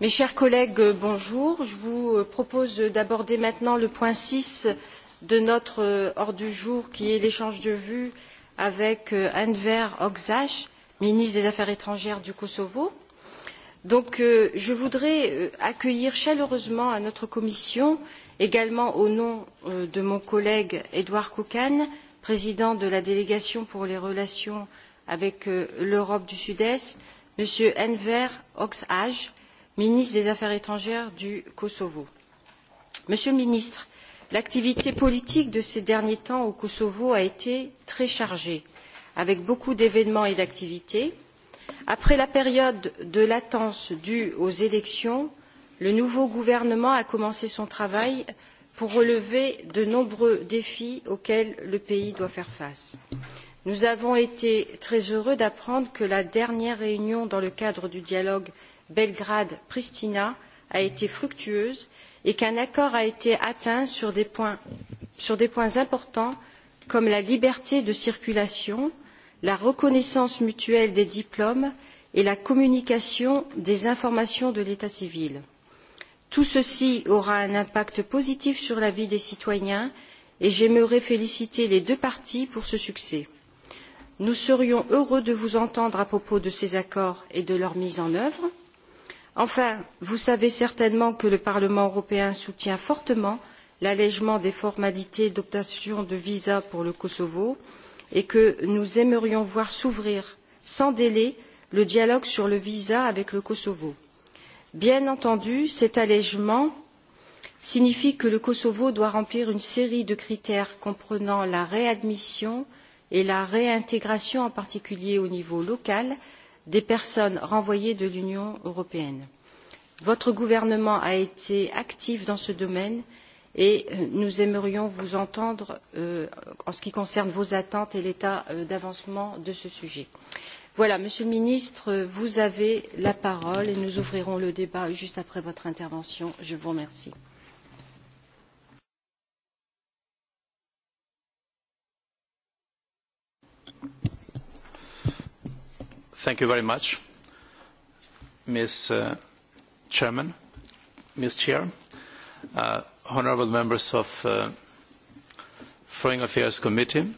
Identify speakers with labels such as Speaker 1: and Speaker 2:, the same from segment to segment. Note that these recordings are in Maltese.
Speaker 1: Mes chers collègues, euh, bonjour. Je vous euh, propose d'aborder maintenant le point six de notre euh, ordre du jour qui est l'échange de vues avec Enver Oksash, ministre des Affaires étrangères du Kosovo. Donc je voudrais accueillir chaleureusement à notre commission, également au nom de mon collègue Edouard Koukan, président de la délégation pour les relations avec l'Europe du Sud-Est, M. Enver Oxhage, ministre des Affaires étrangères du Kosovo. Monsieur le ministre, l'activité politique de ces derniers temps au Kosovo a été très chargée, avec beaucoup d'événements et d'activités. Après la période de latence due aux élections, le nouveau gouvernement a commencé son travail pour relever de nombreux défis auxquels le pays doit faire face. Nous avons été très heureux d'apprendre que la dernière réunion dans le cadre du dialogue Belgrade Pristina a été fructueuse et qu'un accord a été atteint sur des points, sur des points importants comme la liberté de circulation, la reconnaissance mutuelle des diplômes et la communication des informations de l'état civil. Tout ceci aura un impact positif sur la vie des citoyens et j'aimerais féliciter les deux parties pour ce succès. Nous serions heureux de vous entendre à propos de ces accords et de leur mise en œuvre. Enfin, vous savez certainement que le Parlement européen soutient fortement l'allègement des formalités d'obtention de visa pour le Kosovo et que nous aimerions voir s'ouvrir sans délai le dialogue sur le visa avec le Kosovo. Bien entendu, cet allègement signifie que le Kosovo doit remplir une série de critères comprenant la réadmission et la réintégration, en particulier au niveau local, des personnes renvoyées de l'Union européenne. Votre gouvernement a été actif dans ce domaine et euh, nous aimerions vous entendre euh, en ce qui concerne vos attentes et l'état euh, d'avancement de ce sujet. Voilà, Monsieur le ministre, vous avez la parole et nous ouvrirons le débat juste après votre intervention. Je vous remercie.
Speaker 2: Thank you very much, Ms. Uh, Chairman, Ms. Chair, uh, honorable members of the uh, Foreign Affairs Committee.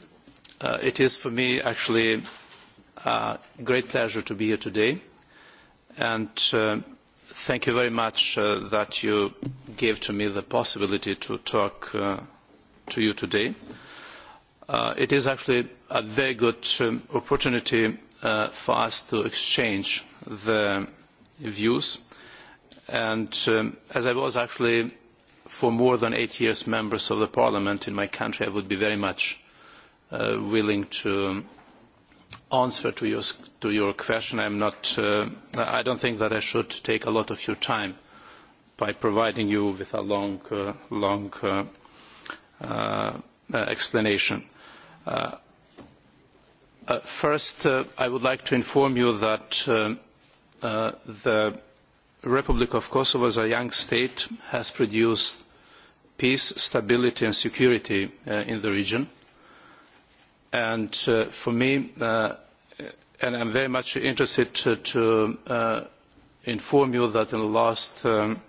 Speaker 2: Uh, it is for me actually a great pleasure to be here today, and uh, thank you very much uh, that you gave to me the possibility to talk uh, to you today. Uh, it is actually a very good um, opportunity uh, for us to exchange the views. And um, as I was actually for more than eight years members of the parliament in my country, I would be very much uh, willing to answer to your, to your question. I'm not, uh, I don't think that I should take a lot of your time by providing you with a long, uh, long uh, uh, explanation. Uh, Uh, first, uh, I would like to inform you that uh, uh, the Republic of Kosovo as a young state has produced peace, stability and security uh, in the region. And for me, and I am very much interested to, to inform you that in the last um,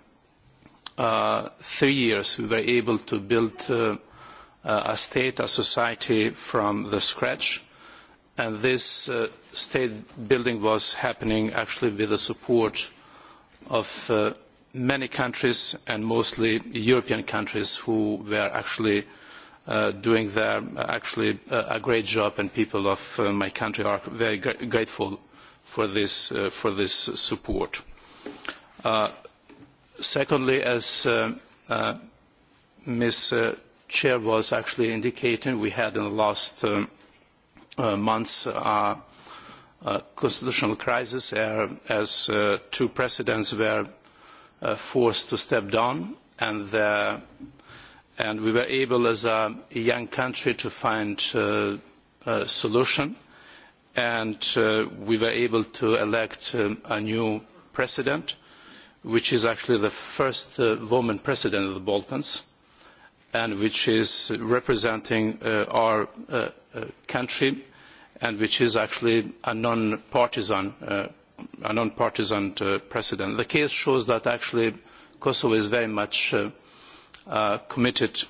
Speaker 2: three years we were able to build a state, a society from the scratch and this uh, state building was happening actually with the support of uh, many countries and mostly European countries who were actually uh, doing their uh, actually uh, a great job and people of uh, my country are very gr grateful for this, for this support. secondly, as Ms. Chair was actually indicating, we had in the last um, Uh, months are uh, constitutional crisis as uh, two presidents were uh, forced to step down and, the, and we were able as a young country to find uh, a solution and uh, we were able to elect um, a new president which is actually the first uh, woman president of the Balkans and which is representing uh, our uh, uh, country and which is actually a non-partisan uh, a non-partisan uh, precedent. The case shows that actually Kosovo is very much uh, uh, committed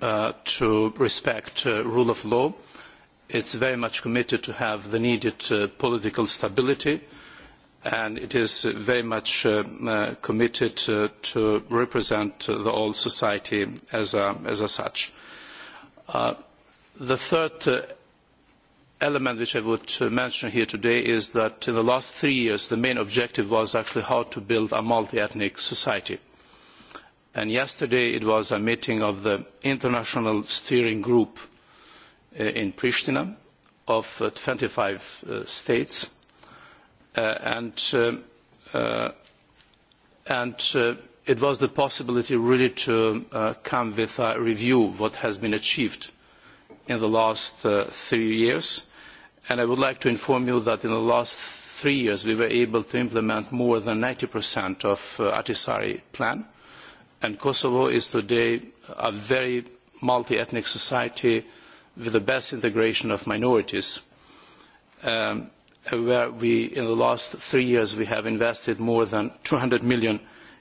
Speaker 2: uh, to respect uh, rule of law. It's very much committed to have the needed uh, political stability. Uh, and it is very much uh, uh, committed uh, to represent the whole society as, a, as a such. the third element which I would mention here today is that in the last three years the main objective was actually how to build a multi-ethnic society. And yesterday it was a meeting of the International Steering Group in Pristina of twenty five states Uh, and, uh, uh, and it was the possibility really to uh, come with a review of what has been achieved in the last uh, three years. And I would like to inform you that in the last three years we were able to implement more than 90% of uh, Atisari plan. And Kosovo is today a very multi-ethnic society with the best integration of minorities. Um, where we, in the last three years, we have invested more than 200 million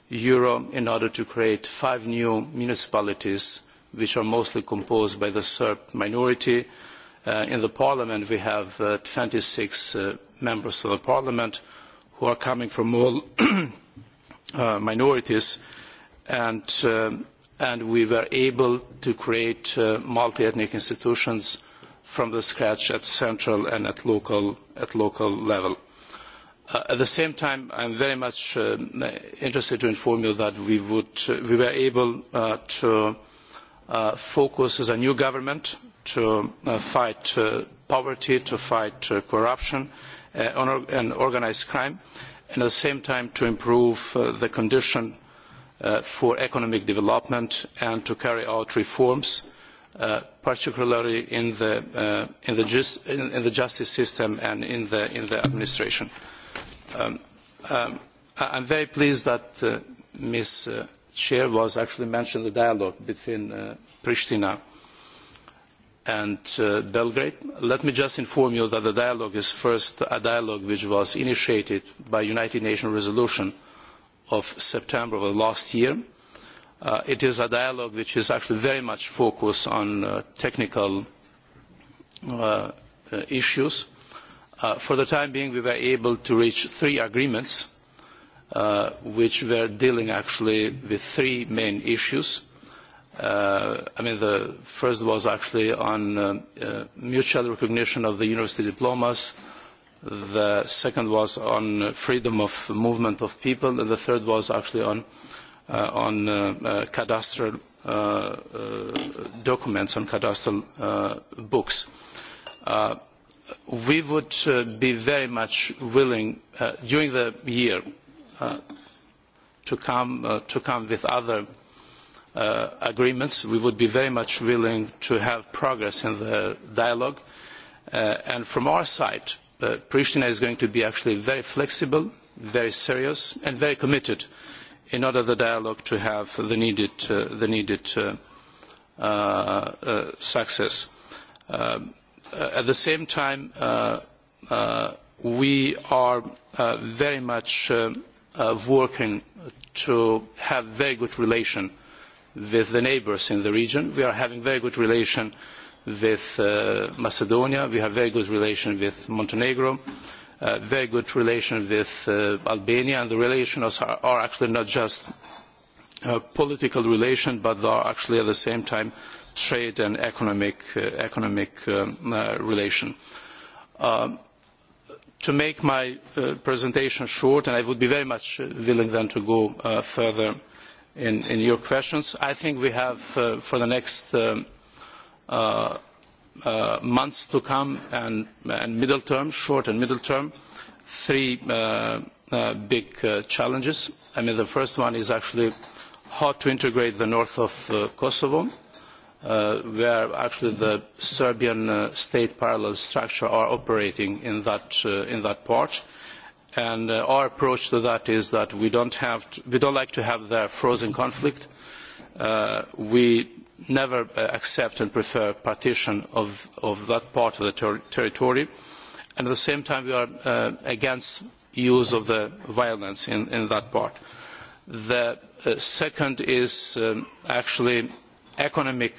Speaker 2: euro in order to create five new municipalities, which are mostly composed by the Serb minority. Uh, in the parliament, we have uh, 26 uh, members of the parliament who are coming from all uh, minorities, and, uh, and we were able to create uh, multi-ethnic institutions from the scratch at central and at local, at local level. Uh, at the same time, I am very much uh, interested to inform you that we, would, uh, we were able uh, to uh, focus as a new government to uh, fight poverty, to fight corruption and organised crime, and at the same time to improve the condition for economic development and to carry out reforms uh, particularly in the, uh, in the, just, in, in, the justice system and in the, in the administration. Um, um, I am very pleased that uh, Ms. Uh, Chair was actually mentioned the dialogue between uh, Pristina and uh, Belgrade. Let me just inform you that the dialogue is first a dialogue which was initiated by United Nations resolution of September of last year Uh, it is a dialogue which is actually very much focused on uh, technical uh, uh, issues. Uh, for the time being, we were able to reach three agreements, uh, which were dealing actually with three main issues. Uh, I mean, the first was actually on uh, uh, mutual recognition of the university diplomas. The second was on freedom of movement of people, and the third was actually on uh, uh, on uh, uh, cadastral uh, uh, documents, on cadastral uh, books. Uh, we would uh, be very much willing uh, during the year uh, to, come, uh, to come with other uh, agreements. We would be very much willing to have progress in the dialogue. Uh, and from our side, uh, Pristina is going to be actually very flexible, very serious, and very committed uh, in order the dialogue to have the needed, uh, the needed uh, uh, uh success. Um, uh, at the same time, uh, uh, we are uh, very much uh, uh, working to have very good relation with the neighbors in the region. We are having very good relation with uh, Macedonia. We have very good relation with Montenegro. Uh, Uh, very good relation with uh, Albania, and the relations are, are actually not just a political relations, but they are actually at the same time trade and economic, uh, economic um, uh, relation. Um, to make my uh, presentation short, and I would be very much uh, willing then to go uh, further in, in your questions, I think we have uh, for the next um, uh, uh, months to come and, and middle term, short and middle term, three uh, uh, big uh, challenges. I mean, the first one is actually how to integrate the north of uh, Kosovo, uh, where actually the Serbian uh, state parallel structure are operating in that, uh, in that part. And uh, our approach to that is that we don't, have to, we don't like to have the frozen conflict. Uh, we never uh, accept and prefer partition of, of that part of the ter territory. And at the same time, we are uh, against use of the violence in, in that part. The uh, second is um, actually economic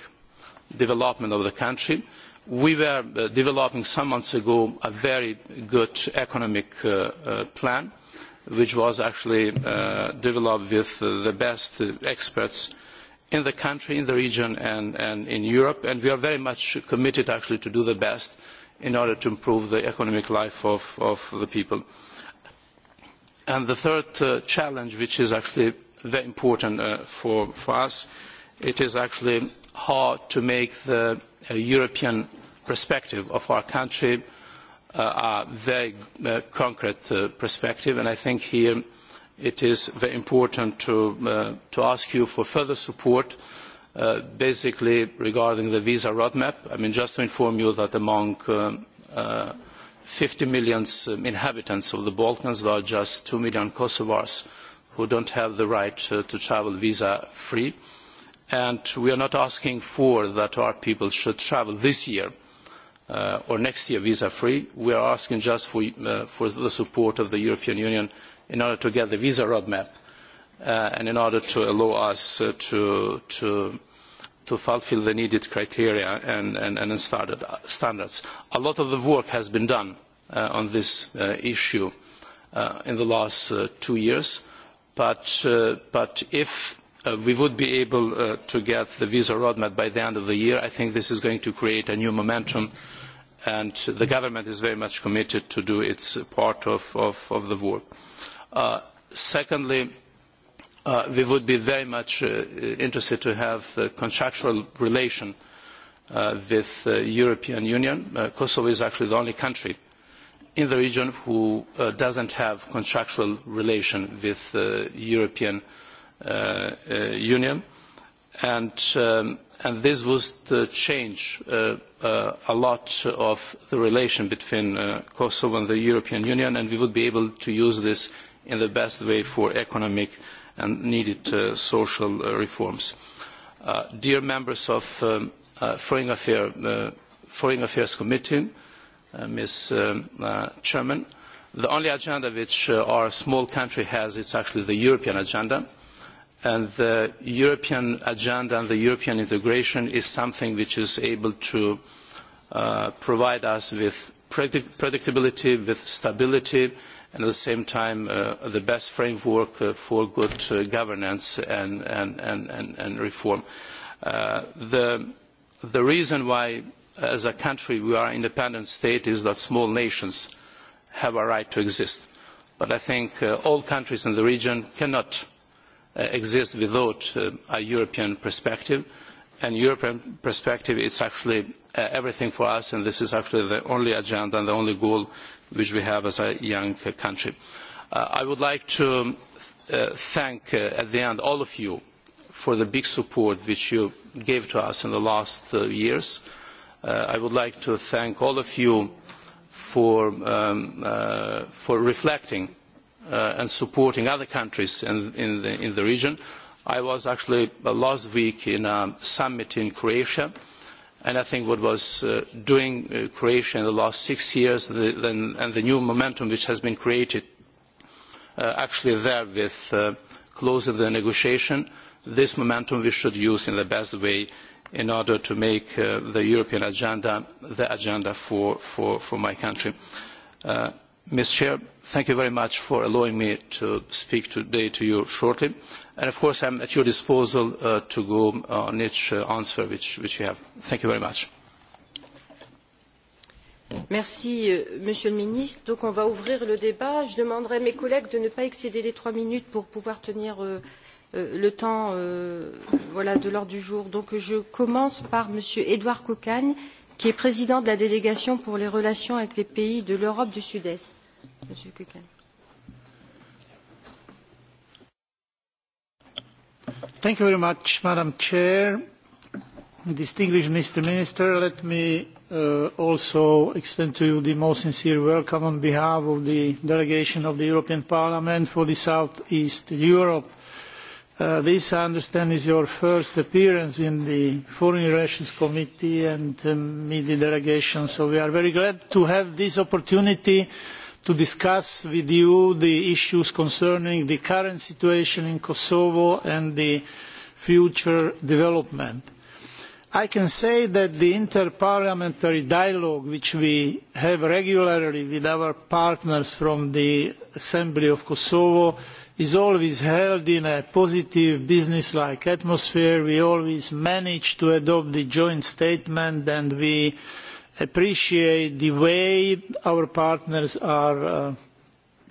Speaker 2: development of the country. We were uh, developing some months ago a very good economic uh, uh, plan, which was actually uh, developed with uh, the best uh, experts uh, in the country, in the region, and, and in Europe, and we are very much committed actually to do the best in order to improve the economic life of, of the people. And the third uh, challenge, which is actually very important uh, for, for us, it is actually how to make the uh, European perspective of our country uh, a very uh, concrete uh, perspective, and I think here it is very important to, uh, to ask you for further support, uh, basically regarding the visa roadmap. I mean, just to inform you that among uh, uh, um, uh, 50 million inhabitants of the Balkans, there are just 2 million Kosovars who don't have the right uh, to travel visa-free. And we are not asking for that our people should travel this year uh, or next year visa-free. We are asking just for, uh, for the support of the European Union in order to get the visa roadmap uh, and in order to allow us uh, to, to, to fulfill the needed criteria and, and, and started, standards. A lot of the work has been done uh, on this uh, issue uh, in the last uh, two years, but, uh, but if uh, we would be able uh, to get the visa roadmap by the end of the year, I think this is going to create a new momentum and the government is very much committed to do its part of, of, of the work. Uh, secondly, uh, we would be very much uh, interested to have a contractual relation with the European Union. Kosovo is actually the only country in the region who uh, doesn't have contractual relation with the European Union. And, um, and this would change Uh, a lot of the relation between uh, Kosovo and the European Union, and we would be able to use this in the best way for economic and needed uh, social uh, reforms. Uh, dear members of um, uh, Foreign, Affair, uh, Foreign Affairs Committee, uh, Ms. Um, uh, Chairman, the only agenda which uh, our small country has is actually the European agenda. And the European agenda and the European integration is something which is able to uh, provide us with predict predictability, with stability, and at the same time uh, the best framework uh, for good uh, governance and, and, and, and, and reform. Uh, the, the reason why as a country we are an independent state is that small nations have a right to exist. But I think uh, all countries in the region cannot uh, exist without uh, a European perspective. Uh, and European perspective, it's actually uh, everything for us, and this is actually the only agenda and the only goal which we have as a young uh, country. Uh, I would like to uh, thank uh, at the end all of you for the big support which you gave to us in the last uh, years. Uh, I would like to thank all of you for, um, uh, for reflecting uh, and supporting other countries in, in, the, in the region. I was actually uh, last week in a summit in Croatia, and I think what was uh, doing uh, Croatia in the last six years and the, and the new momentum which has been created uh, actually there with uh, closing the negotiation, this momentum we should use in the best way in order to make uh, the European agenda the agenda for, for, for my country. Uh, Ms. Chair, thank you very much for allowing me to speak today to you shortly. And of course, I am at your disposal uh, to go uh, on each uh, answer which, which you have. Thank you very much.
Speaker 1: Merci, euh, Monsieur le Ministre. Donc, on va ouvrir le débat. Je demanderai à mes collègues de ne pas excéder les trois minutes pour pouvoir tenir euh, euh, le temps euh, voilà, de l'ordre du jour. Donc, je commence par Monsieur Édouard Cocagne, qui est président de la délégation pour les relations avec les pays de l'Europe du Sud-Est.
Speaker 3: Thank you very much, Madam Chair. Distinguished Mr. Minister, let me uh, also extend to you the most sincere welcome on behalf of the delegation of the European Parliament for the South East Europe. Uh, this, I understand, is your first appearance in the Foreign Relations Committee and um, meet the delegation, so we are very glad to have this opportunity uh, to discuss with you the issues concerning the current situation in Kosovo and the future development. I can say that the interparliamentary dialogue which we have regularly with our partners from the Assembly of Kosovo is always held in a positive business-like atmosphere. We always manage to adopt the joint statement and we appreciate the way our partners are uh,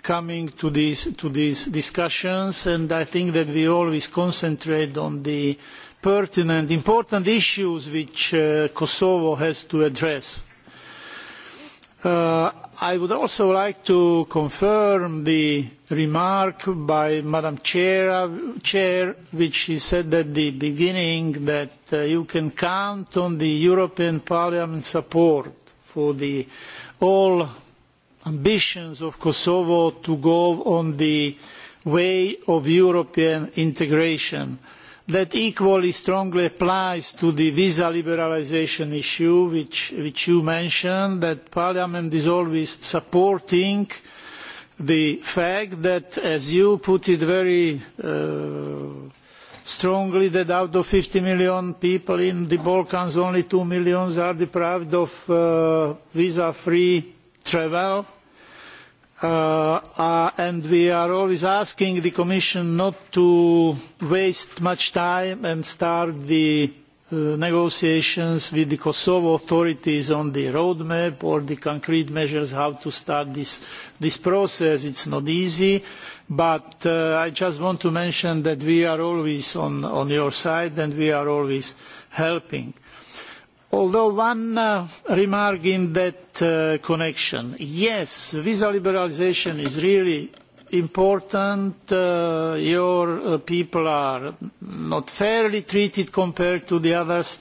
Speaker 3: coming to these, to these discussions and I think that we always concentrate on the pertinent, important issues which uh, Kosovo has to address. Uh, I would also like to confirm the remark by Madam Chair, uh, Chair which she said at the beginning that uh, you can count on the European Parliament support for the all ambitions of Kosovo to go on the way of European integration. That equally strongly applies to the visa liberalisation issue, which, which you mentioned, that Parliament is always supporting uh, the fact that, as you put it very uh, strongly, that out of fifty million people in the Balkans, only two million are deprived of uh, visa-free travel. Uh, uh, and we are always asking the Commission not to waste much time and start the Uh, negotiations with the Kosovo authorities on the roadmap or the concrete measures how to start this, this process. It's not easy, but uh, I just want to mention that we are always on, on your side and we are always helping. Although one uh, remark in that uh, connection, yes, visa liberalisation is really important uh, your uh, people are not fairly treated compared to the others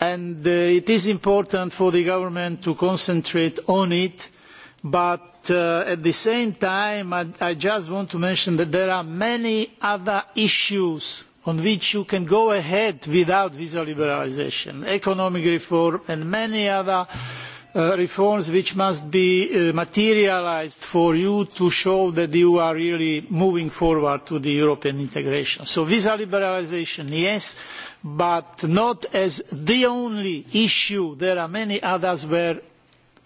Speaker 3: and uh, it is important for the government to concentrate on it but uh, at the same time I, I just want to mention that there are many other issues on which you can go ahead without visa liberalisation economic reform and many other uh, Uh, reforms which must be uh, materialized for you to show that you are really moving forward to the European integration. So visa liberalization, yes, but not as the only issue. There are many others where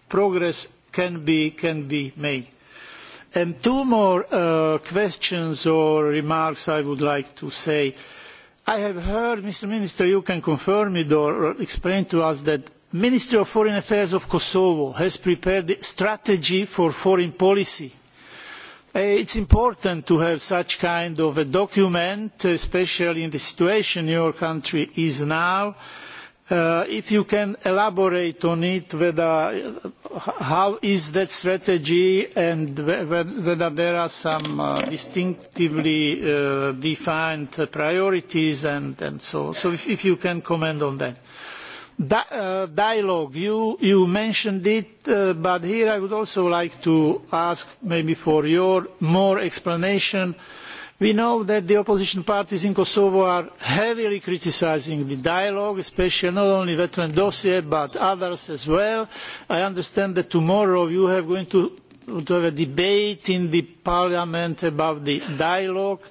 Speaker 3: progress can be, can be made. And two more uh, questions or remarks I would like to say. I have heard, Mr. Minister, you can confirm it or explain to us that Minister of Foreign Affairs of Kosovo has prepared a strategy for foreign policy. Eh, it is important to have such kind of a document, especially in the situation your country is now. Uh, if you can elaborate on it, whether how is that strategy and whether there are some uh, distinctively uh, defined priorities and, and so on. So if, if you can comment on that. Di uh, dialogue, you, you mentioned it, uh, but here I would also like to ask maybe for your more explanation. We know that the opposition parties in Kosovo are heavily criticising the dialogue, especially not only the veteran dossier, but others as well. I understand that tomorrow you are going to, to have a debate in the parliament about the dialogue.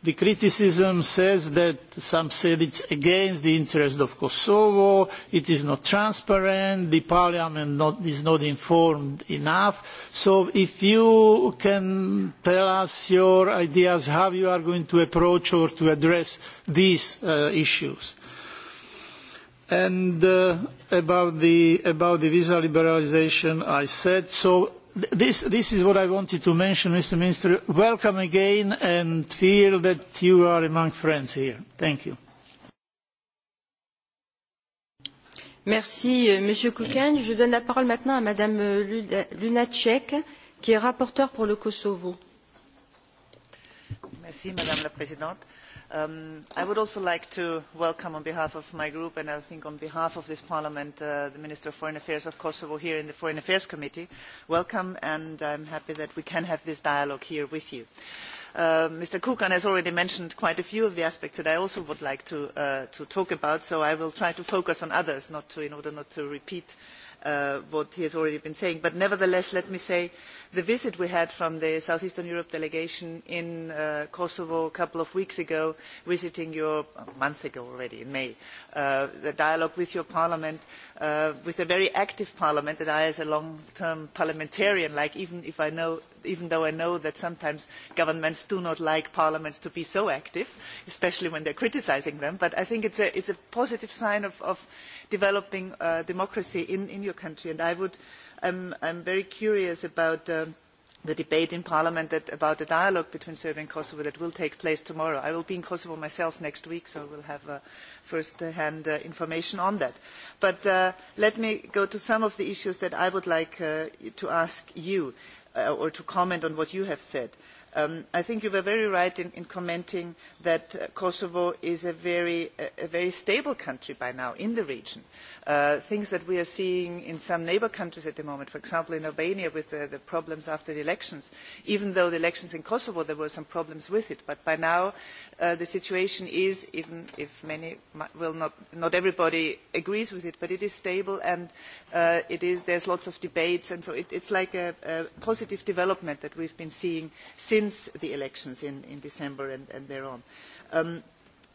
Speaker 3: The criticism says that some said it's against the interest of Kosovo, it is not transparent, the parliament not, is not informed enough. So if you can tell us your ideas how you are going to approach or to address these uh, issues. And uh, about, the, about the visa liberalisation I said, so this, this is what I wanted to mention, Mr. Minister. Welcome again and feel that you are among friends here. Thank you.
Speaker 1: Merci, euh, Monsieur Kukan. Je donne la parole maintenant à Madame euh, Lunacek, qui est rapporteure pour le Kosovo.
Speaker 4: Merci, Madame la Présidente. Um, I would also like to welcome on behalf of my group and I think on behalf of this Parliament, uh, the Minister of Foreign Affairs of Kosovo here in the Foreign Affairs Committee. Welcome and I'm happy that we can have this dialogue here with you. Uh, Mr. Kukan has already mentioned quite a few of the aspects that I also would like to, uh, to talk about, so I will try to focus on others, not to, in order not to repeat uh, uh, what he has already been saying. But nevertheless, let me say the visit we had from the Southeastern Europe delegation in uh, Kosovo a couple of weeks ago, visiting your a month ago already in May, uh, the dialogue with your parliament, uh, with a very active parliament that I as a long-term parliamentarian, like even if I know even though I know that sometimes governments do not like parliaments to be so active, especially when they are criticising them, but I think it is a positive sign of, of developing uh, democracy in, in your country. And I would, um, I'm very curious about um, the debate in Parliament that, about the dialogue between Serbia and Kosovo that will take place tomorrow. I will be in Kosovo myself next week, so we'll have uh, first-hand uh, information on that. But uh, let me go to some of the issues that I would like uh, to ask you uh, or to comment on what you have said. Uh, Um, I think you were very right in, in commenting that uh, Kosovo is a very, a very stable country by now in the region. Uh, things that we are seeing in some neighbour countries at the moment, for example in Albania with the, uh, the problems after the elections. Even though the elections in Kosovo, there were some problems with it, but by now uh, the situation is, even if many well not, not everybody agrees with it, but it is stable and uh, it is, there's lots of debates, and so it, it's like a, a positive development that we've been seeing since the elections in, in December and, and thereon. Um,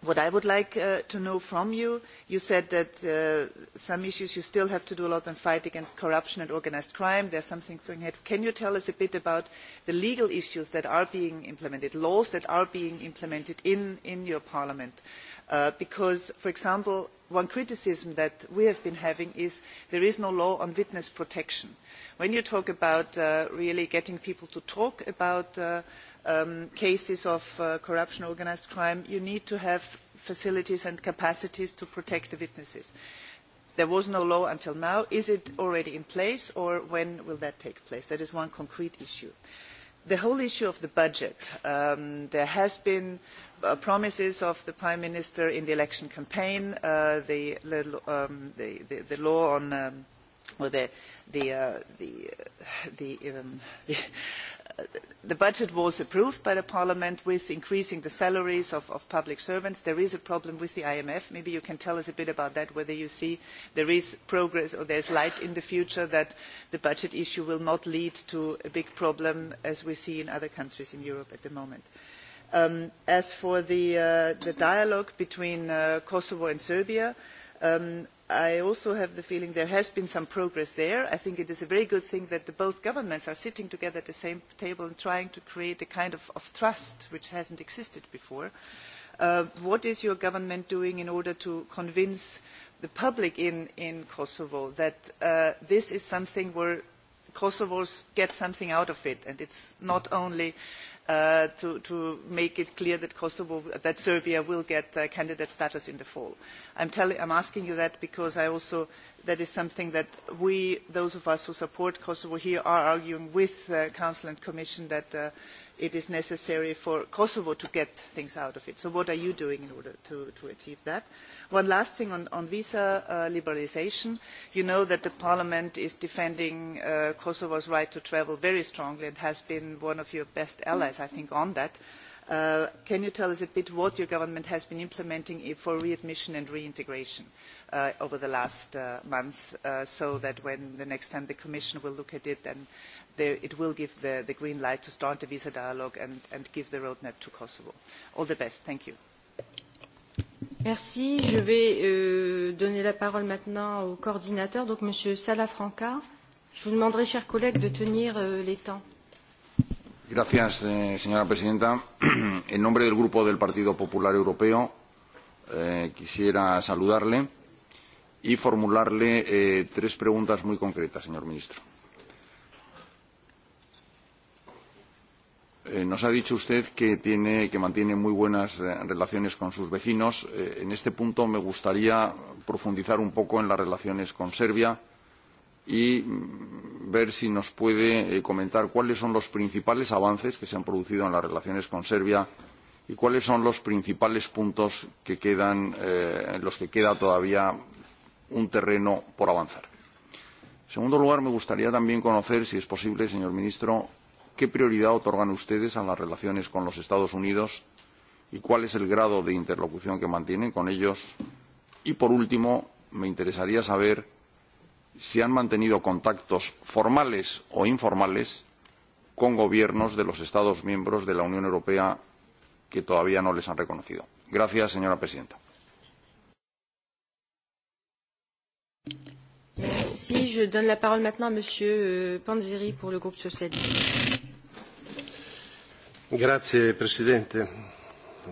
Speaker 4: what I would like uh, to know from you, you said that uh, some issues you still have to do a lot in fight against corruption and organized crime. There's something going ahead. Can you tell us a bit about the legal issues that are being implemented, laws that are being implemented in, in your parliament? Uh, because, for example, one criticism that we have been having is there is no law on witness protection. When you talk about uh, really getting people to talk about uh, um, cases of uh, corruption, organised crime, you need to have facilities and capacities to protect the witnesses. There was no law until now. Is it already in place or when will that take place? That is one concrete issue. The whole issue of the budget, um, there has been uh, promises of the Prime Minister in the election campaign, uh, the, um, the, the, the law on, um, or the, the, uh, the, uh, the, um, the the budget was approved by Parliament with increasing the salaries of, of, public servants. There is a problem with the IMF. Maybe you can tell us a bit about that, whether you see there is progress or there is light in the future that the budget issue will not lead to a big problem as we see in other countries in Europe at the moment. Um, as for the, uh, the dialogue between uh, Kosovo and Serbia, um, I also have the feeling there has been some progress there. I think it is a very good thing that the both governments are sitting together at the same table and trying to create a kind of, of trust which hasn't existed before. Uh, what is your government doing in order to convince the public in, in Kosovo that uh, this is something where Kosovos get something out of it and it's not only uh, uh, to, to make it clear that Kosovo, that Serbia will get uh, candidate status in the fall. I'm, telling, I'm asking you that because I also, that is something that we, those of us who support Kosovo here, are arguing with uh, Council and Commission that uh, it is necessary for Kosovo to get things out of it. So what are you doing in order to, to achieve that? One last thing on, on visa uh, liberalisation. You know that the Parliament is defending uh, Kosovo's right to travel very strongly and has been one of your best allies, I think, on that. Uh, can you tell us a bit what your government has been implementing for readmission and reintegration uh, over the last uh, month uh, so that when the next time the Commission will look at it, then there, it will give the, the green light to start a visa dialogue and, and give the roadmap to Kosovo. All the best. Thank you.
Speaker 1: Merci. Je vais euh, donner la parole maintenant au coordinateur, donc Monsieur Salafranca. Je vous demanderai, chers collègues, de tenir euh, les temps.
Speaker 5: Gracias, eh, señora presidenta. en nombre del Grupo del Partido Popular Europeo, eh, quisiera saludarle y formularle eh, tres preguntas muy concretas, señor ministro. Eh, nos ha dicho usted que, tiene, que mantiene muy buenas eh, relaciones con sus vecinos. Eh, en este punto me gustaría profundizar un poco en las relaciones con Serbia y mm, ver si nos puede eh, comentar cuáles son los principales avances que se han producido en las relaciones con Serbia y cuáles son los principales puntos que quedan, eh, en los que queda todavía un terreno por avanzar. En segundo lugar, me gustaría también conocer, si es posible, señor ministro, qué prioridad otorgan ustedes a las relaciones con los Estados Unidos y cuál es el grado de interlocución que mantienen con ellos. Y, por último, me interesaría saber si han mantenido contactos formales o informales con gobiernos de los Estados miembros de la Unión Europea que todavía no les han reconocido. Gracias, señora presidenta.
Speaker 1: Je donne la parole maintenant à Monsieur euh, Panzeri pour le groupe socialiste.
Speaker 6: Grazie Presidente,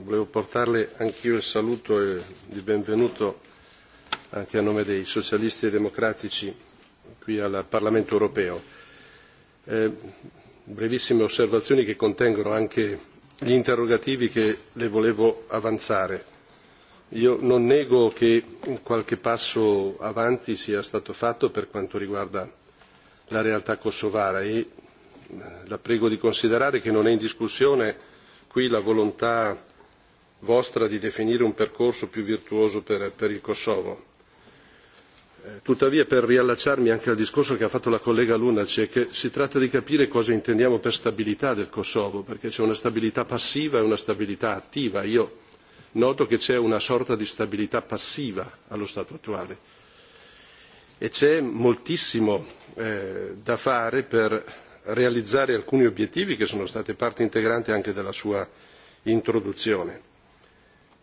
Speaker 6: volevo portarle anch'io il saluto e il benvenuto anche a nome dei socialisti e democratici qui al Parlamento europeo. Eh, brevissime osservazioni che contengono anche gli interrogativi che le volevo avanzare. Io non nego che qualche passo avanti sia stato fatto per quanto riguarda la realtà kosovara e la prego di considerare che non è in discussione qui la volontà vostra di definire un percorso più virtuoso per, per il Kosovo. Eh, tuttavia, per riallacciarmi anche al discorso che ha fatto la collega Lunacek, si tratta di capire cosa intendiamo per stabilità del Kosovo, perché c'è una stabilità passiva e una stabilità attiva. Io noto che c'è una sorta di stabilità passiva allo Stato attuale e c'è moltissimo eh, da fare per realizzare alcuni obiettivi che sono state parte integrante anche della sua introduzione.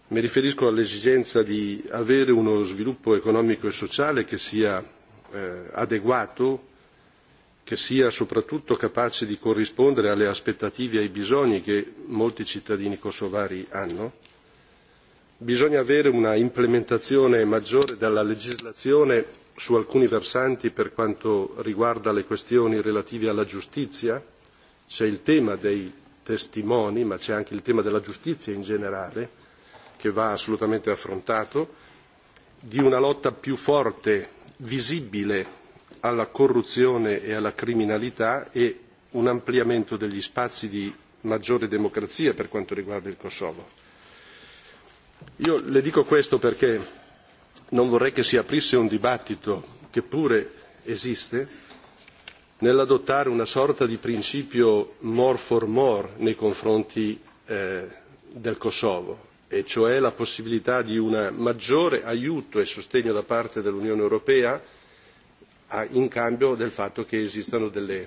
Speaker 6: Mi riferisco all'esigenza di avere uno sviluppo economico e sociale che sia eh, adeguato, che sia soprattutto capace di corrispondere alle aspettative e ai bisogni che molti cittadini kosovari hanno. Bisogna avere una implementazione maggiore della legislazione su alcuni versanti per quanto riguarda le questioni relative alla giustizia, c'è il tema dei testimoni, ma c'è anche il tema della giustizia in generale, che va assolutamente affrontato, di una lotta più forte, visibile alla corruzione e alla criminalità e un ampliamento degli spazi di maggiore democrazia per quanto riguarda il Kosovo. Io le dico questo perché non vorrei che si aprisse un dibattito che pure esiste nell'adottare una sorta di principio more for more nei confronti eh, del Kosovo, e cioè la possibilità di un maggiore aiuto e sostegno da parte dell'Unione Europea a, in cambio del fatto che esistano dei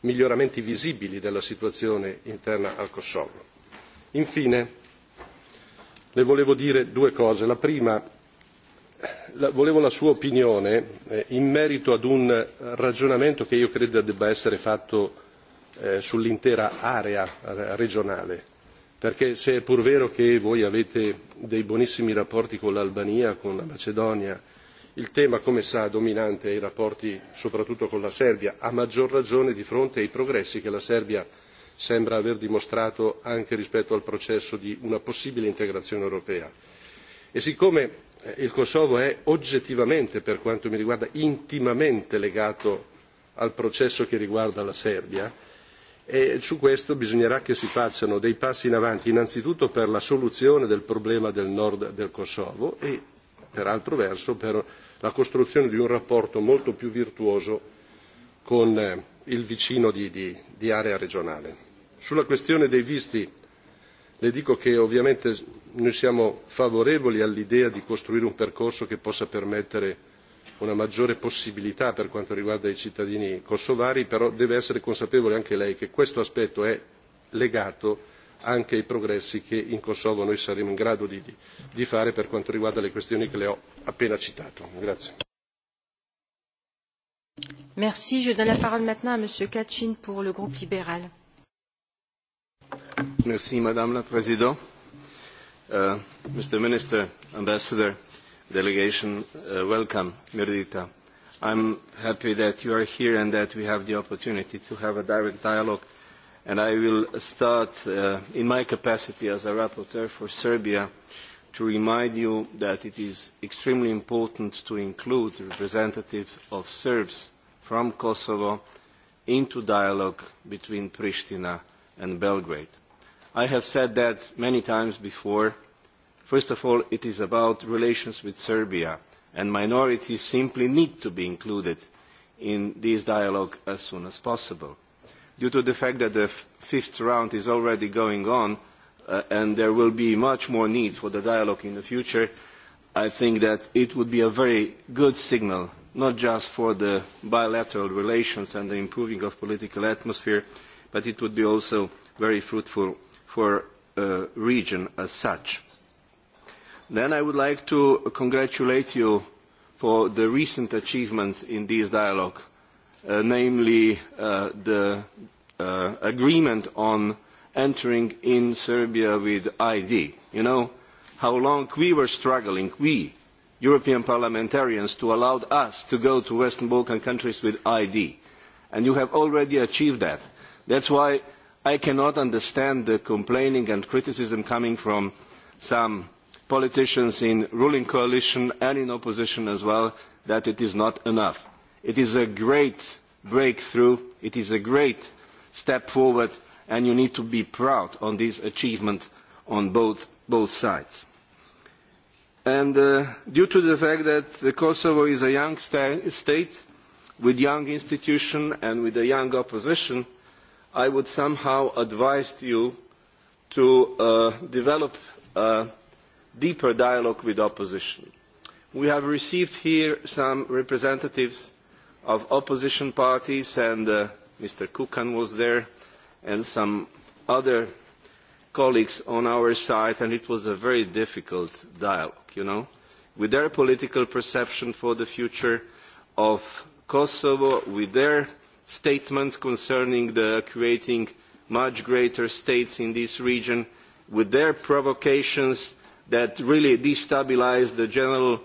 Speaker 6: miglioramenti visibili della situazione interna al Kosovo. Infine, le volevo dire due cose. La prima volevo la sua opinione eh, in merito ad un eh, ragionamento che io credo debba essere fatto eh, sull'intera area regionale, perché se è pur vero che voi avete dei buonissimi rapporti con l'Albania, con la Macedonia, il tema, come sa, dominante è i rapporti soprattutto con la Serbia, a maggior ragione di fronte ai progressi che la Serbia sembra aver dimostrato anche rispetto al processo di una possibile integrazione europea. E siccome il Kosovo è oggettivamente, per quanto mi riguarda, intimamente legato al processo che riguarda la Serbia e su questo bisognerà che si facciano dei passi in avanti innanzitutto per la soluzione del problema del nord del Kosovo e per altro verso per la costruzione di un rapporto molto più virtuoso con eh, il vicino di, di, di area regionale. Sulla questione dei visti le dico che ovviamente noi siamo favorevoli all'idea di costruire un percorso che possa permettere una maggiore possibilità per quanto riguarda i cittadini kosovari, però deve essere consapevole anche lei che questo aspetto è legato anche ai progressi che in Kosovo noi saremo in grado di, di fare per quanto riguarda le questioni che le ho appena citato. Grazie.
Speaker 1: Merci. Je donne la parole maintenant Monsieur Kacin pour le groupe
Speaker 7: Merci, Madame la Uh, Mr. Minister, Ambassador, delegation, uh, welcome, Mirdita. I'm happy that you are here and that we have the opportunity to have a direct dialogue. And I will start uh, in my capacity as a rapporteur for Serbia to remind you that it is extremely important to include representatives of Serbs from Kosovo into dialogue between Pristina and Belgrade. I have said that many times before. First of all, it is about relations with Serbia, and minorities simply need to be included in this dialogue as soon as possible. Due to the fact that the fifth round is already going on, uh, and there will be much more need for the dialogue in the future, I think that it would be a very good signal, not just for the bilateral relations and the improving of political atmosphere, but it would be also very fruitful for a region as such. Then I would like to congratulate you for the recent achievements in this dialogue, uh, namely uh, the uh, agreement on entering in Serbia with ID. You know how long we were struggling, we, European parliamentarians, to allow us to go to Western Balkan countries with ID. And you have already achieved that. That is why I cannot understand the complaining and criticism coming from some politicians in ruling coalition and in opposition as well that it is not enough. It is a great breakthrough, it is a great step forward and you need to be proud of this achievement on both, both sides. And uh, due to the fact that Kosovo is a young sta state with young institutions and with a young opposition, I would somehow advise you to uh, develop a deeper dialogue with opposition. We have received here some representatives of opposition parties and uh, Mr. Kukan was there and some other colleagues on our side and it was a very difficult dialogue, you know, with their political perception for the future of Kosovo, with their statements concerning the creating much greater states in this region with their provocations that really destabilise the general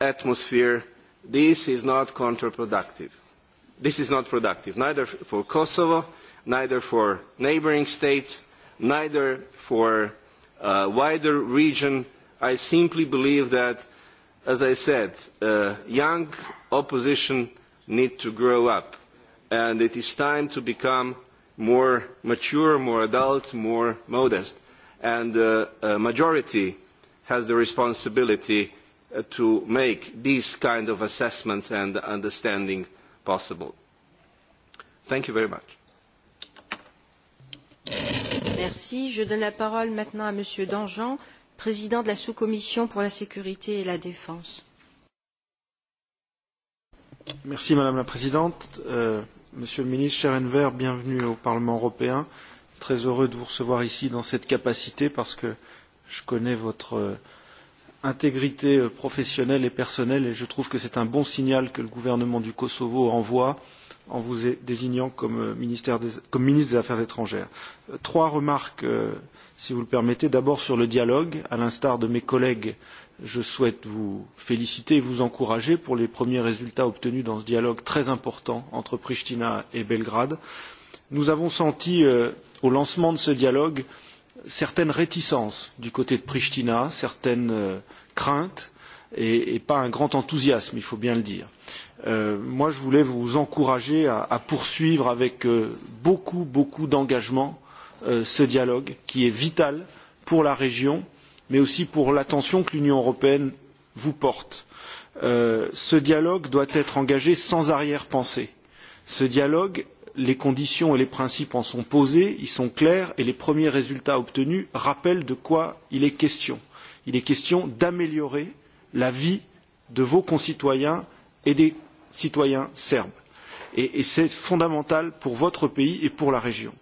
Speaker 7: atmosphere, this is not counterproductive. This is not productive, neither for Kosovo, neither for neighbouring states, neither for a uh, wider region. I simply believe that, as I said, uh, young opposition need to grow up and it is time to become more mature, more adult, more modest. And the uh, majority has the responsibility uh, to make these kind of assessments and understanding possible. Thank you very much.
Speaker 1: Merci. Je donne la parole maintenant à Monsieur Dangean, président de la sous-commission pour la sécurité et la défense.
Speaker 8: Merci Madame la Présidente. Euh, Monsieur le ministre, cher Enver, bienvenue au Parlement européen. Très heureux de vous recevoir ici dans cette capacité parce que je connais votre euh, intégrité euh, professionnelle et personnelle et je trouve que c'est un bon signal que le gouvernement du Kosovo envoie en vous désignant comme, euh, ministère des, comme ministre des Affaires étrangères. Trois remarques, si vous le permettez. D'abord sur le dialogue, à l'instar de mes collègues je souhaite vous féliciter et vous encourager pour les premiers résultats obtenus dans ce dialogue très important entre Pristina et Belgrade. Nous avons senti euh, au lancement de ce dialogue certaines réticences du côté de Pristina, certaines euh, craintes et, et pas un grand enthousiasme, il faut bien le dire. Euh, moi, je voulais vous encourager à, à poursuivre avec euh, beaucoup, beaucoup d'engagement euh, ce dialogue qui est vital pour la région mais aussi pour l'attention que l'Union européenne vous porte. Euh, ce dialogue doit être engagé sans arrière-pensée. Ce dialogue, les conditions et les principes en sont posés, ils sont clairs et les premiers résultats obtenus rappellent de quoi il est question. Il est question d'améliorer la vie de vos concitoyens et des citoyens serbes. Et, et c'est fondamental pour votre pays et pour la région.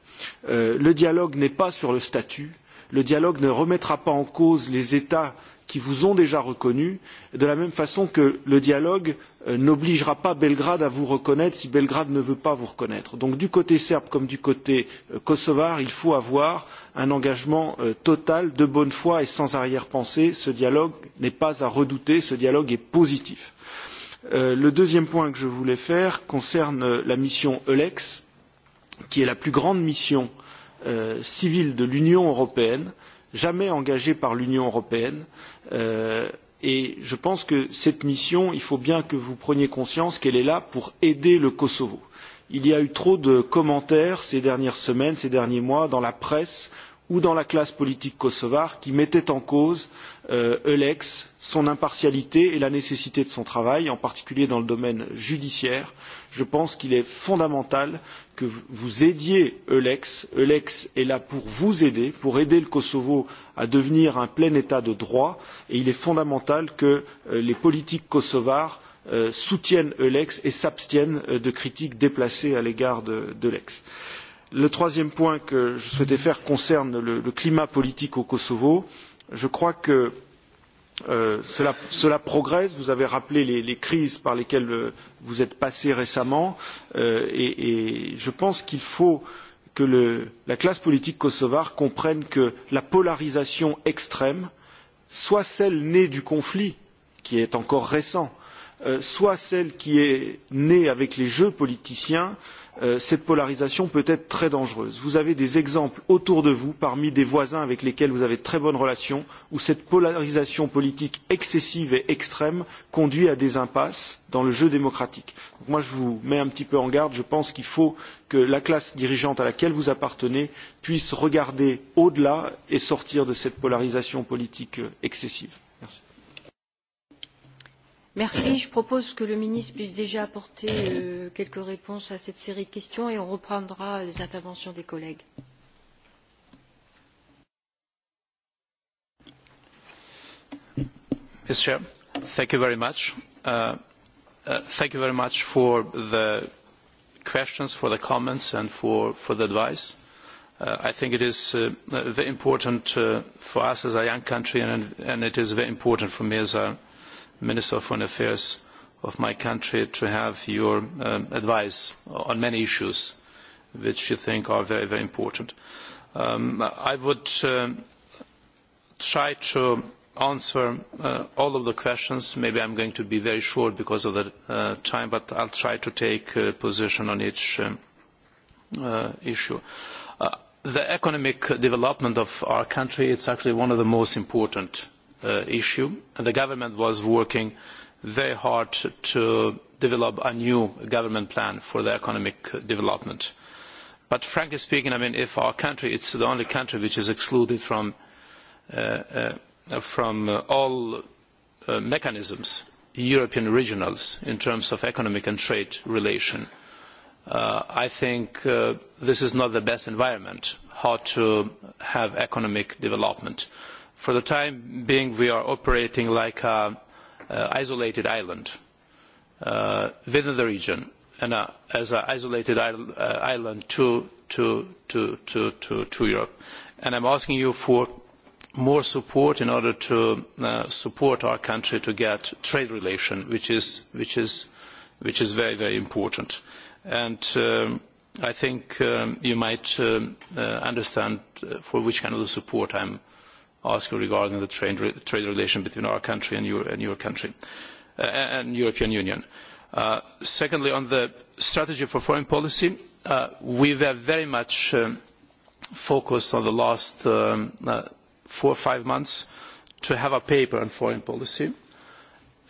Speaker 8: Euh, le dialogue n'est pas sur le statut, le dialogue ne remettra pas en cause les États qui vous ont déjà reconnu, de la même façon que le dialogue euh, n'obligera pas Belgrade à vous reconnaître si Belgrade ne veut pas vous reconnaître. Donc du côté serbe comme du côté euh, kosovar, il faut avoir un engagement euh, total, de bonne foi et sans arrière-pensée. Ce dialogue n'est pas à redouter, ce dialogue est positif. le deuxième point que je voulais faire concerne la mission Eulex, qui est la plus grande mission euh, Euh, civile de l'Union européenne, jamais engagée par l'Union européenne. Euh, et je pense que cette mission, il faut bien que vous preniez conscience qu'elle est là pour aider le Kosovo. Il y a eu trop de commentaires ces dernières semaines, ces derniers mois, dans la presse, ou dans la classe politique kosovare qui mettaient en cause euh, Eulex, son impartialité et la nécessité de son travail, en particulier dans le domaine judiciaire. Je pense qu'il est fondamental que vous aidiez Eulex. Eulex est là pour vous aider, pour aider le Kosovo à devenir un plein état de droit et il est fondamental que euh, les politiques kosovares euh, soutiennent Eulex et s'abstiennent euh, de critiques déplacées à l'égard de, de Le troisième point que je souhaitais faire concerne le, le climat politique au Kosovo. Je crois que euh, cela, cela, progresse. Vous avez rappelé les, les, crises par lesquelles euh, vous êtes passé récemment euh, et, et, je pense qu'il faut que le, la classe politique kosovare comprenne que la polarisation extrême, soit celle née du conflit, qui est encore récent, euh, soit celle qui est née avec les jeux politiciens, euh, Euh, cette polarisation peut être très dangereuse. Vous avez des exemples autour de vous, parmi des voisins avec lesquels vous avez de très bonnes relations, où cette polarisation politique excessive et extrême conduit à des impasses dans le jeu démocratique. Donc moi, je vous mets un petit peu en garde. Je pense qu'il faut que la classe dirigeante à laquelle vous appartenez puisse regarder au-delà et sortir de cette polarisation politique euh, excessive.
Speaker 1: Merci. Je propose que le ministre puisse déjà apporter euh, quelques réponses à cette série de questions et on reprendra les interventions des collègues.
Speaker 2: Mr. Chair, thank you very much. Uh, uh, thank you very much for the questions, for the comments and for, for the advice. Uh, I think it is uh, very important uh, for us as a young country and, and it is very important for me as a Minister of Foreign Affairs of my country to have your um, advice on many issues which you think are very, very important. Um, I would um, try to answer uh, all of the questions. Maybe I am going to be very short because of the uh, time, but I will try to take a position on each um, uh, issue. Uh, the economic development of our country is actually one of the most important Uh, issue, and the government was working very hard to develop a new government plan for the economic development. But frankly speaking, I mean, if our country is the only country which is excluded from, uh, uh, from uh, all uh, mechanisms, European regionals, in terms of economic and trade relation, uh, I think uh, this is not the best environment how to have economic development for the time being, we are operating like an uh, isolated island uh, within the region and uh, as an isolated island, uh, island to, to, to, to, to, to Europe. And I'm asking you for more support in order to uh, support our country to get trade relation, which is, which is, which is very, very important. And um, I think um, you might um, uh, understand uh, for which kind of support I'm ask you regarding the trade, re trade relation between our country and your, and your country uh, and European Union. Uh, secondly, on the strategy for foreign policy, uh, we were very much um, focused on the last um, uh, four or five months to have a paper on foreign policy.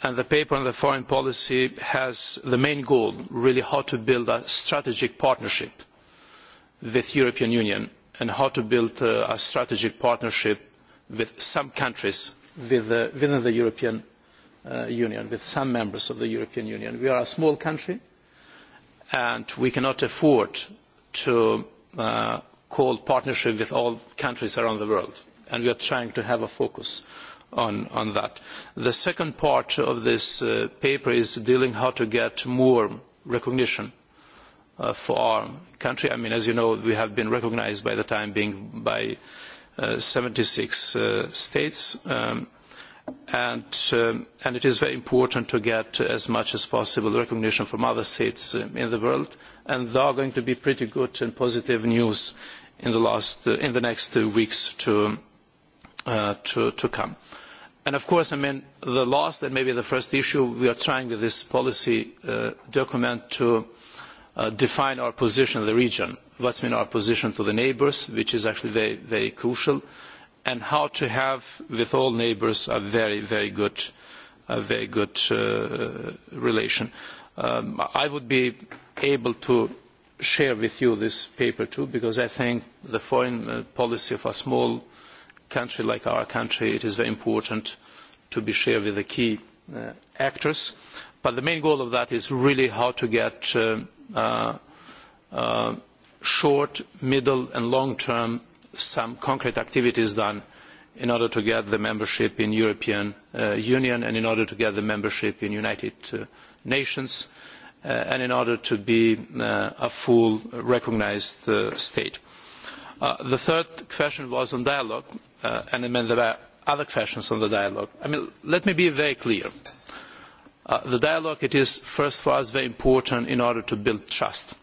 Speaker 2: And the paper on the foreign policy has the main goal, really how to build a strategic partnership with the European Union and how to build uh, a strategic partnership with some countries with, uh, within the European uh, Union, with some members of the European Union. We are a small country and we cannot afford to uh, call partnership with all countries around the world. And we are trying to have a focus on, on that. The second part of this uh, paper is dealing with how to get more recognition uh, for our country. I mean, as you know, we have been recognised by the time being by uh, 76 uh, uh, states. Um, and, um, and it is very important to get as much as possible recognition from other states um, in the world. And there are going to be pretty good and positive news in the, last, uh, in the next two uh, weeks to, um, uh, to, to come. And of course, I mean, the last and maybe the first issue we are trying with this policy uh, document to uh, define our position in the region, what's been our position to the neighbors, which is actually very, very crucial, and how to have with all neighbors a very, very good, a very good uh, relation. Um, I would be able to share with you this paper too, because I think the foreign uh, policy of a small country like our country, it is very important to be shared with the key uh, actors. But the main goal of that is really how to get uh, uh, uh short, middle and long term some concrete activities done in order to get the membership in the European uh, Union and in order to get the membership in United United uh, Nations uh, and in order to be a full recognised state. the third question was on dialogue and I mean, there were other questions on the dialogue. I mean, let me be very clear. Uh, Uh, the dialogue, it is first for us very important in order to build trust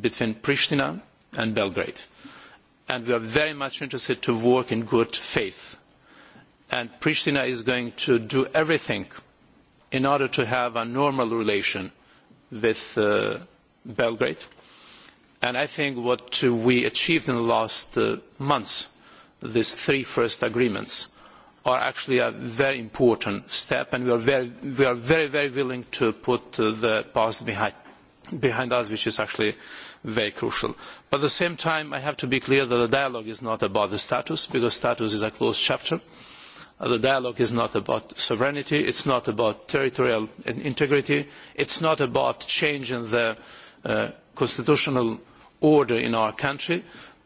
Speaker 2: between Pristina and Belgrade. And we are very much interested to work in good faith. And Pristina is going to do everything in order to have a normal relation with uh, Belgrade. And I think what we achieved in the last uh, months, these three first agreements, are actually a very important step, and we are very, we are very, very willing to put uh, the past behind, behind us, which is actually very crucial. But at the same time, I have to be clear that the dialogue is not about the status, because status is a closed chapter. Uh, the dialogue is not about sovereignty, it is not about territorial integrity, it is not about changing the uh, constitutional order in our country,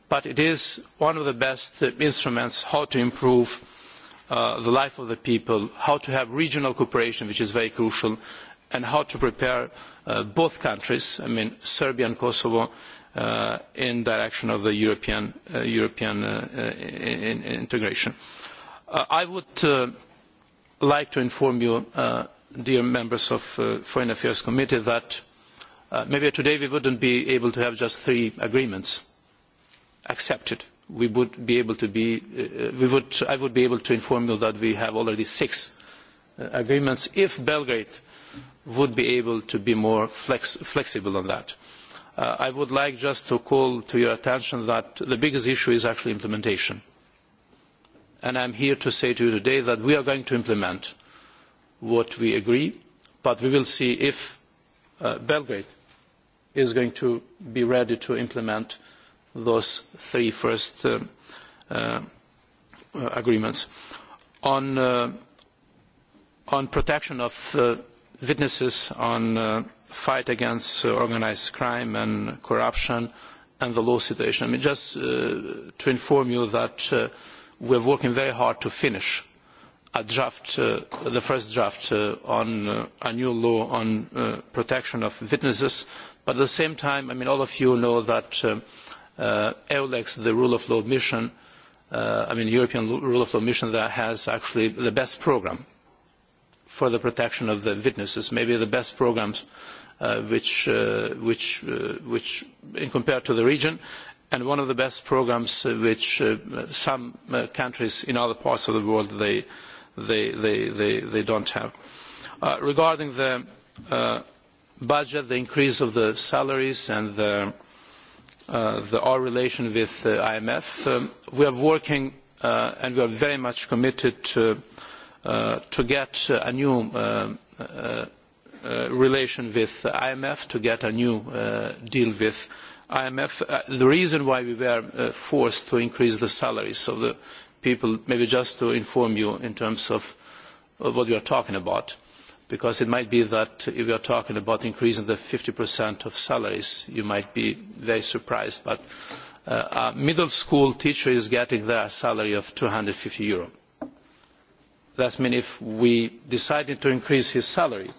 Speaker 2: but it is one of the best instruments how to improve Uh, the life of the people, how to have regional cooperation, which is very crucial, and how to prepare uh, both countries, I mean Serbia and Kosovo, uh, in direction of the European, uh, European uh, uh in, in integration. Uh, I would uh, like to inform you, uh, dear members of uh, Foreign Affairs Committee, that uh, maybe today we wouldn't be able to have just three agreements accepted we would be able to be, uh, uh, we would, I would be able to inform you that we have already six uh, agreements if Belgrade would be able to be more flex flexible on that. Uh, I would like just to call to your attention that the biggest issue is actually implementation. And I am here to say to you today that we are going to implement what we agree, but we will see if uh, Belgrade is going to be ready to implement uh, those three first uh, uh, agreements. On, uh, on protection of uh, witnesses, on uh, fight against uh, organized crime and corruption, and the law situation. I mean, just uh, to inform you that uh, we're working very hard to finish a draft, uh, the first draft uh, on uh, a new law on uh, protection of witnesses. But at the same time, I mean, all of you know that uh, uh, EULEX, the rule of law mission, uh, I mean European rule of law mission that has actually the best program for the protection of the witnesses, maybe the best programs uh, which, uh, which, uh, which in compared to the region, and one of the best programs uh, which uh, some uh, countries in other parts of the world they, they, they, they, they don't have. Uh, regarding the uh, budget, the increase of the salaries and the Uh, the, our relation with the uh, IMF. Um, we are working uh, and we are very much committed to, uh, to get a new um, uh, uh, relation with the IMF, to get a new uh, deal with IMF. Uh, the reason why we were uh, forced to increase the salaries of the people, maybe just to inform you in terms of, of what we are talking about because it might be that if you are talking about increasing the 50% of salaries, you might be very surprised. But uh, a middle school teacher is getting their salary of 250 euro. That means if we decided to increase his salary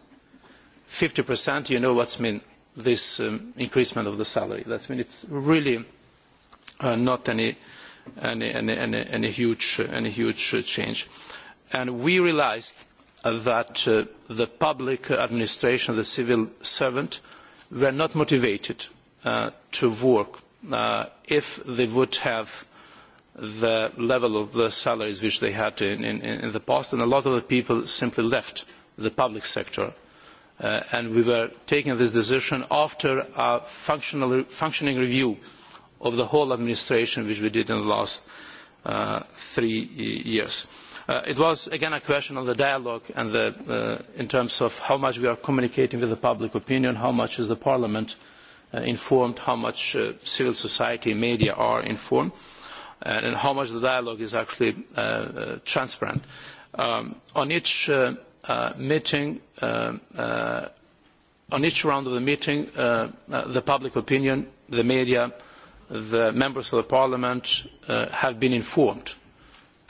Speaker 2: 50%, you know what's mean this um, increasement of the salary. That means it's really uh, not any, any, any, any, any huge, any huge uh, change. And we realized that uh, the public administration, the civil servant, were not motivated uh, to work uh, if they would have the level of the salaries which they had in, in, in the past, and a lot of the people simply left the public sector. Uh, and we were taking this decision after a functioning review of the whole administration, which we did in the last uh, three years. Uh, it was again a question of the dialogue and the, uh, in terms of how much we are communicating with the public opinion, how much is the parliament uh, informed, how much uh, civil society media are informed, uh, and how much the dialogue is actually uh, uh, transparent. Um, on each uh, uh, meeting, uh, uh, on each round of the meeting, uh, uh, the public opinion, the media, the members of the parliament uh, have been informed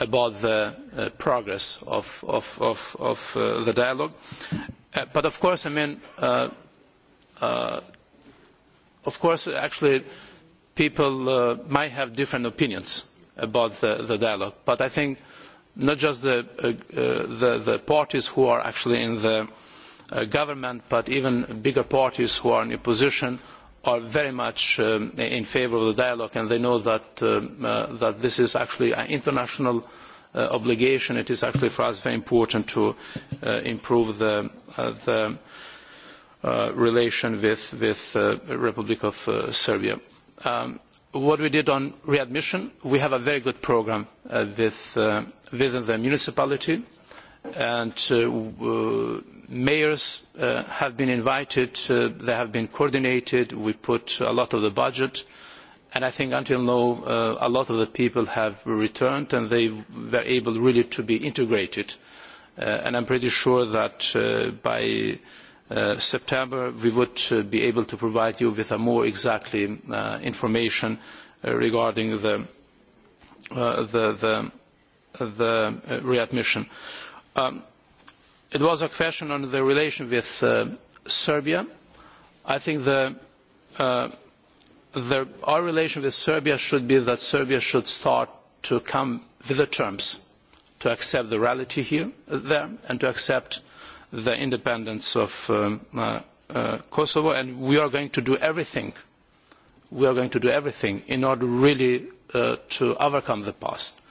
Speaker 2: about the uh, progress of, of, of, of uh, the dialogue. Uh, but of course, I mean, uh, uh, of course, actually, people uh, might have different opinions about the, the dialogue. But I think not just the, uh, uh, the, the parties who are actually in the uh, government, but even bigger parties who are in opposition are very much um, in favour of the dialogue and they know that, um, uh, that this is actually an international uh, obligation. It is actually for us very important to uh, improve the, uh, the uh, relation with, with uh, Republic of uh, Serbia. Um, what we did on readmission, we have a very good programme uh, with, uh, within the municipality and uh, uh mayors uh, have been invited, uh, they have been coordinated, we put a lot of the budget, and I think until now uh, a lot of the people have returned and they were able really to be integrated. Uh, and I'm pretty sure that uh, by uh, September we would uh, be able to provide you with a more exactly uh, information uh, regarding the, uh, the, the, the uh, readmission. Um, It was a question on the relation with uh, Serbia. I think the, uh, the, our relation with Serbia should be that Serbia should start to come with the terms to accept the reality here, there, and to accept the independence of um, uh, uh, Kosovo. And we are going to do everything. We are going to do everything in order really uh, to overcome the past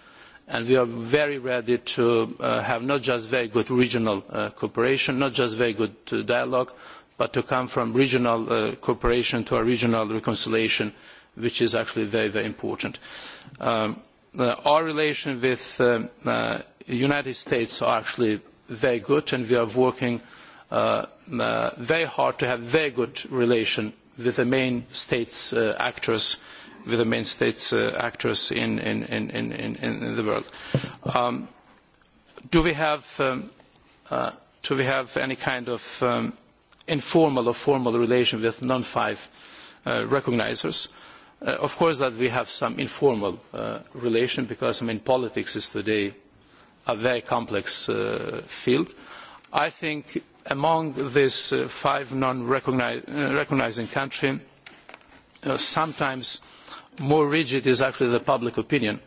Speaker 2: and we are very ready to uh, have not just very good regional uh, cooperation, not just very good uh, dialogue, but to come from regional uh, cooperation to a regional reconciliation, which is actually very, very important. Um, uh, our relations with the uh, um, uh, United States are actually very good, and we are working uh, uh, very hard to have very good relation with the main states uh, actors uh, with the main states uh, actors in, in, in, in, in, in the world. Um, do, we have, um, uh, do we have any kind of um, informal or formal relation with non-five uh, recognizers? Uh, of course that we have some informal uh, relation because I mean politics is today a very complex uh, field. I think among these uh, five non-recognizing uh, countries, uh, sometimes more rigid is actually the public opinion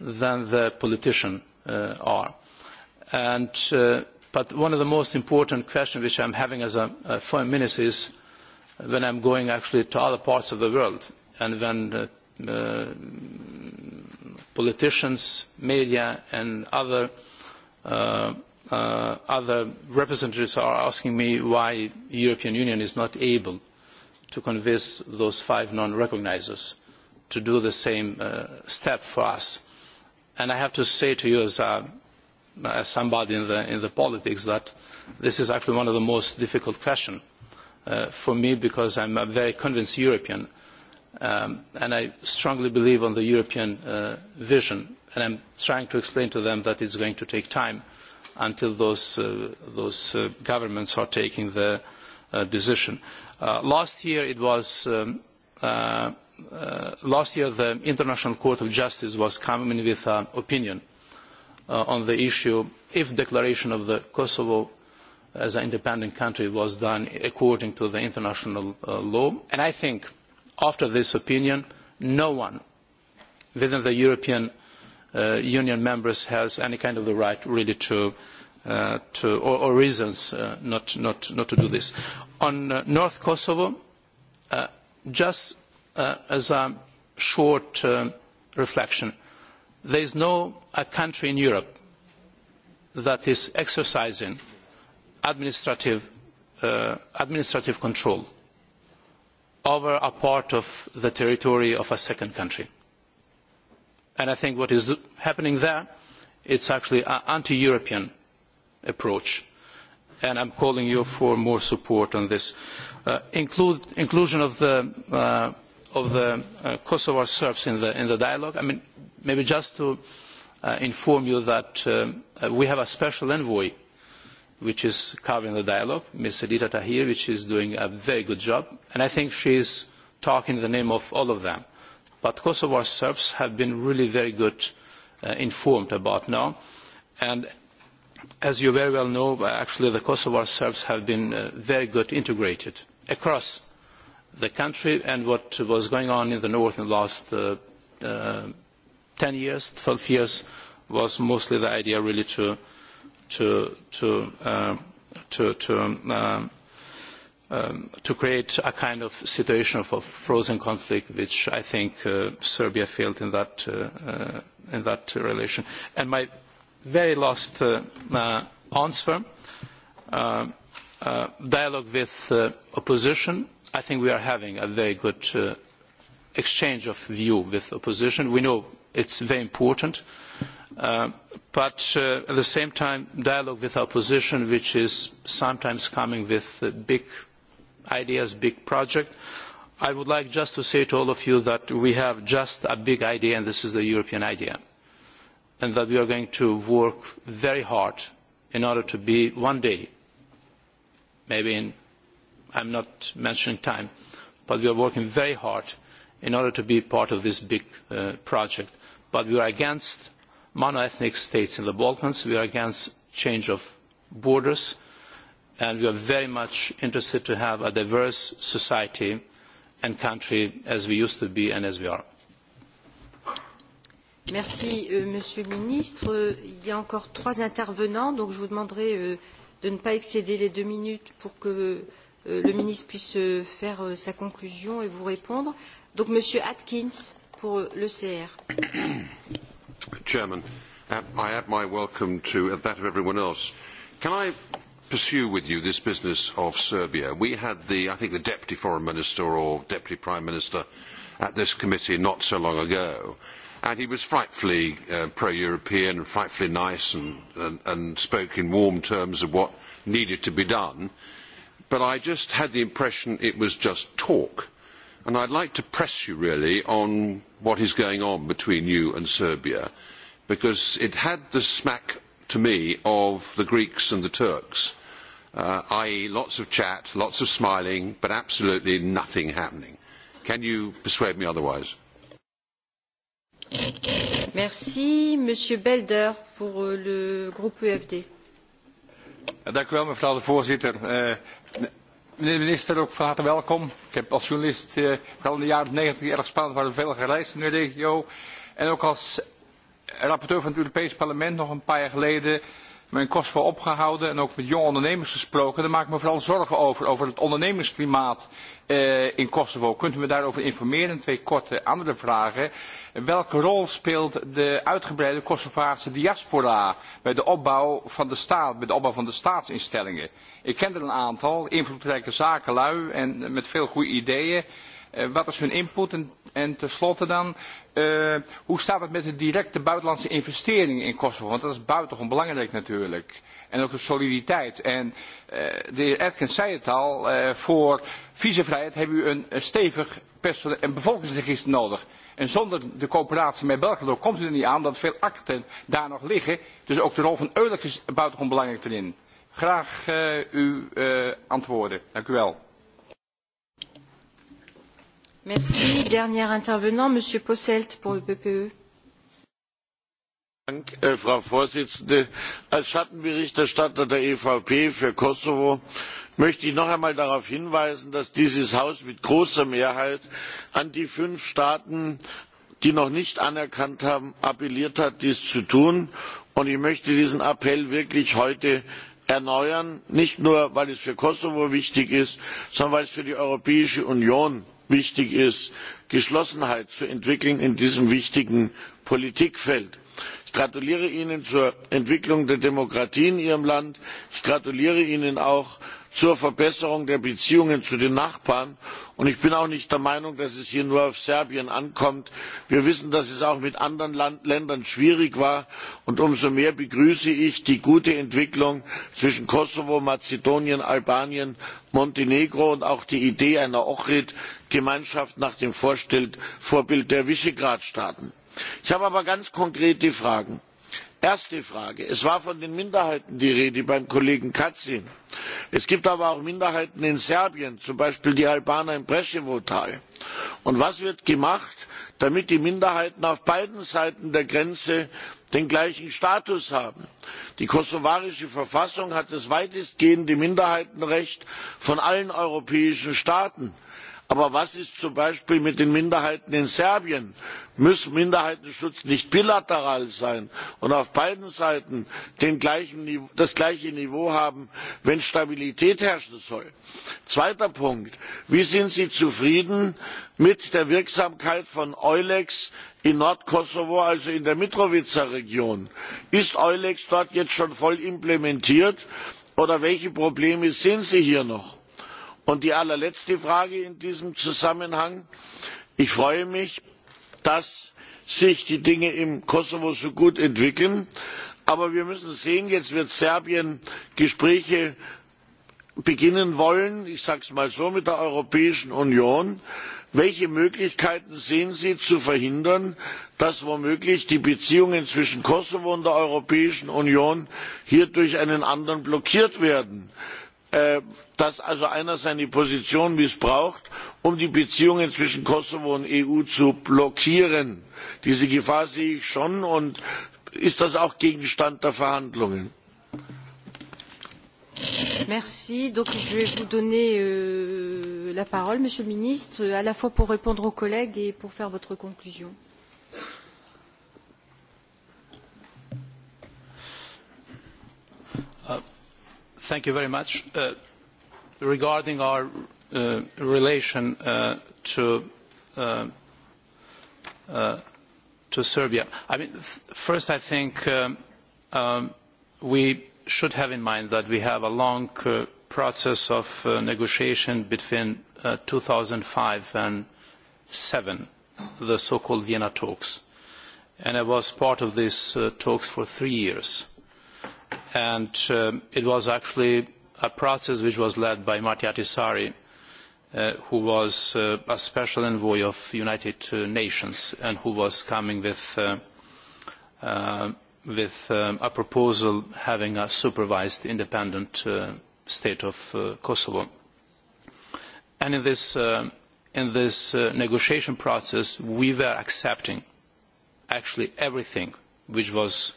Speaker 2: than the politician uh, are. And, uh, but one of the most important questions which I am having as a, a foreign minister is when I am going actually to other parts of the world and when uh, uh politicians, media and other, uh, uh, other representatives are asking me why the European Union is not able to convince those five non-recognizers to do the same uh, step for us. And I have to say to you as, uh, as somebody in the, in the politics that this is actually one of the most difficult questions uh, for me because I'm a very convinced European um, and I strongly believe on the European uh, vision and I'm trying to explain to them that it's going to take time until those, uh, those uh, governments are taking the uh, decision. Uh, Uh, last year it was um, uh, uh, last year the International Court of Justice was coming with an opinion uh, on the issue if declaration of the Kosovo as an independent country was done according to the international uh, law. And I think after this opinion, no one within the European uh, Union members has any kind of the right really to, uh, to or, or reasons uh, not, not, not to do this on uh, North Kosovo, uh, just uh, as a short uh, reflection, there is no a country in Europe that is exercising administrative, uh, administrative control over a part of the territory of a second country. And I think what is happening there, is actually an anti-European approach and I am calling you for more support on this. Uh, include, inclusion of the, uh, of the uh, Kosovo Serbs in the, in the dialogue, I mean, maybe just to uh, inform you that uh, uh, we have a special envoy which is covering the dialogue, Ms. Edita Tahir, which is doing a very good job, and I think she is talking in the name of all of them. But Kosovo Serbs have been really very good informed about now, and as you very well know, actually the Kosovar Serbs have been uh, very good integrated across the country and what was going on in the north in the last uh, uh, 10 years, 12 years was mostly the idea really to, to, to, uh, to, to, um, um, to create a kind of situation of frozen conflict, which I think uh, Serbia failed in that, uh, uh, in that relation. And my very last uh, uh, answer, uh, uh, dialogue with uh, opposition. I think we are having a very good uh, exchange of view with opposition. We know it's very important. Uh, but uh, at the same time, dialogue with opposition, which is sometimes coming with uh, big ideas, big projects. I would like just to say to all of you that we have just a big idea, and this is the European idea and that we are going to work very hard in order to be one day, maybe in, I'm not mentioning time, but we are working very hard in order to be part of this big uh, project. But we are against monoethnic states in the Balkans. We are against change of borders. And we are very much interested to have a diverse society and country as we used to be and as we are.
Speaker 1: Merci, euh, Monsieur le Ministre. il y a encore trois intervenants, donc je vous demanderai euh, de ne pas excéder les deux minutes pour que euh, le ministre puisse euh, faire euh, sa conclusion et vous répondre. Donc, Monsieur Atkins pour euh, le
Speaker 9: Chairman, uh, I add my welcome to uh, that of everyone else. Can I pursue with you this business of Serbia? We had the, I think, the Deputy Foreign Minister or Deputy Prime Minister at this committee not so long ago and he was frightfully uh, pro-European and frightfully nice and, and, and spoke in warm terms of what needed to be done. But I just had the impression it was just talk. And I'd like to press you really on what is going on between you and Serbia, because it had the smack to me of the Greeks and the Turks, uh, i.e. lots of chat, lots of smiling, but absolutely nothing happening. Can you persuade me otherwise?
Speaker 1: Merci, Monsieur Belder, pour euh, le groupe e eh,
Speaker 9: Dank u wel, mevrouw de voorzitter. Eh, meneer de minister, ook van harte welkom. Ik heb als journalist, eh, vooral in de jaren negentig, erg spannend, waar er veel gereisd in de regio. En ook als rapporteur van het Europees Parlement nog een paar jaar geleden mijn kost voor opgehouden en ook met jonge ondernemers gesproken. Daar maak ik me vooral zorgen over, over het ondernemersklimaat eh, in Kosovo. Kunt u me daarover informeren? Twee korte andere vragen. Welke rol speelt de uitgebreide Kosovaarse diaspora bij de opbouw van de staat, bij de opbouw van de staatsinstellingen? Ik ken er een aantal, invloedrijke zakenlui en met veel goede ideeën. Eh, wat is hun input? En, en tenslotte dan, Uh, hoe staat het met de directe buitenlandse investeringen in Kosovo? Want dat is buitengewoon belangrijk natuurlijk. En ook de soliditeit. En uh, de heer Atkins zei het al, uh, voor visumvrijheid hebben u een stevig en bevolkingsregister nodig. En zonder de coöperatie met Belgrado komt u er niet aan, omdat veel akten daar nog liggen. Dus ook de rol van Eulex is buitengewoon belangrijk erin. Graag uh, uw uh, antwoorden. Dank u wel.
Speaker 1: Merci. Dernier intervenant, Monsieur Posselt pour le PPE.
Speaker 10: Dank, äh, Frau Vorsitzende. Als Schattenberichterstatter der EVP für Kosovo möchte ich noch einmal darauf hinweisen, dass dieses Haus mit großer Mehrheit an die fünf Staaten, die noch nicht anerkannt haben, appelliert hat, dies zu tun. Und ich möchte diesen Appell wirklich heute erneuern, nicht nur, weil es für Kosovo wichtig ist, sondern weil es für die Europäische Union wichtig ist, Geschlossenheit zu entwickeln in diesem wichtigen Politikfeld. Ich gratuliere Ihnen zur Entwicklung der Demokratie in Ihrem Land. Ich gratuliere Ihnen auch zur Verbesserung der Beziehungen zu den Nachbarn. Und ich bin auch nicht der Meinung, dass es hier nur auf Serbien ankommt. Wir wissen, dass es auch mit anderen Land Ländern schwierig war. Und umso mehr begrüße ich die gute Entwicklung zwischen Kosovo, Mazedonien, Albanien, Montenegro und auch die Idee einer Ochrid-Gemeinschaft nach dem Vorbild der Visegrad-Staaten. Ich habe aber ganz konkrete Fragen. Erste Frage. Es war von den Minderheiten die Rede beim Kollegen Katzin. Es gibt aber auch Minderheiten in Serbien, zum Beispiel die Albaner im Preschewotal. Und was wird gemacht, damit die Minderheiten auf beiden Seiten der Grenze den gleichen Status haben? Die kosovarische Verfassung hat das weitestgehende Minderheitenrecht von allen europäischen Staaten. Aber was ist zum Beispiel mit den Minderheiten in Serbien? Muss Minderheitenschutz nicht bilateral sein und auf beiden Seiten gleichen, das gleiche Niveau haben, wenn Stabilität herrschen soll? Zweiter Punkt. Wie sind Sie zufrieden mit der Wirksamkeit von Eulex in Nordkosovo, also in der Mitrovica Region? Ist Eulex dort jetzt schon voll implementiert oder welche Probleme sehen Sie hier noch? Und die allerletzte Frage in diesem Zusammenhang. Ich freue mich, dass sich die Dinge im Kosovo so gut entwickeln. Aber wir müssen sehen, jetzt wird Serbien Gespräche beginnen wollen, ich sage es mal so, mit der Europäischen Union. Welche Möglichkeiten sehen Sie zu verhindern, dass womöglich die Beziehungen zwischen Kosovo und der Europäischen Union hier durch einen anderen blockiert werden? Äh, dass also einer seine Position missbraucht, um die Beziehungen zwischen Kosovo und EU zu blockieren. Diese Gefahr sehe ich schon und ist das auch Gegenstand der Verhandlungen?
Speaker 1: Merci. Donc, je vais vous donner euh, la parole, Monsieur le Ministre, à la fois pour répondre aux collègues et pour faire votre conclusion.
Speaker 2: Thank you very much. Uh, regarding our uh, relation uh, to uh, uh, to Serbia, I mean, th first I think um, um, we should have in mind that we have a long uh, process of uh, negotiation between uh, 2005 and 7, the so-called Vienna talks, and I was part of these uh, talks for three years and um, it was actually a process which was led by Marty Atisari, uh, who was uh, a special envoy of the United uh, Nations and who was coming with, uh, uh, with um, a proposal having a supervised independent uh, state of uh, Kosovo. And in this, uh, in this uh, negotiation process, we were accepting actually everything which was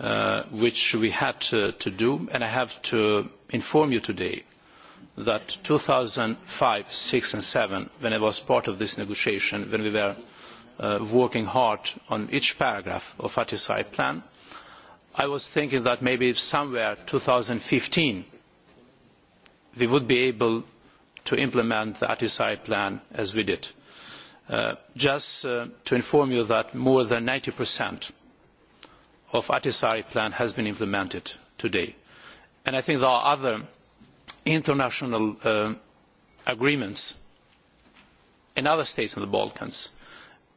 Speaker 2: uh, which we had to, to do. And I have to inform you today that 2005, 6 and 7, when I was part of this negotiation, when we were uh, working hard on each paragraph of Atisai plan, I was thinking that maybe somewhere 2015 we would be able to implement the Atisai plan as we did. Uh, just uh, to inform you that more than 90 percent of Atisari plan has been implemented today. And I think there are other international uh, agreements in other states in the Balkans.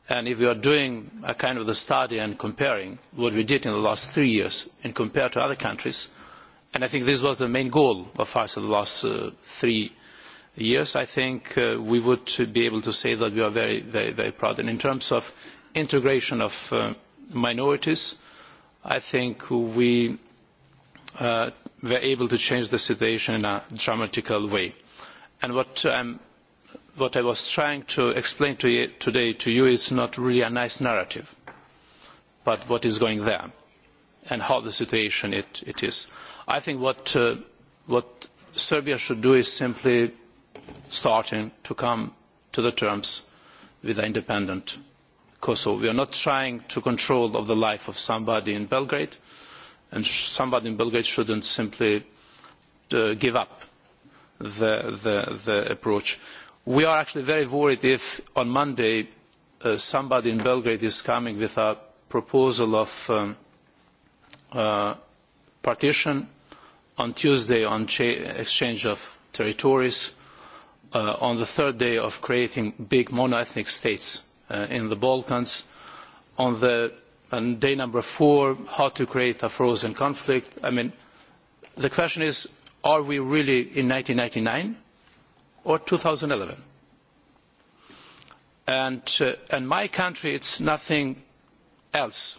Speaker 2: And if we are doing a kind of the study and comparing what we did in the last three years and compared to other countries, and I think this was the main goal of us in the last uh, three years, I think uh, we would be able to say that we are very, very, very proud. And in terms of integration of uh, minorities, I think we uh, were able to change the situation in a dramatical way. And what, um, what I was trying to explain to you today to you is not really a nice narrative, but what is going there and how the situation it, it is. I think what, uh, what Serbia should do is simply starting to come to the terms with the independent Kosovo. We are not trying to control of the life of somebody in Belgrade, and somebody in Belgrade shouldn't simply uh, give up the, the, the approach. We are actually very worried if on Monday uh, somebody in Belgrade is coming with a proposal of um, uh, partition on Tuesday on exchange of territories, uh, on the third day of creating big monoethnic states Uh, in the Balkans. On the on day number four, how to create a frozen conflict. I mean, the question is, are we really in 1999 or 2011? And uh, in my country, it's nothing else.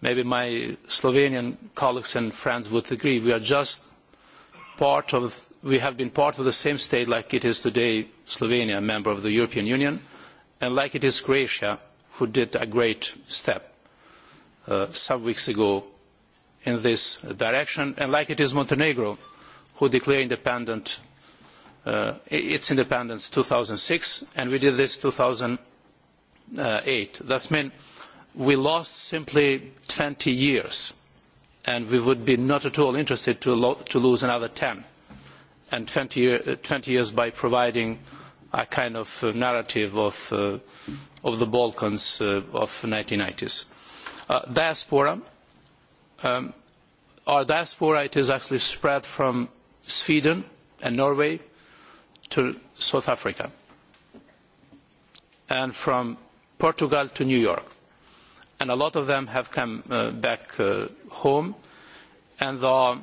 Speaker 2: Maybe my Slovenian colleagues and friends would agree. We are just part of, we have been part of the same state like it is today, Slovenia, a member of the European Union and like it is Croatia who did a great step uh, some weeks ago in this direction, and like it is Montenegro who declared independent, uh, its independence in 2006, and we did this in 2008. That means we lost simply 20 years, and we would be not at all interested to, lo to lose another 10 and 20, year, 20 uh, years by providing uh, a kind of uh, narrative of, uh, of the Balkans uh, of the 1990s. Uh, diaspora. Um, our diaspora, it is actually spread from Sweden and Norway to South Africa and from Portugal to New York. And a lot of them have come uh, back uh, home and are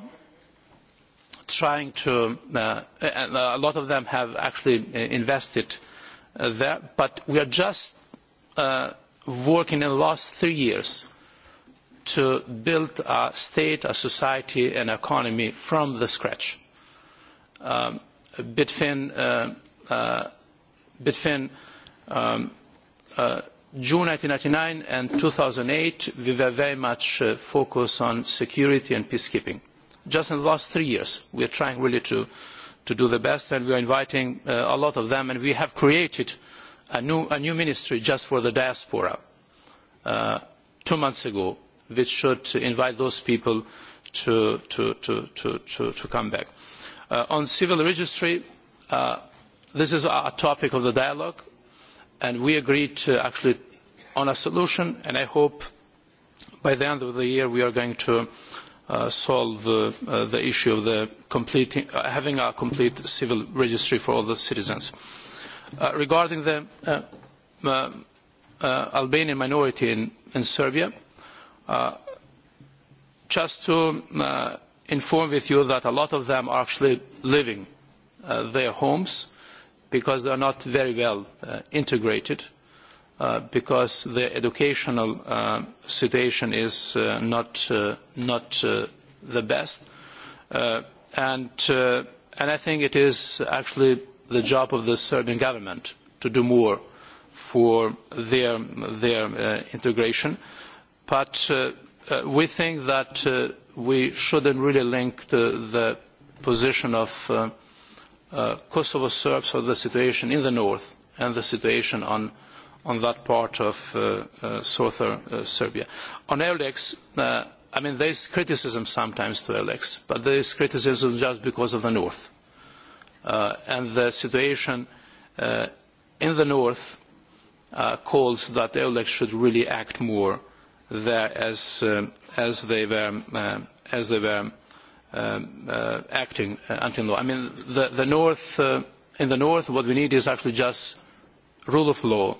Speaker 2: trying to, uh, uh, a lot of them have actually uh, invested uh, there, but we are just uh, working in the last three years to build a state, a society, an economy from the scratch. Um, between, uh, uh, between um, uh, June 1999 and 2008, we were very much uh, focused on security and peacekeeping just in the last three years. We are trying really to, to do the best and we are inviting uh, a lot of them and we have created a new, a new ministry just for the diaspora uh, two months ago which should invite those people to, to, to, to, to, to come back. Uh, on civil registry, uh, this is a topic of the dialogue and we agreed to actually on a solution and I hope by the end of the year we are going to Uh, solve uh, the issue of the completing, having a complete civil registry for all the citizens. Uh, regarding the uh, Albanian minority in, in Serbia, just to inform with you that a lot of them are actually leaving their homes because they are not very well integrated. Uh, Uh, because the educational uh, situation is uh, not, uh, not uh, the best. Uh, and, uh, and I think it is actually the job of the Serbian government to do more for their, their uh, integration. But uh, uh, we think that uh, we shouldn't really link the, the position of uh, uh, Kosovo Serbs or the situation in the north and the situation on on that part of uh, uh, southern uh, Serbia. On Eulex, uh, I mean, there is criticism sometimes to Eulex, but there is criticism just because of the north. Uh, and the situation uh, in the north uh, calls that Eulex should really act more there as, uh, as they were, uh, as they were um, uh, acting uh, until now. I mean, the, the north, uh, in the north, what we need is actually just rule of law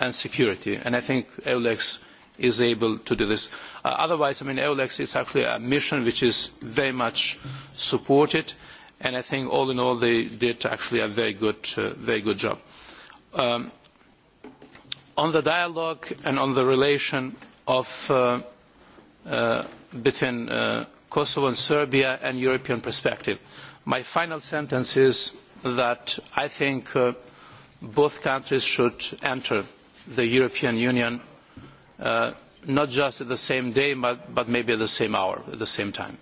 Speaker 2: and security. And I think EULEX is able to do this. Uh, otherwise, I mean, EULEX is actually a mission which is very much supported, and I think all in all they did actually a very good, uh, very good job. Um, on the dialogue and on the relation of, uh, uh, between uh, Kosovo and Serbia and European perspective, my final sentence is that I think uh, both countries should enter the European Union, uh, not just at the same day, but, but maybe at the same hour, at the same time.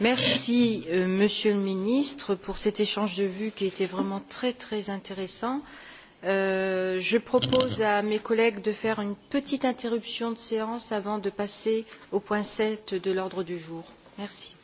Speaker 1: Merci, euh, Monsieur le Ministre, pour cet échange de vues qui était vraiment très, très intéressant. Euh, je propose à mes collègues de faire une petite interruption de séance avant de passer au point 7 de l'ordre du jour. Merci.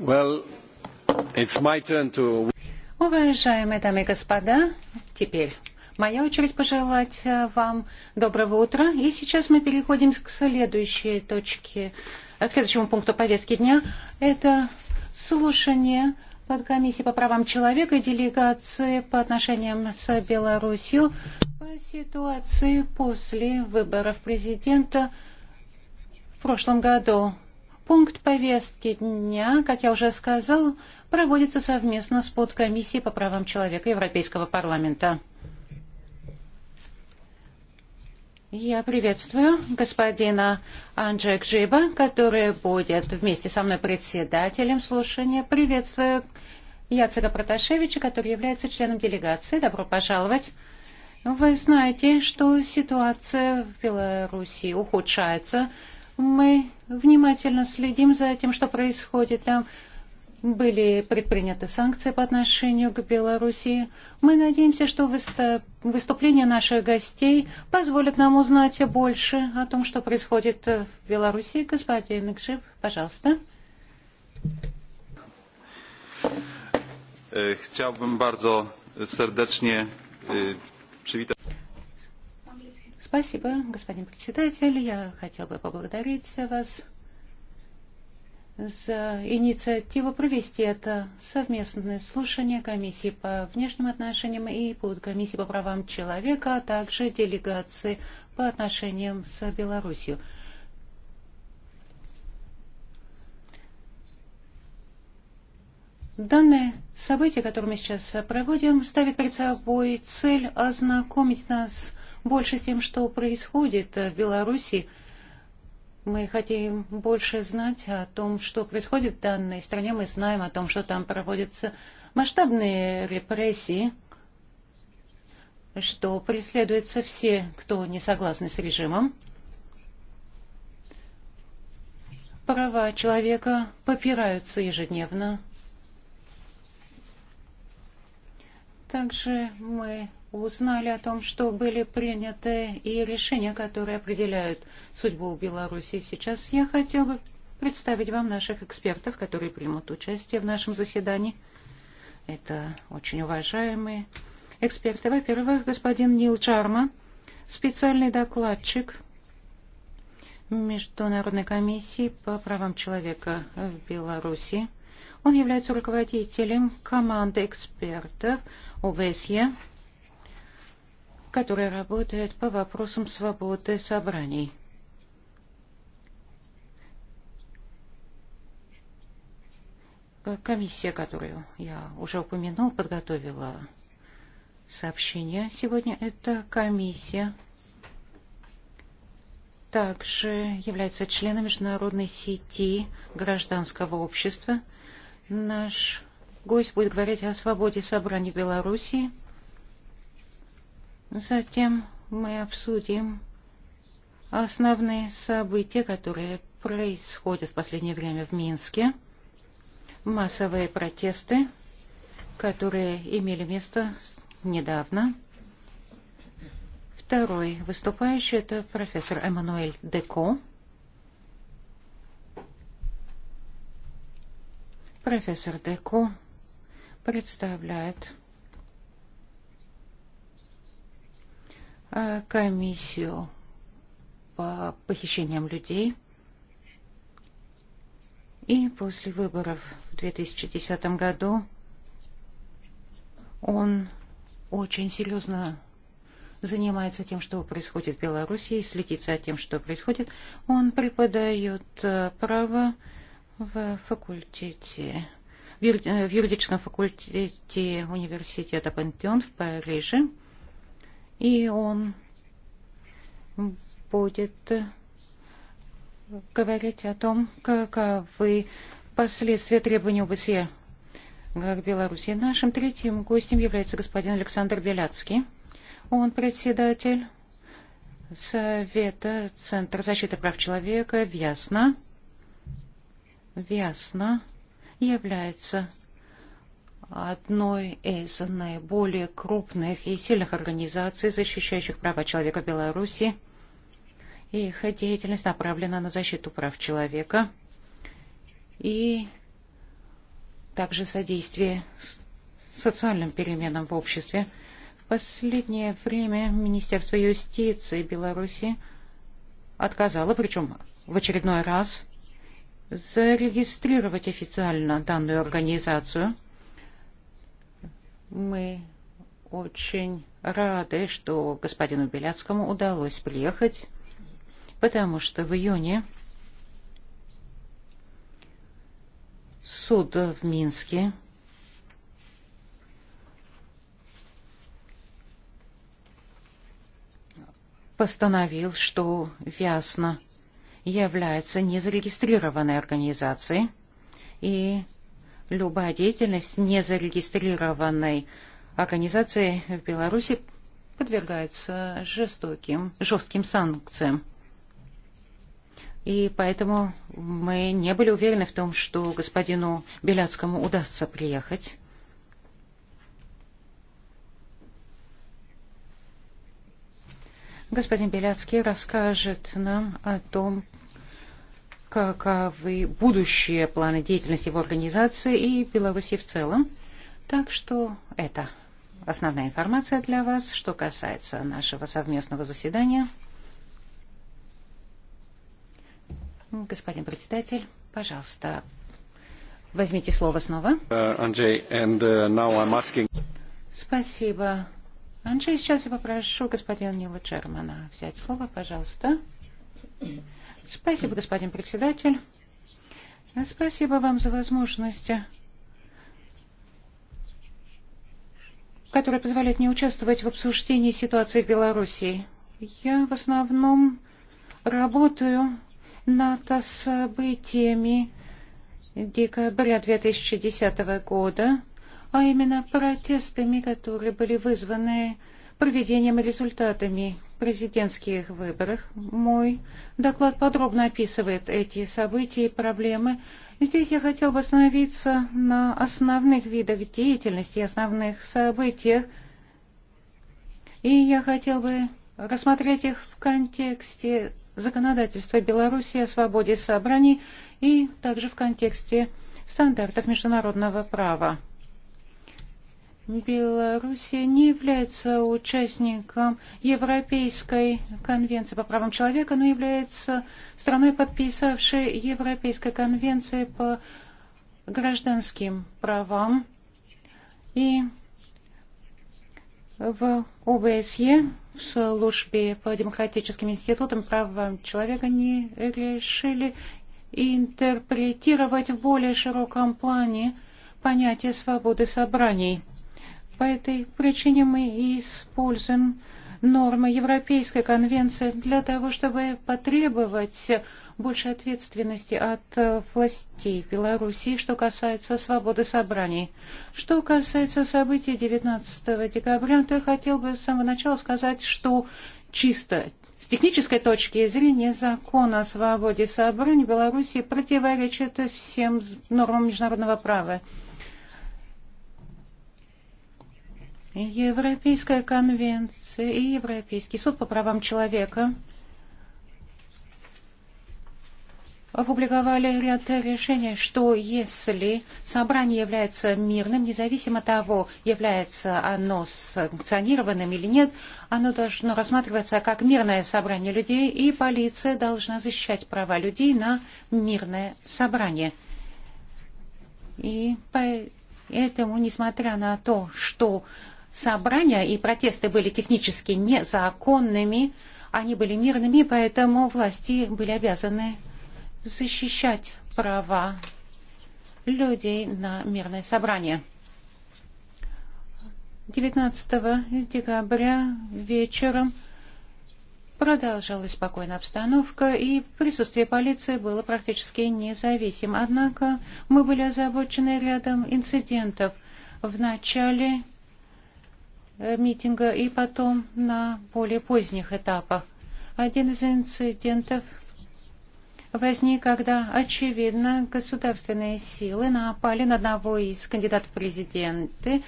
Speaker 11: Well, it's my turn to...
Speaker 12: Уважаемые дамы и господа, теперь моя очередь пожелать э, вам доброго утра. И сейчас мы переходим к следующей точке, э, к следующему пункту повестки дня. Это слушание под Комиссией по правам человека и делегации по отношениям с Беларусью по ситуации после выборов президента в прошлом году. Пункт повестки дня, как я уже сказал, проводится совместно с подкомиссией по правам человека Европейского парламента. Я приветствую господина Анджея Кжиба, который будет вместе со мной председателем слушания. Приветствую Яцера Проташевича, который является членом делегации. Добро пожаловать. Вы знаете, что ситуация в Беларуси ухудшается Мы внимательно следим за тем, что происходит там. Были предприняты санкции по отношению к Белоруссии. Мы надеемся, что выступления наших гостей позволят нам узнать больше о том, что происходит в Беларуси. Господин Икшип, пожалуйста.
Speaker 6: Э, хотел бы очень э, сердечно э,
Speaker 12: Спасибо, господин председатель. Я хотел бы поблагодарить вас за инициативу провести это совместное слушание комиссии по внешним отношениям и подкомиссии по правам человека, а также делегации по отношениям с Беларусью. Данное событие, которое мы сейчас проводим, ставит перед собой цель ознакомить нас с больше с тем, что происходит в Беларуси. Мы хотим больше знать о том, что происходит в данной стране. Мы знаем о том, что там проводятся масштабные репрессии, что преследуются все, кто не согласны с режимом. Права человека попираются ежедневно. Также мы узнали о том, что были приняты и решения, которые определяют судьбу Беларуси сейчас, я хотел бы представить вам наших экспертов, которые примут участие в нашем заседании. Это очень уважаемые эксперты. Во-первых, господин Нил Чарма, специальный докладчик Международной комиссии по правам человека в Беларуси. Он является руководителем команды экспертов ОБСЕ который работает по вопросам свободы собраний. Комиссия, которую я уже упомянул, подготовила сообщение сегодня. Это комиссия также является членом международной сети гражданского общества. Наш гость будет говорить о свободе собраний Белоруссии Затем мы обсудим основные события, которые происходят в последнее время в Минске. Массовые протесты, которые имели место недавно. Второй выступающий – это профессор Эммануэль Деко. Профессор Деко представляет комиссию по похищениям людей. И после выборов в 2010 году он очень серьезно занимается тем, что происходит в Беларуси, и следит за тем, что происходит. Он преподает э, право в факультете, в юридическом факультете университета Пантеон в Париже – и он будет говорить о том, каковы последствия требований ОБСЕ к Беларуси. Нашим третьим гостем является господин Александр Беляцкий. Он председатель Совета Центра защиты прав человека В Ясно является одной из наиболее крупных и сильных организаций, защищающих права человека в Беларуси. Их деятельность направлена на защиту прав человека и также содействие социальным переменам в обществе. В последнее время Министерство юстиции Беларуси отказало, причем в очередной раз, зарегистрировать официально данную организацию – Мы очень рады, что господину Беляцкому удалось приехать, потому что в июне суд в Минске постановил, что Вясна является незарегистрированной организацией и любая деятельность незарегистрированной организации в Беларуси подвергается жестоким, жестким санкциям. И поэтому мы не были уверены в том, что господину Беляцкому удастся приехать. Господин Беляцкий расскажет нам о том, каковы будущие планы деятельности его организации и Беларуси в целом. Так что это основная информация для вас, что касается нашего совместного заседания. Господин председатель, пожалуйста, возьмите слово снова.
Speaker 11: Uh, Andrzej, and uh, now I'm asking...
Speaker 12: Спасибо. Анджей, сейчас я попрошу господина Нила Джермана взять слово, Пожалуйста. Спасибо, господин председатель. Спасибо вам за возможность, которая позволяет мне участвовать в обсуждении ситуации в Беларуси. Я в основном работаю над событиями декабря 2010 года, а именно протестами, которые были вызваны проведением и результатами президентских выборов. Мой доклад подробно описывает эти события и проблемы. Здесь я хотел бы остановиться на основных видах деятельности, основных событиях. И я хотел бы рассмотреть их в контексте законодательства Беларуси о свободе собраний и также в контексте стандартов международного права. Беларусь не является участником Европейской конвенции по правам человека, но является страной, подписавшей Европейской конвенции по гражданским правам. И в ОБСЕ, в службе по демократическим институтам правам человека не решили интерпретировать в более широком плане понятие свободы собраний. По этой причине мы и используем нормы Европейской конвенции для того, чтобы потребовать больше ответственности от властей Беларуси, что касается свободы собраний. Что касается событий 19 декабря, то я хотел бы с самого начала сказать, что чисто с технической точки зрения закон о свободе собраний Беларуси противоречит всем нормам международного права. Европейская конвенция и Европейский суд по правам человека опубликовали ряд решений, что если собрание является мирным, независимо от того, является оно санкционированным или нет, оно должно рассматриваться как мирное собрание людей, и полиция должна защищать права людей на мирное собрание. И поэтому, несмотря на то, что собрания и протесты были технически незаконными, они были мирными, поэтому власти были обязаны защищать права людей на мирное собрание. 19 декабря вечером продолжалась спокойная обстановка, и присутствие полиции было практически независимо. Однако мы были озабочены рядом инцидентов. В начале Э, митинга и потом на более поздних этапах. Один из инцидентов возник, когда, очевидно, государственные силы напали на одного из кандидатов в президенты,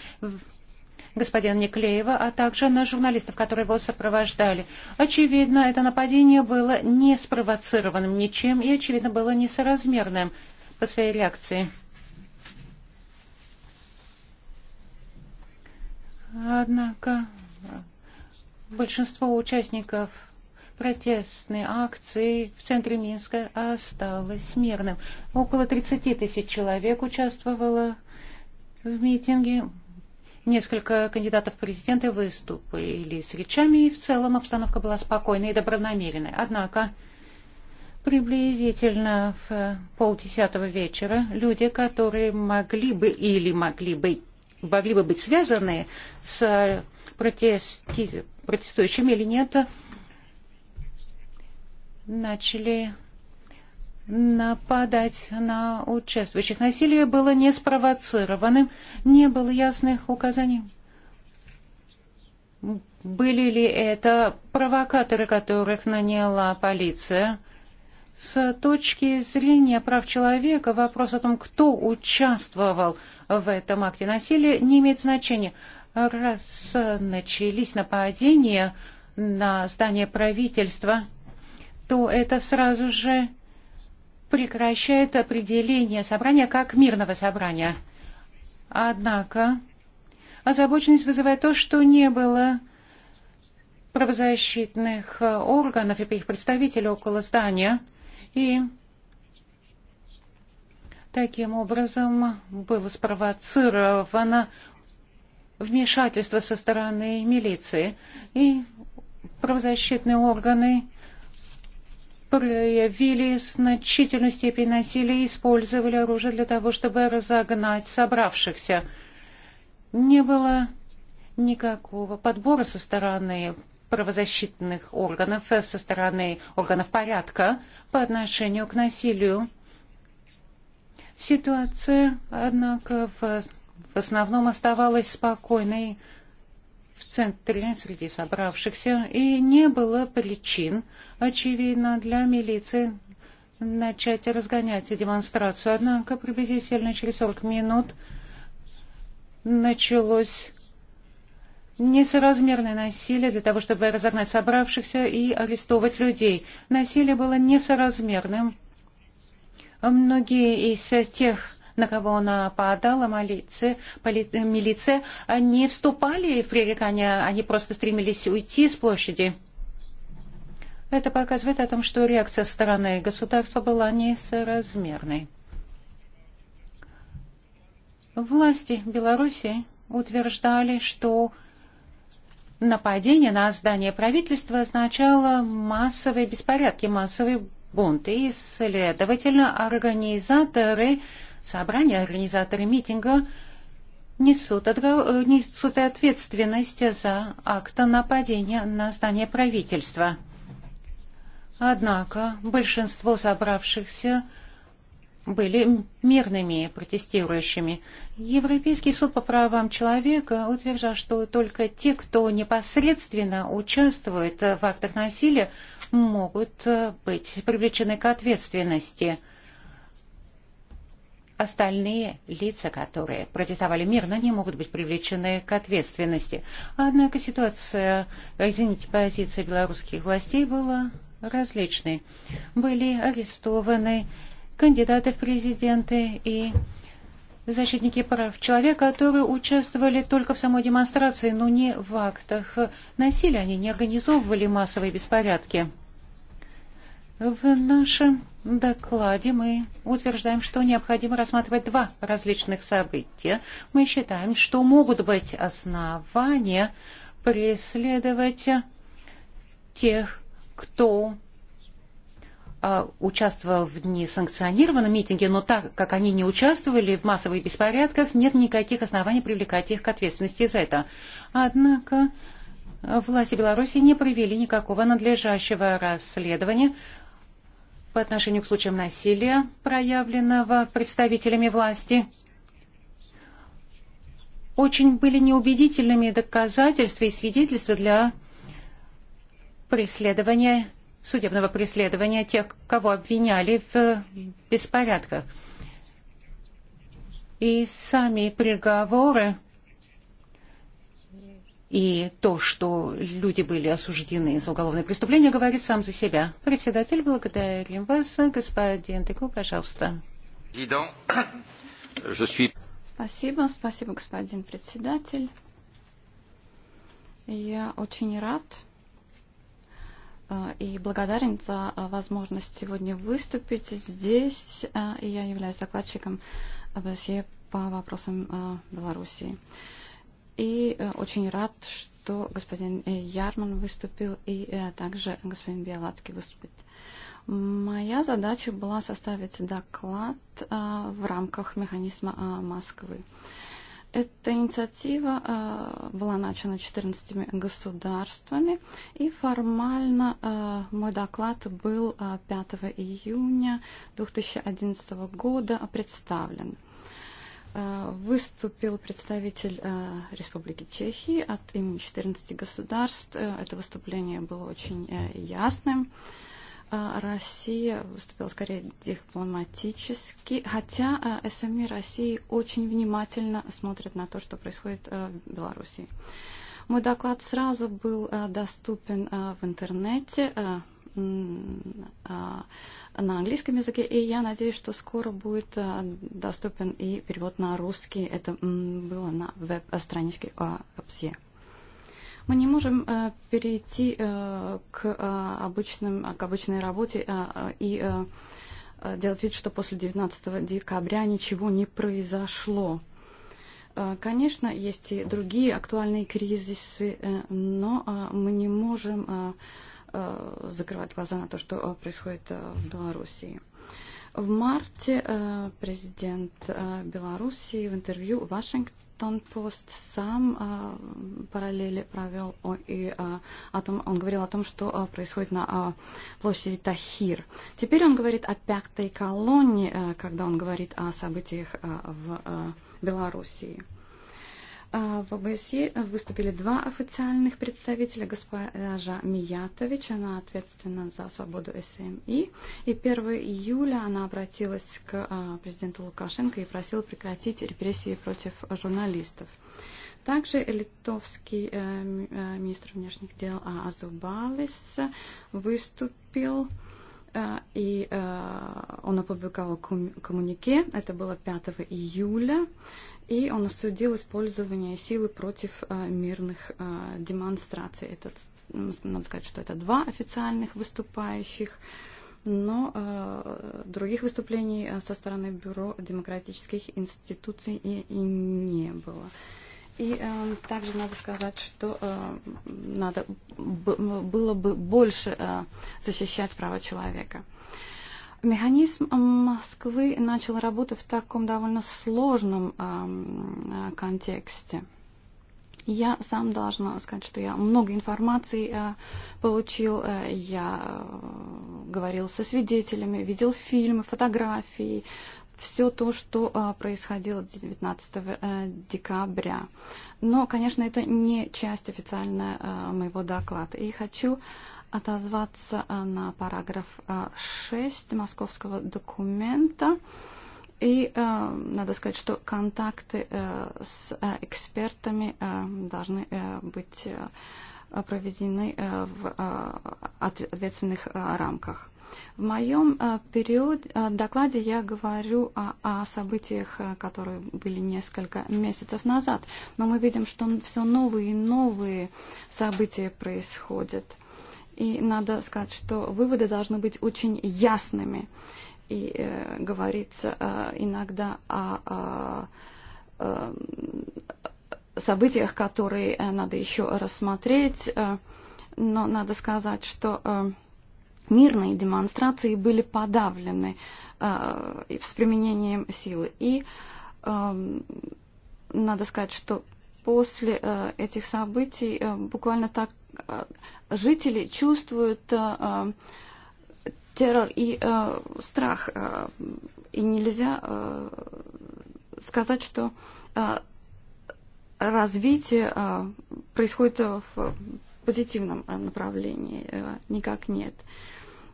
Speaker 12: господина Никлеева, а также на журналистов, которые его сопровождали. Очевидно, это нападение было не спровоцированным ничем и, очевидно, было несоразмерным по своей реакции. Однако большинство участников протестной акции в центре Минска осталось мирным. Около 30 тысяч человек участвовало в митинге. Несколько кандидатов в президенты выступили с речами, и в целом обстановка была спокойной и добронамеренной. Однако приблизительно в полдесятого вечера люди, которые могли бы или могли быть могли бы быть связаны с протести, протестующими или нет, начали нападать на участвующих. Насилие было не спровоцированным, не было ясных указаний. Были ли это провокаторы, которых наняла полиция? С точки зрения прав человека вопрос о том, кто участвовал в этом акте насилия, не имеет значения. Раз начались нападения на здание правительства, то это сразу же прекращает определение собрания как мирного собрания. Однако озабоченность вызывает то, что не было правозащитных органов и их представителей около здания – И таким образом было спровоцировано вмешательство со стороны милиции. И правозащитные органы проявили значительную степень насилия и использовали оружие для того, чтобы разогнать собравшихся. Не было никакого подбора со стороны правозащитных органов э, со стороны органов порядка по отношению к насилию. Ситуация, однако, в, в основном оставалась спокойной в центре среди собравшихся, и не было причин, очевидно, для милиции начать разгонять демонстрацию. Однако приблизительно через 40 минут началось несоразмерное насилие для того, чтобы разогнать собравшихся и арестовывать людей. Насилие было несоразмерным. Многие из тех, на кого нападала полиция, поли, э, милиция, не вступали в пререкание, они просто стремились уйти с площади. Это показывает о том, что реакция стороны государства была несоразмерной. Власти Беларуси утверждали, что нападение на здание правительства означало массовые беспорядки, массовые бунты. И, следовательно, организаторы собрания, организаторы митинга несут, отго... несут ответственность за акт нападения на здание правительства. Однако большинство собравшихся были мирными протестирующими. Европейский суд по правам человека утверждал, что только те, кто непосредственно участвует в актах насилия, могут э, быть привлечены к ответственности. Остальные лица, которые протестовали мирно, не могут быть привлечены к ответственности. Однако ситуация, извините, позиция белорусских властей была различной. Были арестованы кандидаты в президенты и защитники прав человека, которые участвовали только в самой демонстрации, но не в актах насилия. Они не организовывали массовые беспорядки. В нашем докладе мы утверждаем, что необходимо рассматривать два различных события. Мы считаем, что могут быть основания преследовать тех, кто участвовал в несанкционированном митинге, но так как они не участвовали в массовых беспорядках, нет никаких оснований привлекать их к ответственности за это. Однако власти Беларуси не провели никакого надлежащего расследования по отношению к случаям насилия, проявленного представителями власти. Очень были неубедительными доказательства и свидетельства для преследования судебного преследования тех, кого обвиняли в беспорядках. И сами приговоры и то, что люди были осуждены за уголовное преступление, говорит сам за себя. Председатель, благодарим вас. Господин Тыку, пожалуйста. Спасибо, спасибо, господин председатель.
Speaker 13: Я очень рад, и благодарен за возможность сегодня выступить здесь. И я являюсь докладчиком ОБСЕ по вопросам Белоруссии. И очень рад, что господин э, Ярман выступил и э, также господин Биолацкий выступит. Моя задача была составить доклад в рамках механизма Москвы. Эта инициатива э, была начана 14 государствами, и формально э, мой доклад был э, 5 июня 2011 года представлен. Э, выступил представитель э, Республики Чехии от имени 14 государств. Э, это выступление было очень э, ясным. Э, Россия выступила скорее дипломатически, хотя СМИ России очень внимательно смотрят на то, что происходит э, в Беларуси. Мой доклад сразу был э, доступен э, в интернете на английском языке, и я надеюсь, что скоро будет доступен и перевод на русский. Это было на веб-страничке ОАПСЕ. Мы не можем э, перейти э, к, э, обычным, к обычной работе э, и э, делать вид, что после 19 декабря ничего не произошло. Э, конечно, есть и другие актуальные кризисы, э, но э, мы не можем закрывать глаза на то, что происходит в Белоруссии. В марте президент Белоруссии в интервью Вашингтон Тонпост сам а, параллели провел о, и а, о том, он говорил о том, что а, происходит на а, площади Тахир. Теперь он говорит о пятой колонне, а, когда он говорит о событиях а, в а, Белоруссии. В ОБСЕ выступили два официальных представителя, госпожа Миятович, она ответственна за свободу СМИ, и 1 июля она обратилась к президенту Лукашенко и просила прекратить репрессии против журналистов. Также литовский э, э, министр внешних дел Азубалис выступил э, и он опубликовал коммунике, это было 5 июля, и он осудил использование силы против мирных демонстраций. Это, надо сказать, что это два официальных выступающих, но других выступлений со стороны Бюро демократических институций и, и не было. И э, также надо сказать, что э, надо было бы больше э, защищать права человека. Механизм Москвы начал работу в таком довольно сложном э, контексте. Я сам должна сказать, что я много информации э, получил. Э, я э, говорил со свидетелями, видел фильмы, фотографии, все то, что э, происходило 19 э, декабря. Но, конечно, это не часть официального э, моего доклада. И хочу отозваться э, на параграф 6 э, московского документа. И э, надо сказать, что контакты э, с э, экспертами э, должны э, быть э, проведены э, в э, ответственных э, рамках. В моем э, периоде, э, докладе я говорю о, о событиях, э, которые были несколько месяцев назад, но мы видим, что все новые и новые события происходят И надо сказать, что выводы должны быть очень ясными. И э, говорится э, иногда о, о, о э, событиях, которые э, надо еще рассмотреть. Э, но надо сказать, что э, мирные демонстрации были подавлены э, с применением силы. И э, надо сказать, что после э, этих событий э, буквально так Э, жители чувствуют э, э, террор и страх. И нельзя сказать, что развитие происходит в позитивном направлении. Никак нет.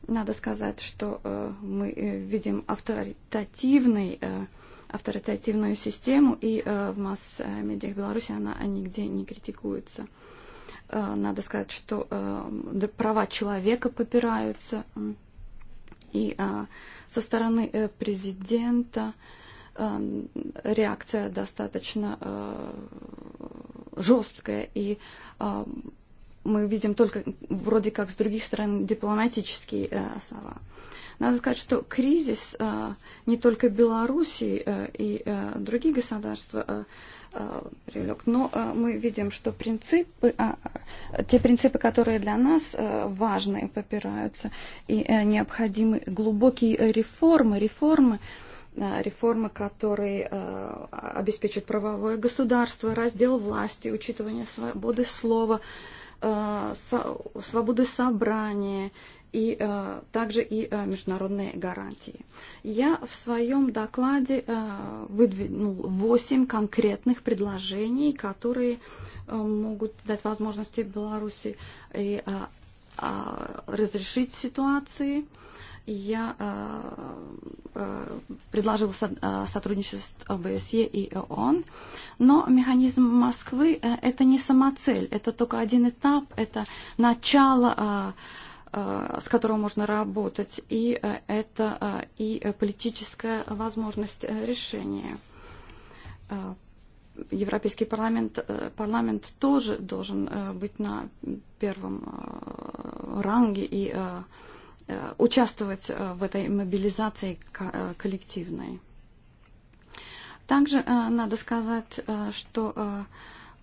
Speaker 13: Надо сказать, что мы видим авторитативный авторитативную систему, и э, в масс-медиах Беларуси она нигде не критикуется. Э, надо сказать, что э, права человека попираются. И э, со стороны президента реакция достаточно жесткая. И мы видим только вроде как с других сторон дипломатические слова. Надо сказать, что кризис не только Белоруссии и других государств привлек. Э, Но э, мы видим, что принципы, те принципы, которые для нас э, важны, попираются, и необходимы глубокие реформы, реформы, реформы, которые обеспечат правовое государство, раздел власти, учитывание свободы слова, свободы собрания и э, также и э, международные гарантии. Я в своем докладе э, выдвинул 8 конкретных предложений, которые э, могут дать возможности Беларуси и, э, э, разрешить ситуации. Я э, э, предложил со, э, сотрудничество ОБСЕ и ООН, но механизм Москвы э, – это не самоцель, это только один этап, это начало э, Э, с которым можно работать, и э, это э, и политическая возможность решения. Европейский парламент, парламент тоже должен быть на первом ранге и участвовать в этой мобилизации коллективной. Также надо сказать, что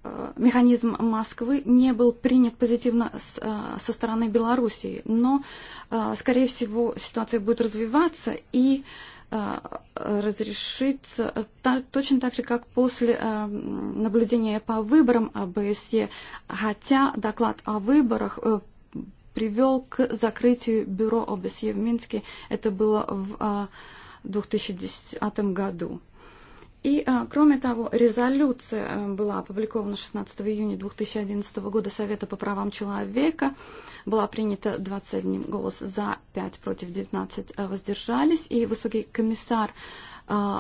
Speaker 13: Э, механизм Москвы не был принят позитивно с, э, со стороны Белоруссии, но, э, скорее всего, ситуация будет развиваться и разрешится точно так же, как после наблюдения по выборам ОБСЕ, хотя доклад о выборах привел к закрытию бюро ОБСЕ в Минске. Это было в 2010 году. И, кроме того, резолюция э, была опубликована 16 июня 2011 года Совета по правам человека, была принята 21 голос за, 5 против 19 э, воздержались, и высокий комиссар э,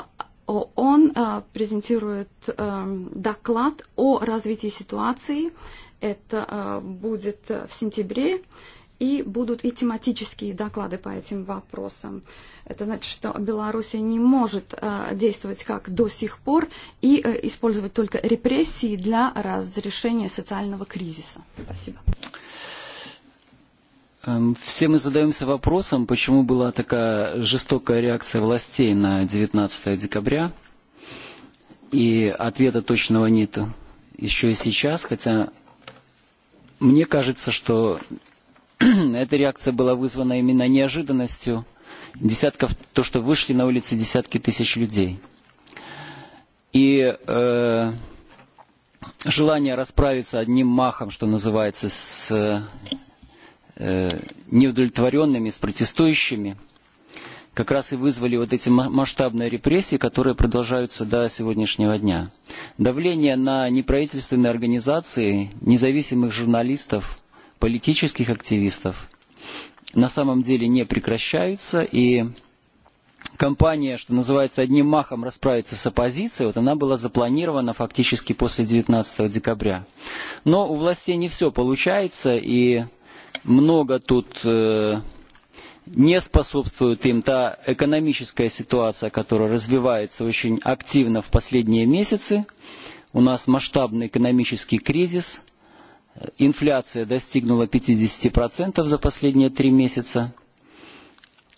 Speaker 13: ООН презентирует доклад о развитии ситуации. Это будет в сентябре и будут и тематические доклады по этим вопросам. Это значит, что Беларусь не может э, действовать как до сих пор и э, использовать только репрессии для разрешения социального кризиса. Спасибо.
Speaker 14: Все мы задаемся вопросом, почему была такая жестокая реакция властей на 19 декабря, и ответа точного нет еще и сейчас, хотя мне кажется, что эта реакция была вызвана именно неожиданностью десятков, то, что вышли на улицы десятки тысяч людей. И э, желание расправиться одним махом, что называется, с э, неудовлетворенными, с протестующими, как раз и вызвали вот эти масштабные репрессии, которые продолжаются до сегодняшнего дня. Давление на неправительственные организации, независимых журналистов – политических активистов на самом деле не прекращаются, и компания, что называется, одним махом расправиться с оппозицией, вот она была запланирована фактически после 19 декабря. Но у властей не все получается, и много тут э, не способствует им та экономическая ситуация, которая развивается очень активно в последние месяцы. У нас масштабный экономический кризис – Э, инфляция достигнула 50% за последние три месяца.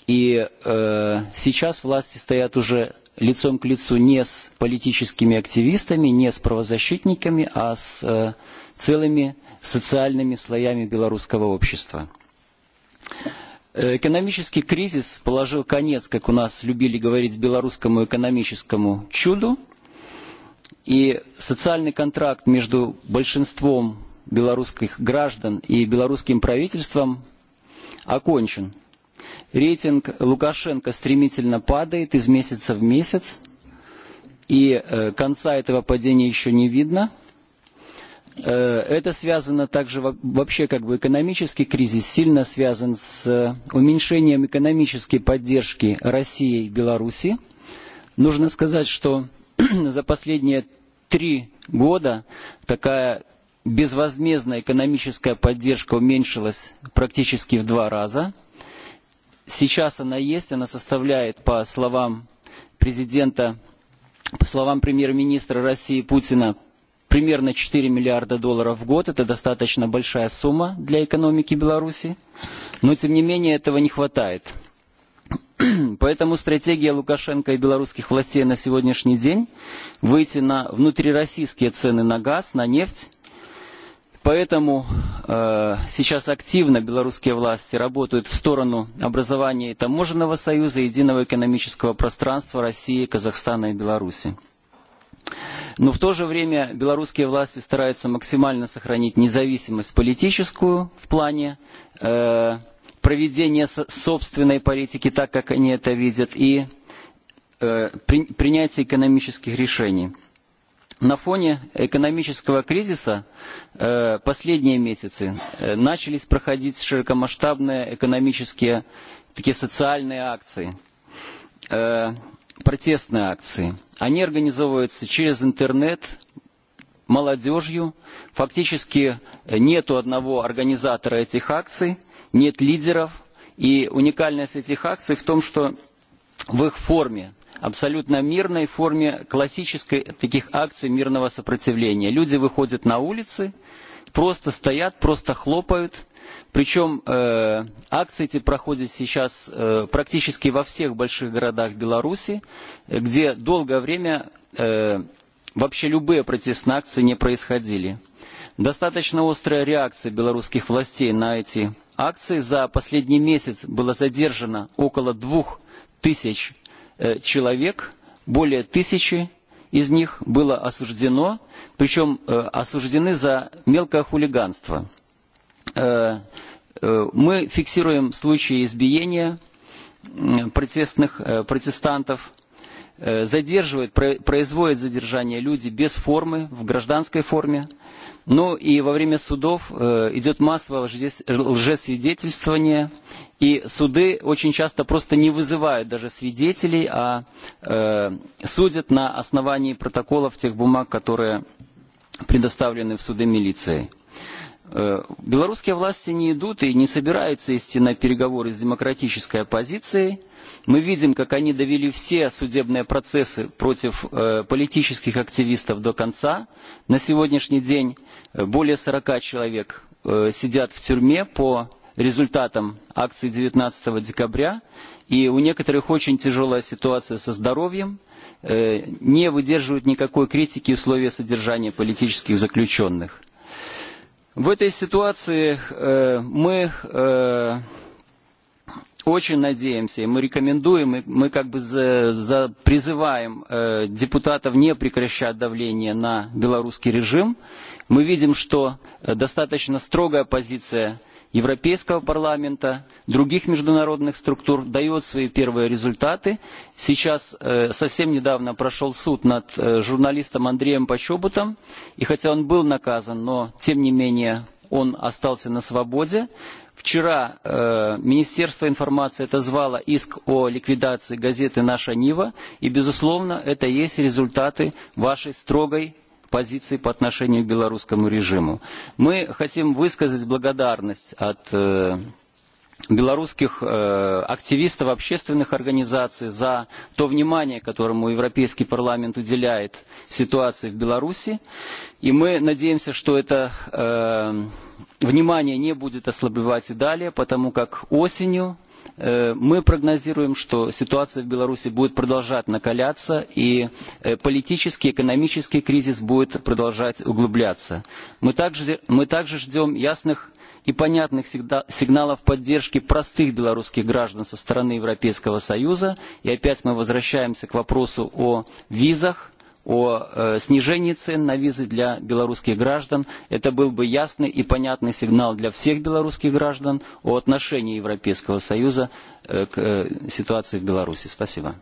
Speaker 14: И э, сейчас власти стоят уже лицом к лицу не с политическими активистами, не с правозащитниками, а с э, целыми социальными слоями белорусского общества. Э, экономический кризис положил конец, как у нас любили говорить, белорусскому экономическому чуду. И социальный контракт между большинством белорусских граждан и белорусским правительством окончен. Рейтинг Лукашенко стремительно падает из месяца в месяц, и э, конца этого падения еще не видно. Э, это связано также вообще как бы экономический кризис сильно связан с уменьшением экономической поддержки России и Беларуси. Нужно сказать, что за последние три года такая безвозмездная экономическая поддержка уменьшилась практически в два раза. Сейчас она есть, она составляет, по словам президента, по словам премьер-министра России Путина, примерно 4 миллиарда долларов в год. Это достаточно большая сумма для экономики Беларуси. Но, тем не менее, этого не хватает. Поэтому стратегия Лукашенко и белорусских властей на сегодняшний день выйти на внутрироссийские цены на газ, на нефть, Поэтому э, сейчас активно белорусские власти работают в сторону образования таможенного союза, единого экономического пространства России, Казахстана и Беларуси. Но в то же время белорусские власти стараются максимально сохранить независимость политическую в плане э, проведения собственной политики так, как они это видят, и э, при, принятия экономических решений. На фоне экономического кризиса э, последние месяцы э, начались проходить широкомасштабные экономические, такие социальные акции, э, протестные акции. Они организовываются через интернет, молодежью. Фактически нету одного организатора этих акций, нет лидеров. И уникальность этих акций в том, что в их форме абсолютно мирной форме классической таких акций мирного сопротивления. Люди выходят на улицы, просто стоят, просто хлопают. Причем э, акции эти проходят сейчас э, практически во всех больших городах Беларуси, где долгое время э, вообще любые протестные акции не происходили. Достаточно острая реакция белорусских властей на эти акции. За последний месяц было задержано около двух тысяч Э, человек, более тысячи из них было осуждено, причем э, осуждены за мелкое хулиганство. Э, мы фиксируем случаи избиения протестных протестантов, задерживают, производят задержание люди без формы, в гражданской форме, Ну и во время судов э, идет массовое лжесвидетельствование, и суды очень часто просто не вызывают даже свидетелей, а э, судят на основании протоколов тех бумаг, которые предоставлены в суды милиции. Э, белорусские власти не идут и не собираются идти на переговоры с демократической оппозицией. Мы видим, как они довели все судебные процессы против э, политических активистов до конца. На сегодняшний день э, более 40 человек сидят в тюрьме по результатам акции 19 декабря. И у некоторых очень тяжелая ситуация со здоровьем. Не выдерживают никакой критики условия содержания политических заключенных. В этой ситуации э, мы э, очень надеемся, и мы рекомендуем, и мы как бы за, за призываем э, депутатов не прекращать давление на белорусский режим. Мы видим, что э, достаточно строгая позиция Европейского парламента, других международных структур дает свои первые результаты. Сейчас э, совсем недавно прошел суд над э, журналистом Андреем Почобутом, и хотя он был наказан, но тем не менее он остался на свободе. Вчера э, Министерство информации отозвало иск о ликвидации газеты «Наша Нива», и, безусловно, это есть результаты вашей строгой позиции по отношению к белорусскому режиму. Мы хотим высказать благодарность от э, белорусских э, активистов общественных организаций за то внимание, которому Европейский парламент уделяет ситуации в Беларуси. И мы надеемся, что это э, внимание не будет ослабевать и далее, потому как осенью Э, мы прогнозируем, что ситуация в Беларуси будет продолжать накаляться, и э, политический, экономический кризис будет продолжать углубляться. Мы также, мы также ждем ясных и понятных сигналов поддержки простых белорусских граждан со стороны Европейского Союза. И опять мы возвращаемся к вопросу о визах о э, снижении цен на визы для белорусских граждан. Это был бы ясный и понятный сигнал для всех белорусских граждан о отношении Европейского Союза э, к э, ситуации в Беларуси. Спасибо.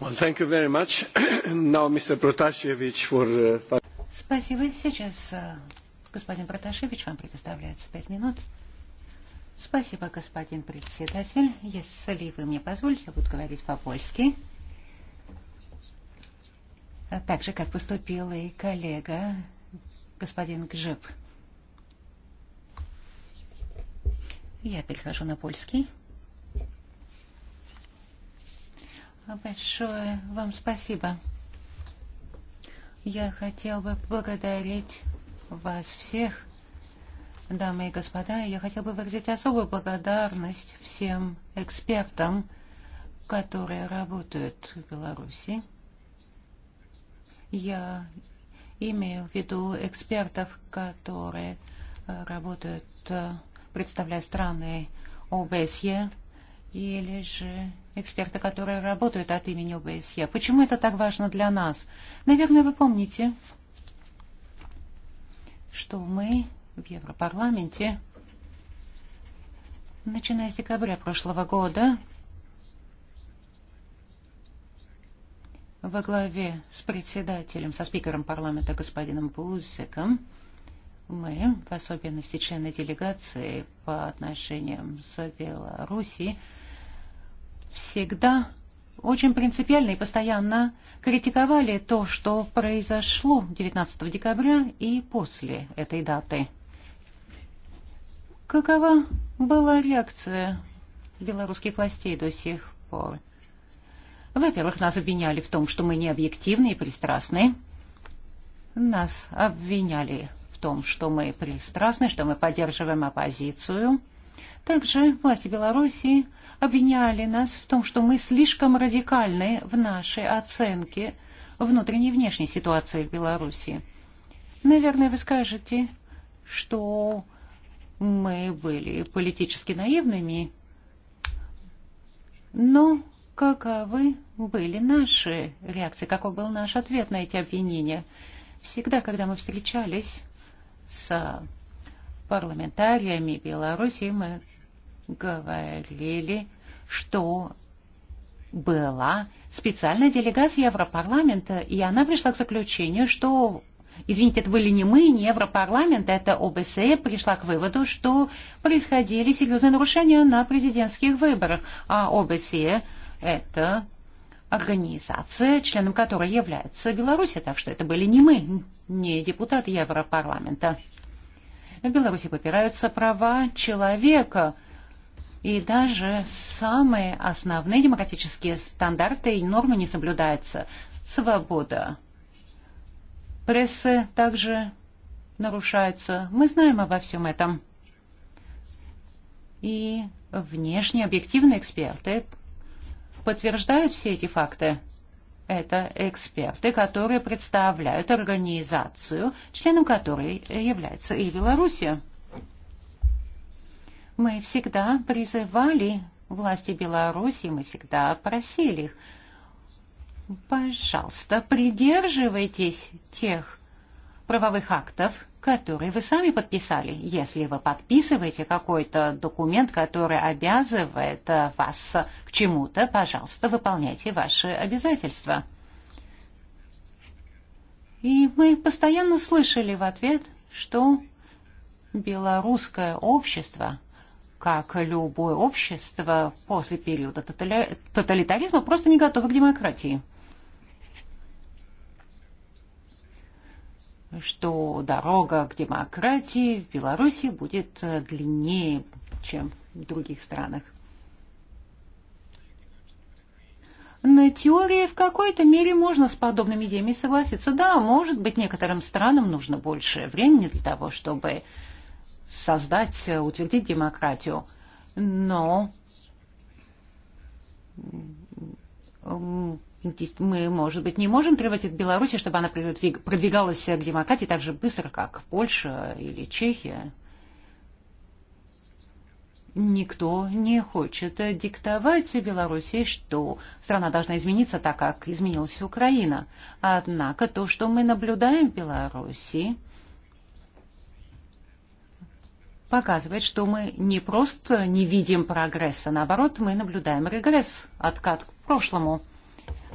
Speaker 11: Well, thank you very much. Now, Mr. Protasevich, for... Uh,
Speaker 12: Спасибо. Сейчас господин Проташевич вам предоставляется пять минут. Спасибо, господин председатель. Если вы мне позволите, я буду говорить по-польски так же, как поступил и коллега, господин Гжеп. Я перехожу на польский. Большое вам спасибо. Я хотел бы поблагодарить вас всех, дамы и господа. Я хотел бы выразить особую благодарность всем экспертам, которые работают в Беларуси. Я имею в виду экспертов, которые э, работают, э, представляя страны ОБСЕ, или же эксперты, которые работают от имени ОБСЕ. Почему это так важно для нас? Наверное, вы помните, что мы в Европарламенте, начиная с декабря прошлого года, во главе с председателем, со спикером парламента господином Бузиком, мы, в особенности члены делегации по отношениям с Белоруссией, всегда очень принципиально и постоянно критиковали то, что произошло 19 декабря и после этой даты. Какова была реакция белорусских властей до сих пор? Во-первых, нас обвиняли в том, что мы не объективны и пристрастны. Нас обвиняли в том, что мы пристрастны, что мы поддерживаем оппозицию. Также власти Беларуси обвиняли нас в том, что мы слишком радикальны в нашей оценке внутренней и внешней ситуации в Беларуси. Наверное, вы скажете, что мы были политически наивными, но каковы были наши реакции, каков был наш ответ на эти обвинения. Всегда, когда мы встречались с парламентариями Беларуси, мы говорили, что была специальная делегация Европарламента, и она пришла к заключению, что Извините, это были не мы, не Европарламент, это ОБСЕ э пришла к выводу, что происходили серьезные нарушения на президентских выборах, а ОБСЕ э Это организация, членом которой является Беларусь, так что это были не мы, не депутаты Европарламента. В Беларуси попираются права человека и даже самые основные демократические стандарты и нормы не соблюдаются. Свобода прессы также нарушается. Мы знаем обо всем этом. И внешне объективные эксперты подтверждают все эти факты? Это эксперты, которые представляют организацию, членом которой является и Беларусь. Мы всегда призывали власти Беларуси, мы всегда просили их, пожалуйста, придерживайтесь тех правовых актов, которые вы сами подписали. Если вы подписываете какой-то документ, который обязывает э, вас к чему-то, пожалуйста, выполняйте ваши обязательства. И мы постоянно слышали в ответ, что белорусское общество, как любое общество после периода тоталитаризма, просто не готово к демократии. что дорога к демократии в Беларуси будет э, длиннее, чем в других странах. На теории в какой-то мере можно с подобными идеями согласиться. Да, может быть, некоторым странам нужно больше времени для того, чтобы создать, э, утвердить демократию. Но мы, может быть, не можем требовать от Беларуси, чтобы она продвигалась к демократии так же быстро, как Польша или Чехия. Никто не хочет диктовать Беларуси, что страна должна измениться так, как изменилась Украина. Однако то, что мы наблюдаем в Беларуси, показывает, что мы не просто не видим прогресса, наоборот, мы наблюдаем регресс, откат к прошлому.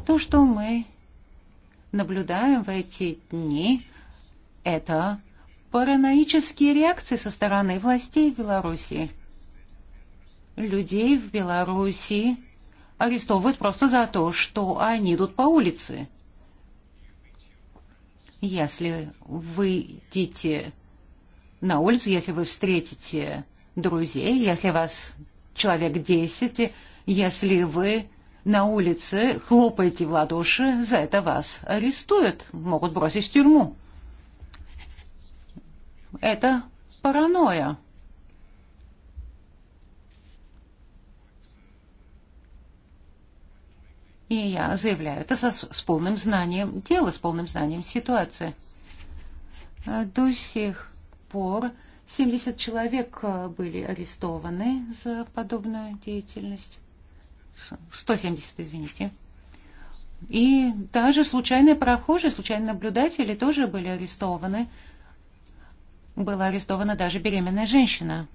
Speaker 12: То, что мы наблюдаем в эти дни, это параноические реакции со стороны властей Беларуси. Людей в Беларуси арестовывают просто за то, что они идут по улице. Если вы идите на улицу, если вы встретите друзей, если вас человек 10, если вы на улице хлопаете в ладоши, за это вас арестуют, могут бросить в тюрьму. Это паранойя. И я заявляю это со, с полным знанием дела, с полным знанием ситуации. До сих пор 70 человек были арестованы за подобную деятельность. 170, извините. И даже случайные прохожие, случайные наблюдатели тоже были арестованы. Была арестована даже беременная женщина.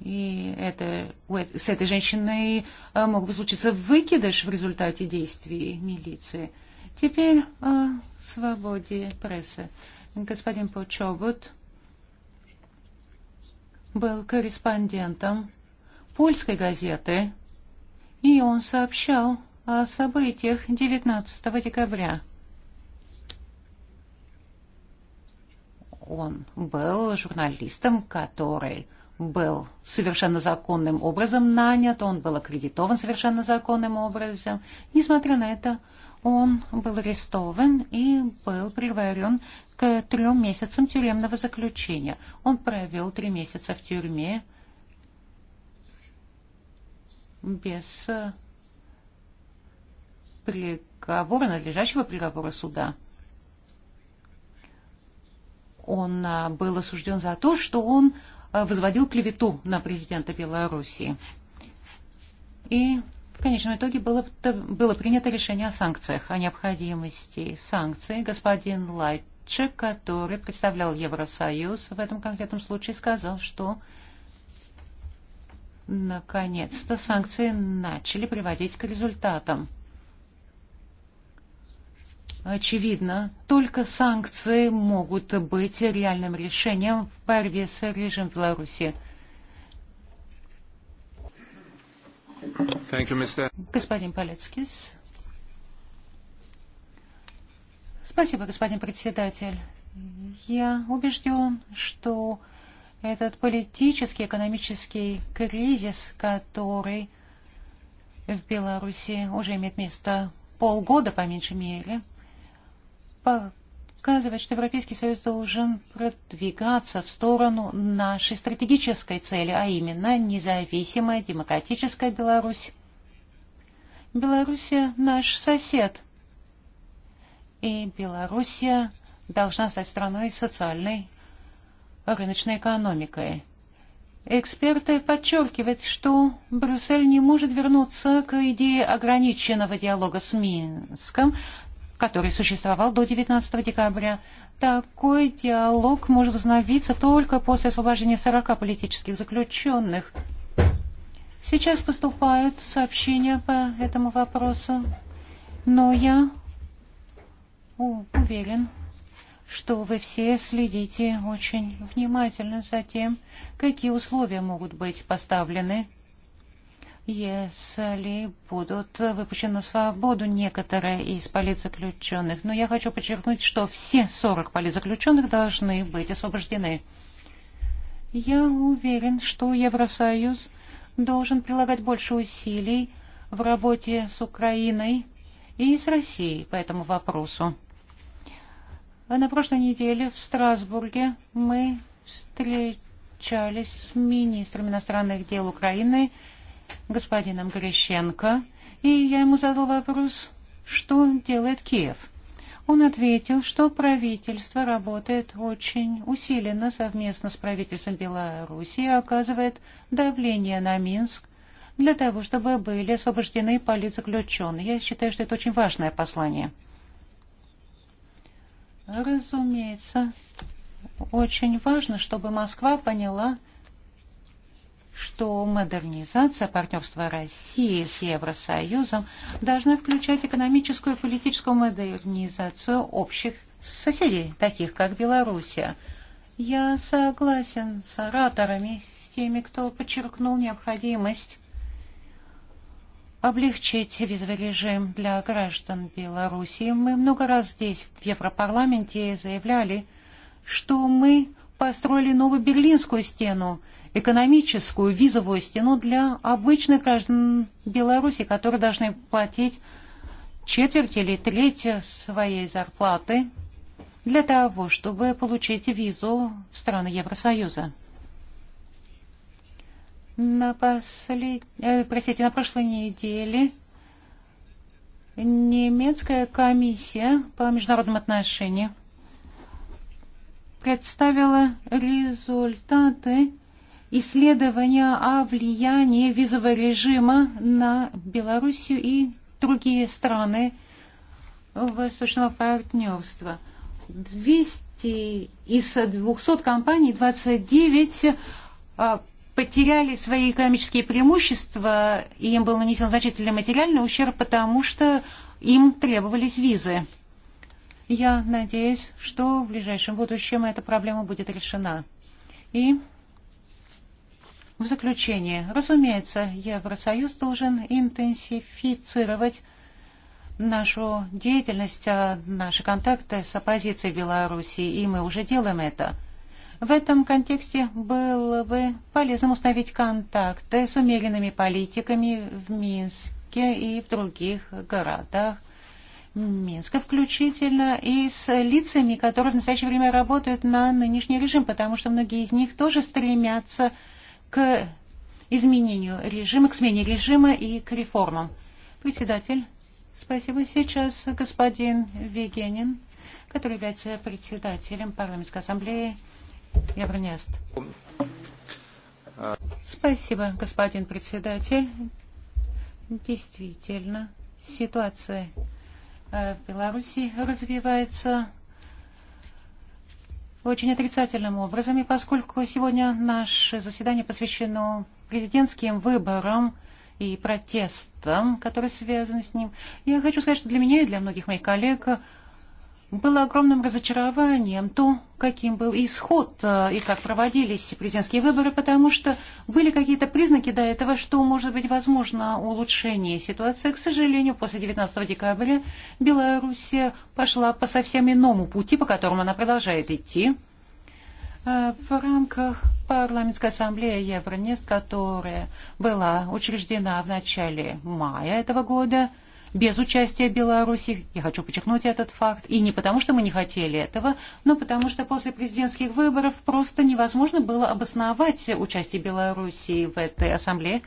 Speaker 12: И это, с этой женщиной э, мог бы случиться выкидыш в результате действий милиции. Теперь о свободе прессы. Господин Почобот был корреспондентом польской газеты, и он сообщал о событиях 19 декабря. Он был журналистом, который был совершенно законным образом нанят, он был аккредитован совершенно законным образом. Несмотря на это, он был арестован и был приговорен трем месяцам тюремного заключения. Он провел три месяца в тюрьме без э, приговора, надлежащего приговора суда. Он э, был осужден за то, что он э, возводил клевету на президента Белоруссии. И в конечном итоге было, было принято решение о санкциях, о необходимости санкций. Господин Лайт докладчик, который представлял Евросоюз, в этом конкретном случае сказал, что наконец-то санкции начали приводить к результатам. Очевидно, только санкции могут быть реальным решением в борьбе с режимом Беларуси. Thank you, Mr. Господин Полецкис. Спасибо, господин председатель. Я убежден, что этот политический, экономический кризис, который в Беларуси уже имеет место полгода, по меньшей мере, показывает, что Европейский Союз должен продвигаться в сторону нашей стратегической цели, а именно независимая демократическая Беларусь. Беларусь – наш сосед – и Белоруссия должна стать страной социальной рыночной экономикой. Эксперты подчеркивают, что Брюссель не может вернуться к идее ограниченного диалога с Минском, который существовал до 19 декабря. Такой диалог может возобновиться только после освобождения 40 политических заключенных. Сейчас поступают сообщения по этому вопросу, но я уверен, что вы все следите очень внимательно за тем, какие условия могут быть поставлены, если будут выпущены на свободу некоторые из политзаключенных. Но я хочу подчеркнуть, что все 40 политзаключенных должны быть освобождены. Я уверен, что Евросоюз должен прилагать больше усилий в работе с Украиной и с Россией по этому вопросу. На прошлой неделе в Страсбурге мы встречались с министром иностранных дел Украины господином Грищенко, и я ему задал вопрос, что делает Киев. Он ответил, что правительство работает очень усиленно совместно с правительством Беларуси и оказывает давление на Минск для того, чтобы были освобождены политзаключенные. Я считаю, что это очень важное послание. Разумеется, очень важно, чтобы Москва поняла, что модернизация партнерства России с Евросоюзом должна включать экономическую и политическую модернизацию общих соседей, таких как Белоруссия. Я согласен с ораторами, с теми, кто подчеркнул необходимость облегчить визовый режим для граждан Беларуси. Мы много раз здесь, в Европарламенте, заявляли, что мы построили новую берлинскую стену, экономическую визовую стену для обычных граждан Беларуси, которые должны платить четверть или треть своей зарплаты для того, чтобы получить визу в страны Евросоюза. На последней, э, простите, на прошлой неделе немецкая комиссия по международным отношениям представила результаты исследования о влиянии визового режима на Белоруссию и другие страны Восточного партнерства. 200 из 200 компаний 29 потеряли свои экономические преимущества, и им был нанесен значительный материальный ущерб, потому что им требовались визы. Я надеюсь, что в ближайшем будущем эта проблема будет решена. И в заключение, разумеется, Евросоюз должен интенсифицировать нашу деятельность, наши контакты с оппозицией Беларуси, и мы уже делаем это. В этом контексте было бы полезным установить контакты с умеренными политиками в Минске и в других городах Минска, включительно и с лицами, которые в настоящее время работают на нынешний режим, потому что многие из них тоже стремятся к изменению режима, к смене режима и к реформам. Председатель, спасибо. Сейчас господин Вегенин, который является председателем парламентской ассамблеи принес. Спасибо, господин председатель. Действительно, ситуация э, в Беларуси развивается очень отрицательным образом, и поскольку сегодня наше заседание посвящено президентским выборам и протестам, которые связаны с ним, я хочу сказать, что для меня и для многих моих коллег было огромным разочарованием то, каким был исход э, и как проводились президентские выборы, потому что были какие-то признаки до этого, что может быть возможно улучшение ситуации. К сожалению, после 19 декабря Белоруссия пошла по совсем иному пути, по которому она продолжает идти. Э, в рамках парламентской ассамблеи Евронест, которая была учреждена в начале мая этого года, без участия Беларуси. Я хочу подчеркнуть этот факт. И не потому, что мы не хотели этого, но потому, что после президентских выборов просто невозможно было обосновать участие Беларуси в этой ассамблее.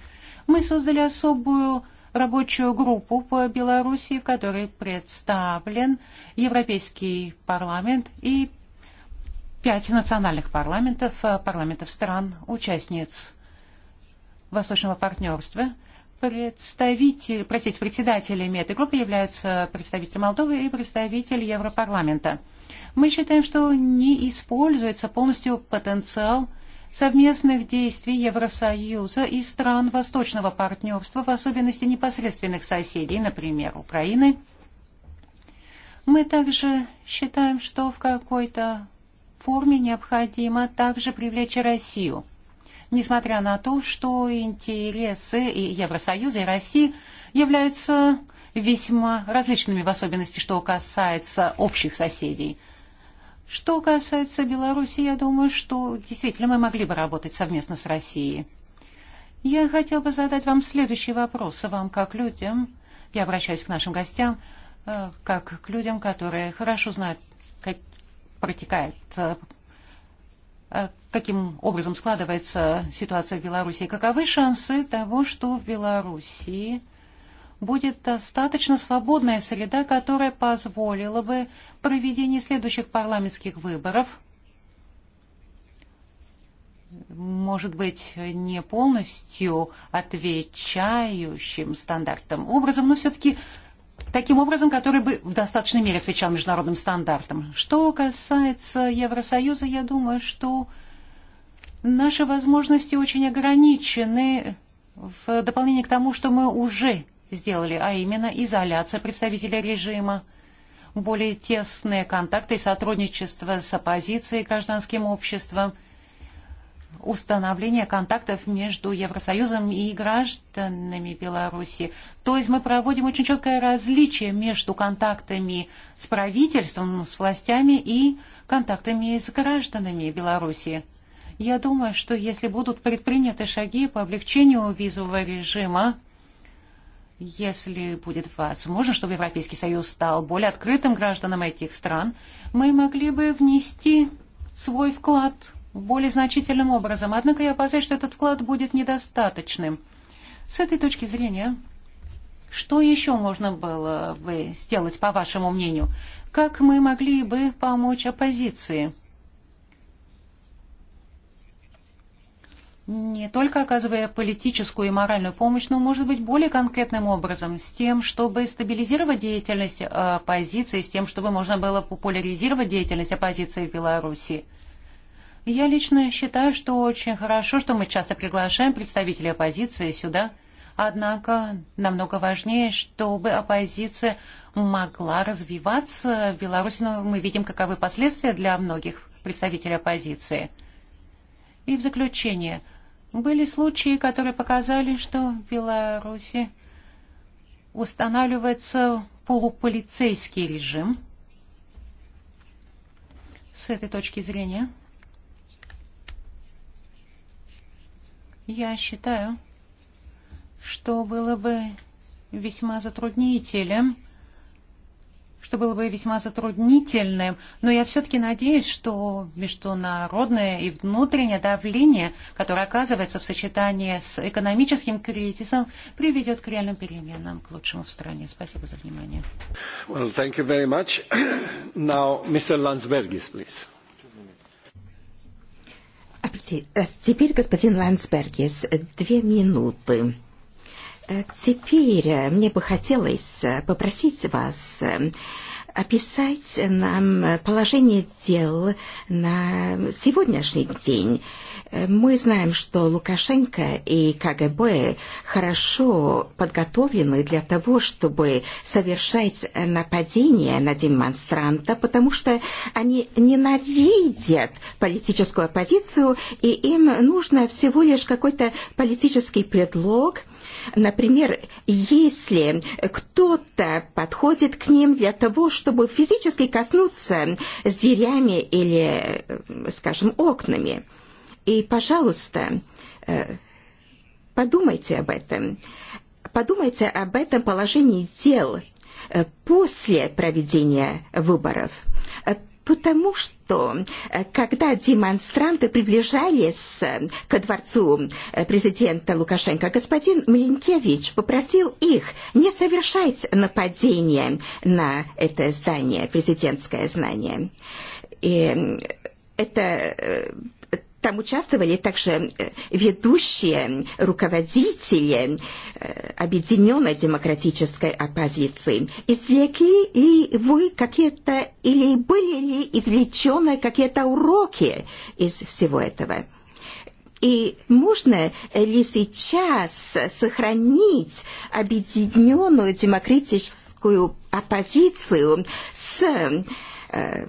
Speaker 12: Мы создали особую рабочую группу по Беларуси, в которой представлен Европейский парламент и пять национальных парламентов, э, парламентов стран-участниц Восточного партнерства – представитель, простите, председателями этой группы являются представитель Молдовы и представитель Европарламента. Мы считаем, что не используется полностью потенциал совместных действий Евросоюза и стран Восточного партнерства, в особенности непосредственных соседей, например, Украины. Мы также считаем, что в какой-то форме необходимо также привлечь Россию – несмотря на то, что интересы и Евросоюза, и России являются весьма различными, в особенности, что касается общих соседей. Что касается Беларуси, я думаю, что действительно мы могли бы работать совместно с Россией. Я хотел бы задать вам следующий вопрос, вам как людям, я обращаюсь к нашим гостям, э, как к людям, которые хорошо знают, как протекает э, каким образом складывается ситуация в Беларуси, каковы шансы того, что в Беларуси будет достаточно свободная среда, которая позволила бы проведение следующих парламентских выборов, может быть, не полностью отвечающим стандартам образом, но все-таки таким образом, который бы в достаточной мере отвечал международным стандартам. Что касается Евросоюза, я думаю, что Наши возможности очень ограничены в дополнение к тому, что мы уже сделали, а именно изоляция представителя режима, более тесные контакты и сотрудничество с оппозицией и гражданским обществом, установление контактов между Евросоюзом и гражданами Беларуси. То есть мы проводим очень четкое различие между контактами с правительством, с властями и контактами с гражданами Беларуси. Я думаю, что если будут предприняты шаги по облегчению визового режима, если будет возможно, чтобы Европейский Союз стал более открытым гражданам этих стран, мы могли бы внести свой вклад более значительным образом. Однако я опасаюсь, что этот вклад будет недостаточным. С этой точки зрения, что еще можно было бы сделать, по вашему мнению? Как мы могли бы помочь оппозиции? не только оказывая политическую и моральную помощь, но, может быть, более конкретным образом, с тем, чтобы стабилизировать деятельность э, оппозиции, с тем, чтобы можно было популяризировать деятельность оппозиции в Беларуси. Я лично считаю, что очень хорошо, что мы часто приглашаем представителей оппозиции сюда. Однако намного важнее, чтобы оппозиция могла развиваться в Беларуси, но мы видим, каковы последствия для многих представителей оппозиции. И в заключение – Были случаи, которые показали, что в Беларуси устанавливается полуполицейский режим. С этой точки зрения я считаю, что было бы весьма затруднителем что было бы весьма затруднительным. Но я все-таки надеюсь, что международное и внутреннее давление, которое оказывается в сочетании с экономическим кризисом, приведет к реальным переменам к лучшему в стране. Спасибо за внимание.
Speaker 11: Well, thank you very much. Now, Mr. Landsbergis, please.
Speaker 15: Э, теперь господин Ландсбергес, две минуты. Теперь э, мне бы хотелось э, попросить вас э, описать нам положение дел на сегодняшний день Мы знаем, что Лукашенко и КГБ хорошо подготовлены для того, чтобы совершать нападение на демонстранта, потому что они ненавидят политическую оппозицию, и им нужно всего лишь какой-то политический предлог. Например, если кто-то подходит к ним для того, чтобы физически коснуться с дверями или, скажем, окнами. И, пожалуйста, э, подумайте об этом. Подумайте об этом положении дел э, после проведения выборов. Э, потому что, когда демонстранты приближались к дворцу президента Лукашенко, господин Млинкевич попросил их не совершать нападение на это здание, президентское знание. И это Там участвовали также ведущие руководители объединенной демократической оппозиции. Извлекли ли вы какие-то или были ли извлечены какие-то уроки из всего этого? И можно ли сейчас сохранить объединенную демократическую оппозицию с э,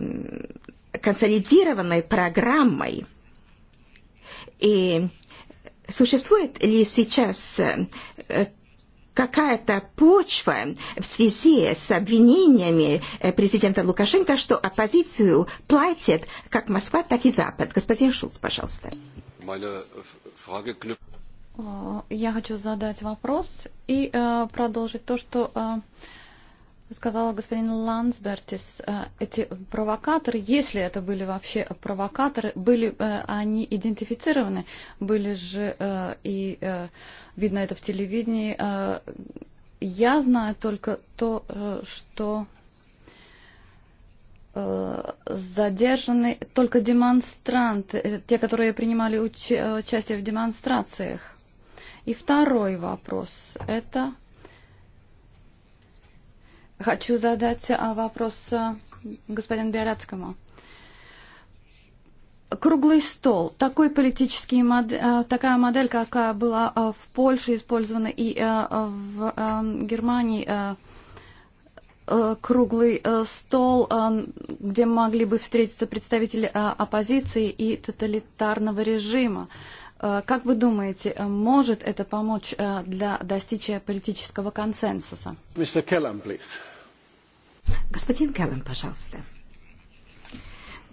Speaker 15: консолидированной программой? И существует ли сейчас какая-то почва в связи с обвинениями президента Лукашенко, что оппозицию платит как Москва, так и Запад. Господин
Speaker 16: Шулц, пожалуйста.
Speaker 13: Я хочу задать вопрос и продолжить то, что сказала господин Лансбертис, э, эти провокаторы, если это были вообще провокаторы, были э, они идентифицированы, были же э, и видно это в телевидении. Я знаю только то, что задержаны только демонстранты, те, которые принимали участие в демонстрациях. И второй вопрос – это Хочу задать вопрос господину Биарацкому. Круглый стол. Такой политический модель, такая модель, какая была в Польше использована и в Германии, круглый стол, где могли бы встретиться представители оппозиции и тоталитарного режима. Э, как вы думаете, э, может это помочь э, для достичь политического консенсуса?
Speaker 11: Mr. Келлам, please.
Speaker 13: Господин Келлам, пожалуйста.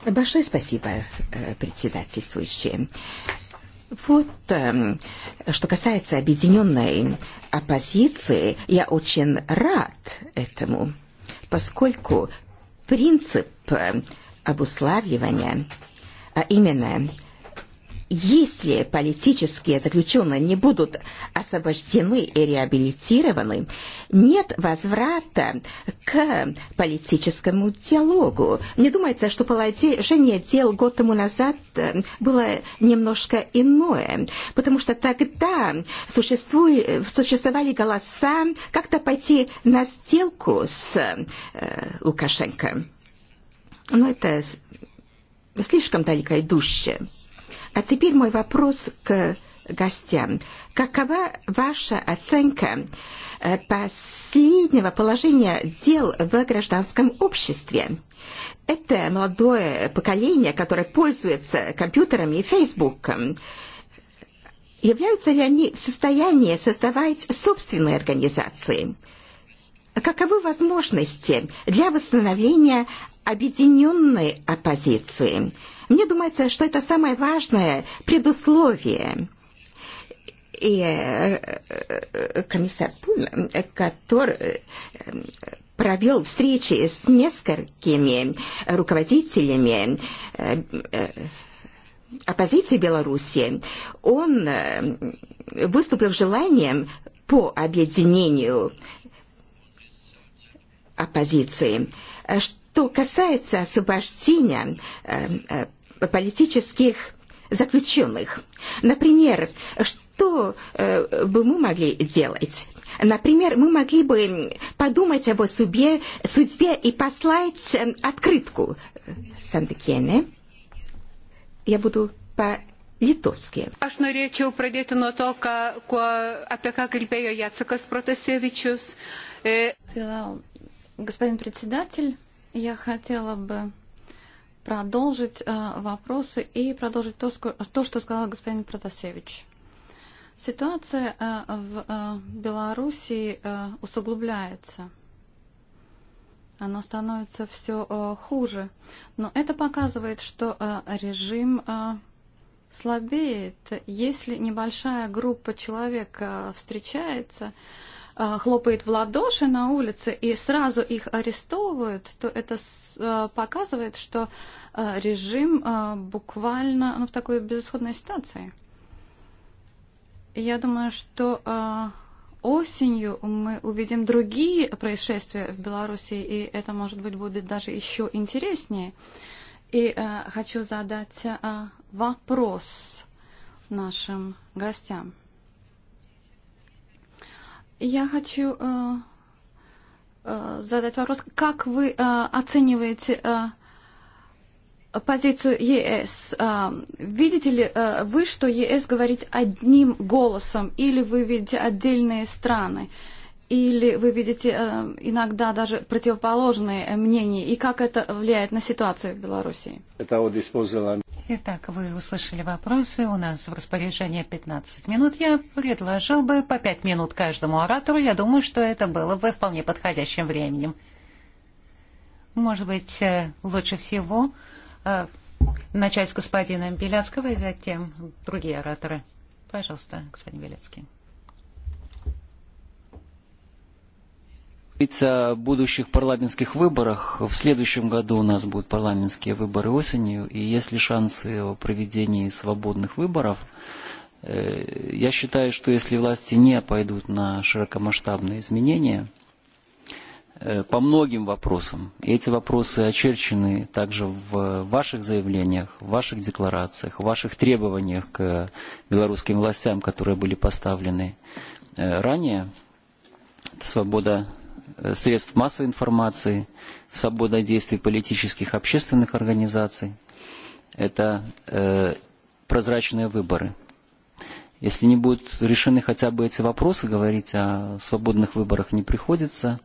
Speaker 13: Большое спасибо,
Speaker 15: председательствующие. Вот что касается объединенной оппозиции, я очень рад этому, поскольку принцип обуславливания, а именно Если политические заключенные не будут освобождены и реабилитированы, нет возврата к политическому диалогу. Мне думается, что положение дел год тому назад э, было немножко иное, потому что тогда существовали голоса как-то пойти на сделку с э, Лукашенко. Но это слишком далеко идущее А теперь мой вопрос к гостям. Какова ваша оценка э, последнего положения дел в гражданском обществе? Это молодое поколение, которое пользуется компьютерами и Фейсбуком. Являются ли они в состоянии создавать собственные организации? Каковы возможности для восстановления объединенной оппозиции? Мне думается, что это самое важное предусловие и э, э, комиссар Пун, э, который провел встречи с несколькими руководителями оппозиции Беларуси, он выступил желанием по объединению оппозиции. Что Что касается освобождения э, политических заключенных, например, что э, бы мы могли делать? Например, мы могли бы подумать об судьбе, судьбе и послать открытку э, Сандыкене. Я буду
Speaker 12: по Литовski. Aš norėčiau pradėti nuo to, ką, kuo, apie ką kalbėjo Jacekas Protasevičius. Господин председатель,
Speaker 13: Я хотела бы продолжить э, вопросы и продолжить то, что сказал господин Протасевич. Ситуация э, в э, Белоруссии усугубляется. Оно становится все хуже. Но это показывает, что режим слабеет. Если небольшая группа человек встречается, хлопает в ладоши на улице и сразу их арестовывают, то это показывает, что режим буквально ну, в такой безысходной ситуации. Я думаю, что осенью мы увидим другие происшествия в Беларуси, и это, может быть, будет даже еще интереснее. И хочу задать вопрос нашим гостям. Я хочу э, э, задать вопрос, как вы э, оцениваете э, позицию ЕС? Э, видите ли э, вы, что ЕС говорит одним голосом, или вы видите отдельные страны? Э, Или вы видите э, иногда даже противоположные
Speaker 12: мнения? И как это влияет на ситуацию в Белоруссии? Итак, вы услышали вопросы. У нас в распоряжении 15 минут. Я предложил бы по 5 минут каждому оратору. Я думаю, что это было бы вполне подходящим временем. Может быть, э, лучше всего э, начать с господина Беляцкого и затем другие ораторы. Пожалуйста, господин Беляцкий.
Speaker 14: О будущих парламентских выборах. В следующем году у нас будут парламентские выборы осенью, и есть ли шансы о проведении свободных выборов? Э, я считаю, что если власти не пойдут на широкомасштабные изменения э, по многим вопросам, и эти вопросы очерчены также в ваших заявлениях, в ваших декларациях, в ваших требованиях к белорусским властям, которые были поставлены э, ранее, это свобода средств массовой информации, свобода действий политических и общественных организаций. Это э, прозрачные выборы. Если не будут решены хотя бы эти вопросы, говорить о свободных выборах не приходится.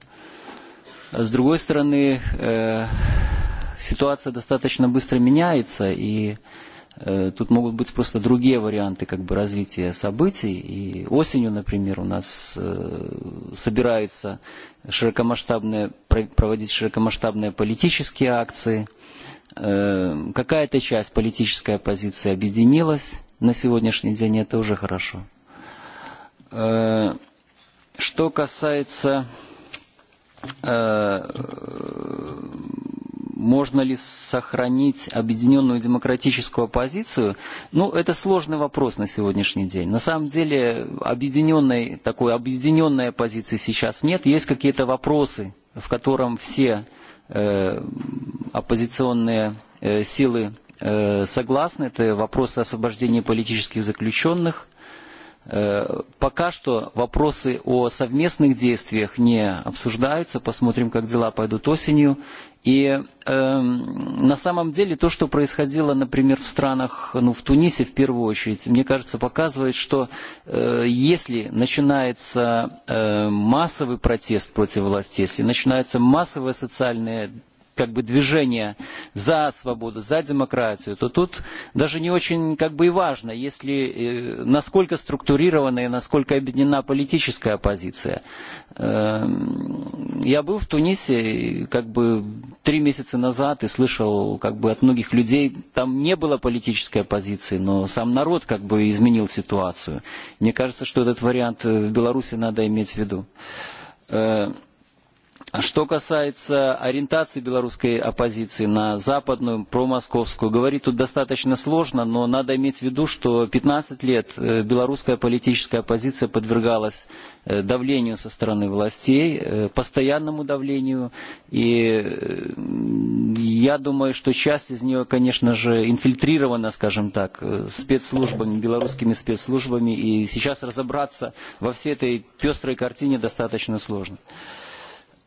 Speaker 14: С другой стороны, э, ситуация достаточно быстро меняется, и Э, тут могут быть просто другие варианты как бы, развития событий. И осенью, например, у нас э, собираются широкомасштабные, проводить широкомасштабные политические акции. Э, какая-то часть политической оппозиции объединилась на сегодняшний день, это уже хорошо. Что касается Можно ли сохранить объединенную демократическую оппозицию? Ну, это сложный вопрос на сегодняшний день. На самом деле объединенной, такой объединенной оппозиции сейчас нет. Есть какие-то вопросы, в котором все э, оппозиционные э, силы э, согласны. Это вопросы освобождения политических заключенных, э, Пока что вопросы о совместных действиях не обсуждаются. Посмотрим, как дела пойдут осенью. И э, на самом деле то, что происходило, например, в странах, ну, в Тунисе в первую очередь, мне кажется, показывает, что э, если начинается э, массовый протест против власти, если начинается массовое социальное как бы движение за свободу, за демократию, то тут даже не очень как бы и важно, если э, насколько структурирована и насколько объединена политическая оппозиция. Я был в Тунисе как бы три месяца назад и слышал как бы от многих людей, там не было политической оппозиции, но сам народ как бы изменил ситуацию. Мне кажется, что этот вариант э, в Беларуси надо иметь в виду. Э, Что касается ориентации белорусской оппозиции на западную, промосковскую, говорить тут достаточно сложно, но надо иметь в виду, что 15 лет э, белорусская политическая оппозиция подвергалась э, давлению со стороны властей, э, постоянному давлению, и я думаю, что часть из нее, конечно же, инфильтрирована, скажем так, спецслужбами, белорусскими спецслужбами, и сейчас разобраться во всей этой пестрой картине достаточно сложно. Сложно.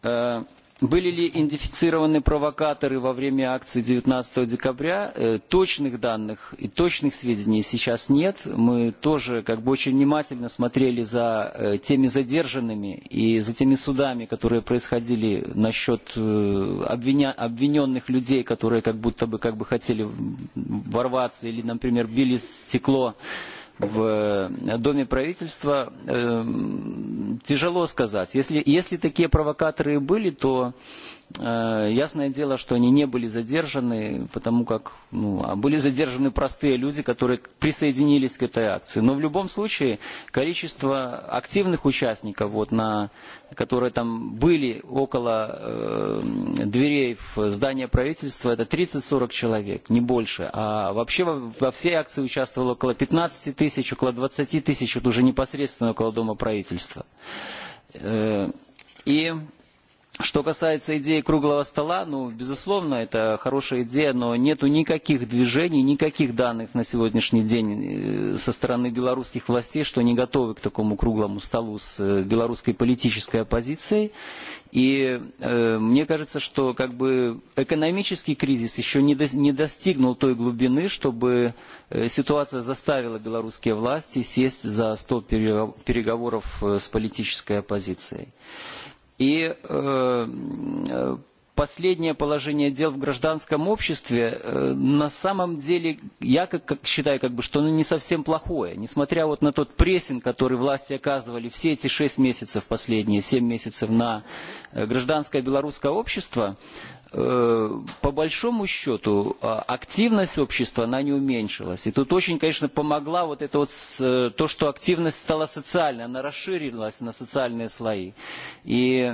Speaker 14: Э, были ли идентифицированы провокаторы во время акции 19 декабря? Э, точных данных и точных сведений сейчас нет. Мы тоже как бы очень внимательно смотрели за э, теми задержанными и за теми судами, которые происходили насчет обвиня... обвиненных людей, которые как будто бы, как бы хотели ворваться или, например, били стекло в э, Доме правительства, э, тяжело сказать. Если, если такие провокаторы и были, то Э, ясное дело, что они не были задержаны, потому как ну, были задержаны простые люди, которые присоединились к этой акции. Но в любом случае количество активных участников, вот, на, которые там были около э, дверей в здание правительства, это 30-40 человек, не больше. А вообще во, во всей акции участвовало около 15 тысяч, около 20 тысяч, это уже непосредственно около дома правительства. Э, и Что касается идеи круглого стола, ну, безусловно, это хорошая идея, но нет никаких движений, никаких данных на сегодняшний день э, со стороны белорусских властей, что они готовы к такому круглому столу с э, белорусской политической оппозицией. И э, мне кажется, что как бы экономический кризис еще не, до, не достигнул той глубины, чтобы э, ситуация заставила белорусские власти сесть за стол переговоров э, с политической оппозицией. И э, э, последнее положение дел в гражданском обществе э, на самом деле я как, как считаю как бы что оно не совсем плохое несмотря вот на тот прессинг который власти оказывали все эти шесть месяцев последние семь месяцев на гражданское белорусское общество Э, по большому счету э, активность общества, она не уменьшилась. И тут очень, конечно, помогла вот это вот, э, то, что активность стала социальной, она расширилась на социальные слои. И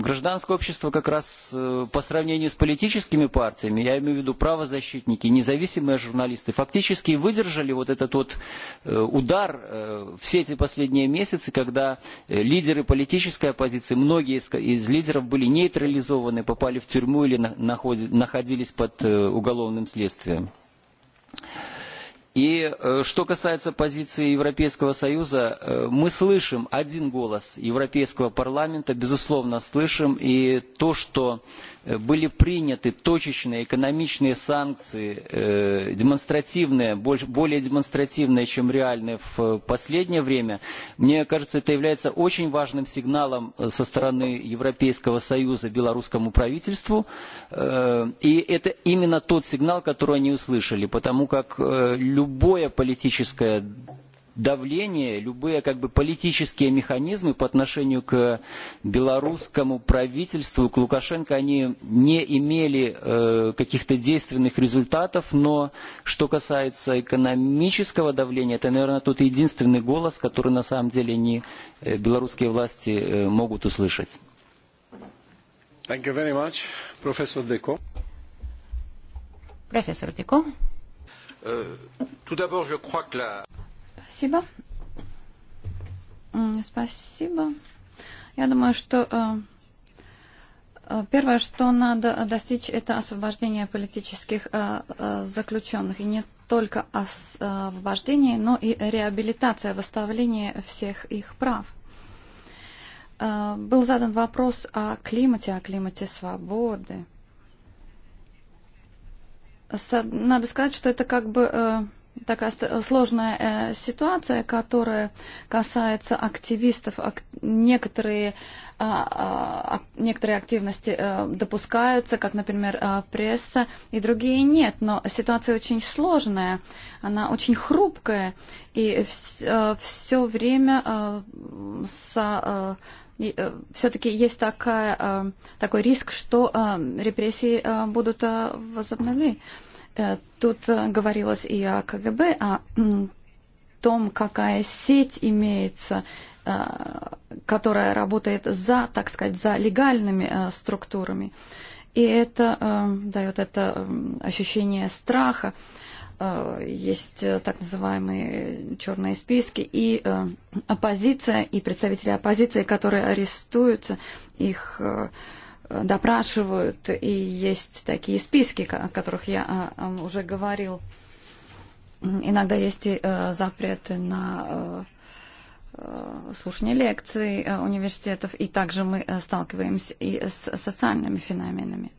Speaker 14: гражданское общество как раз по сравнению с политическими партиями, я имею в виду правозащитники, независимые журналисты, фактически выдержали вот этот вот удар все эти последние месяцы, когда лидеры политической оппозиции, многие из лидеров были нейтрализованы мобилизованные попали в тюрьму или находились под э, уголовным следствием. И э, что касается позиции Европейского Союза, э, мы слышим один голос Европейского парламента, безусловно, слышим, и то, что Э, были приняты точечные экономичные санкции, э, демонстративные, более демонстративные, чем реальные в э, последнее время, мне кажется, это является очень важным сигналом со стороны Европейского Союза белорусскому правительству. И это именно тот сигнал, который они услышали, потому как любое политическое давление, любые как бы политические механизмы по отношению к белорусскому правительству, к Лукашенко, они не имели э, каких-то действенных результатов, но что касается экономического давления, это, наверное, тот единственный голос, который на самом деле не э, белорусские власти э, могут услышать.
Speaker 11: Thank you very much, Professor Deco.
Speaker 16: Professor Deco. Euh, tout d'abord, je crois que la
Speaker 13: Спасибо. Спасибо. Я думаю, что э, э, первое, что надо э, достичь, это освобождение политических заключенных. И не только освобождение, но и реабилитация, восставление всех их прав. Был задан вопрос о климате, о климате свободы. Надо сказать, что это как бы такая сложная э, ситуация, которая касается активистов. Некоторые, некоторые активности э, допускаются, как, например, э, пресса, и другие нет. Но ситуация очень сложная, она очень хрупкая, и все время со все-таки есть такая, такой риск, что репрессии будут возобновлены. Э, тут говорилось и о КГБ, о том, какая сеть имеется, э, которая работает за, так сказать, за легальными э, структурами. И это дает это ощущение страха. Есть так называемые черные списки и оппозиция, и представители оппозиции, которые арестуются, их допрашивают, и есть такие списки, о которых я уже говорил. Иногда есть и э, запреты на э, э, слушание лекций университетов, и также мы сталкиваемся и с социальными феноменами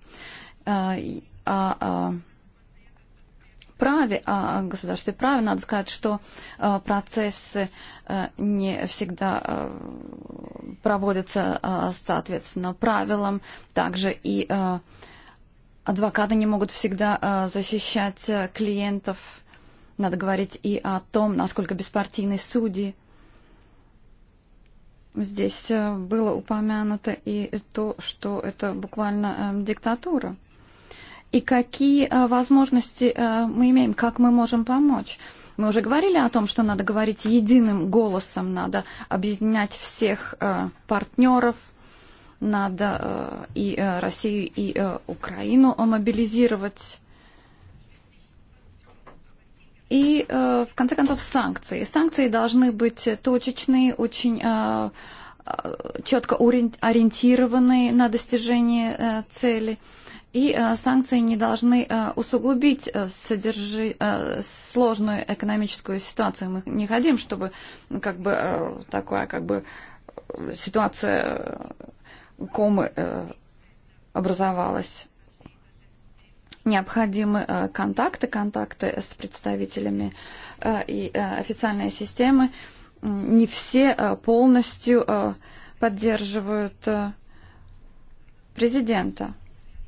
Speaker 13: праве о государстве праве, надо сказать, что э, процессы э, не всегда э, проводятся соответственно правилам, также и адвокаты не могут всегда защищать клиентов. Надо говорить и о том, насколько беспартийны судьи. Здесь было упомянуто и то, что это буквально диктатура и какие э, возможности э, мы имеем, как мы можем помочь. Мы уже говорили о том, что надо говорить единым голосом, надо объединять всех э, партнеров, надо и Россию, и Украину мобилизировать. И, в конце концов, санкции. Санкции должны быть точечные, очень четко ориентированные на достижение цели. И э, санкции не должны э, усугубить э, содержи... сложную экономическую ситуацию. Мы не хотим, чтобы как бы такая как бы ситуация комы образовалась. Необходимы контакты, контакты с представителями и официальные системы. Не все полностью поддерживают президента.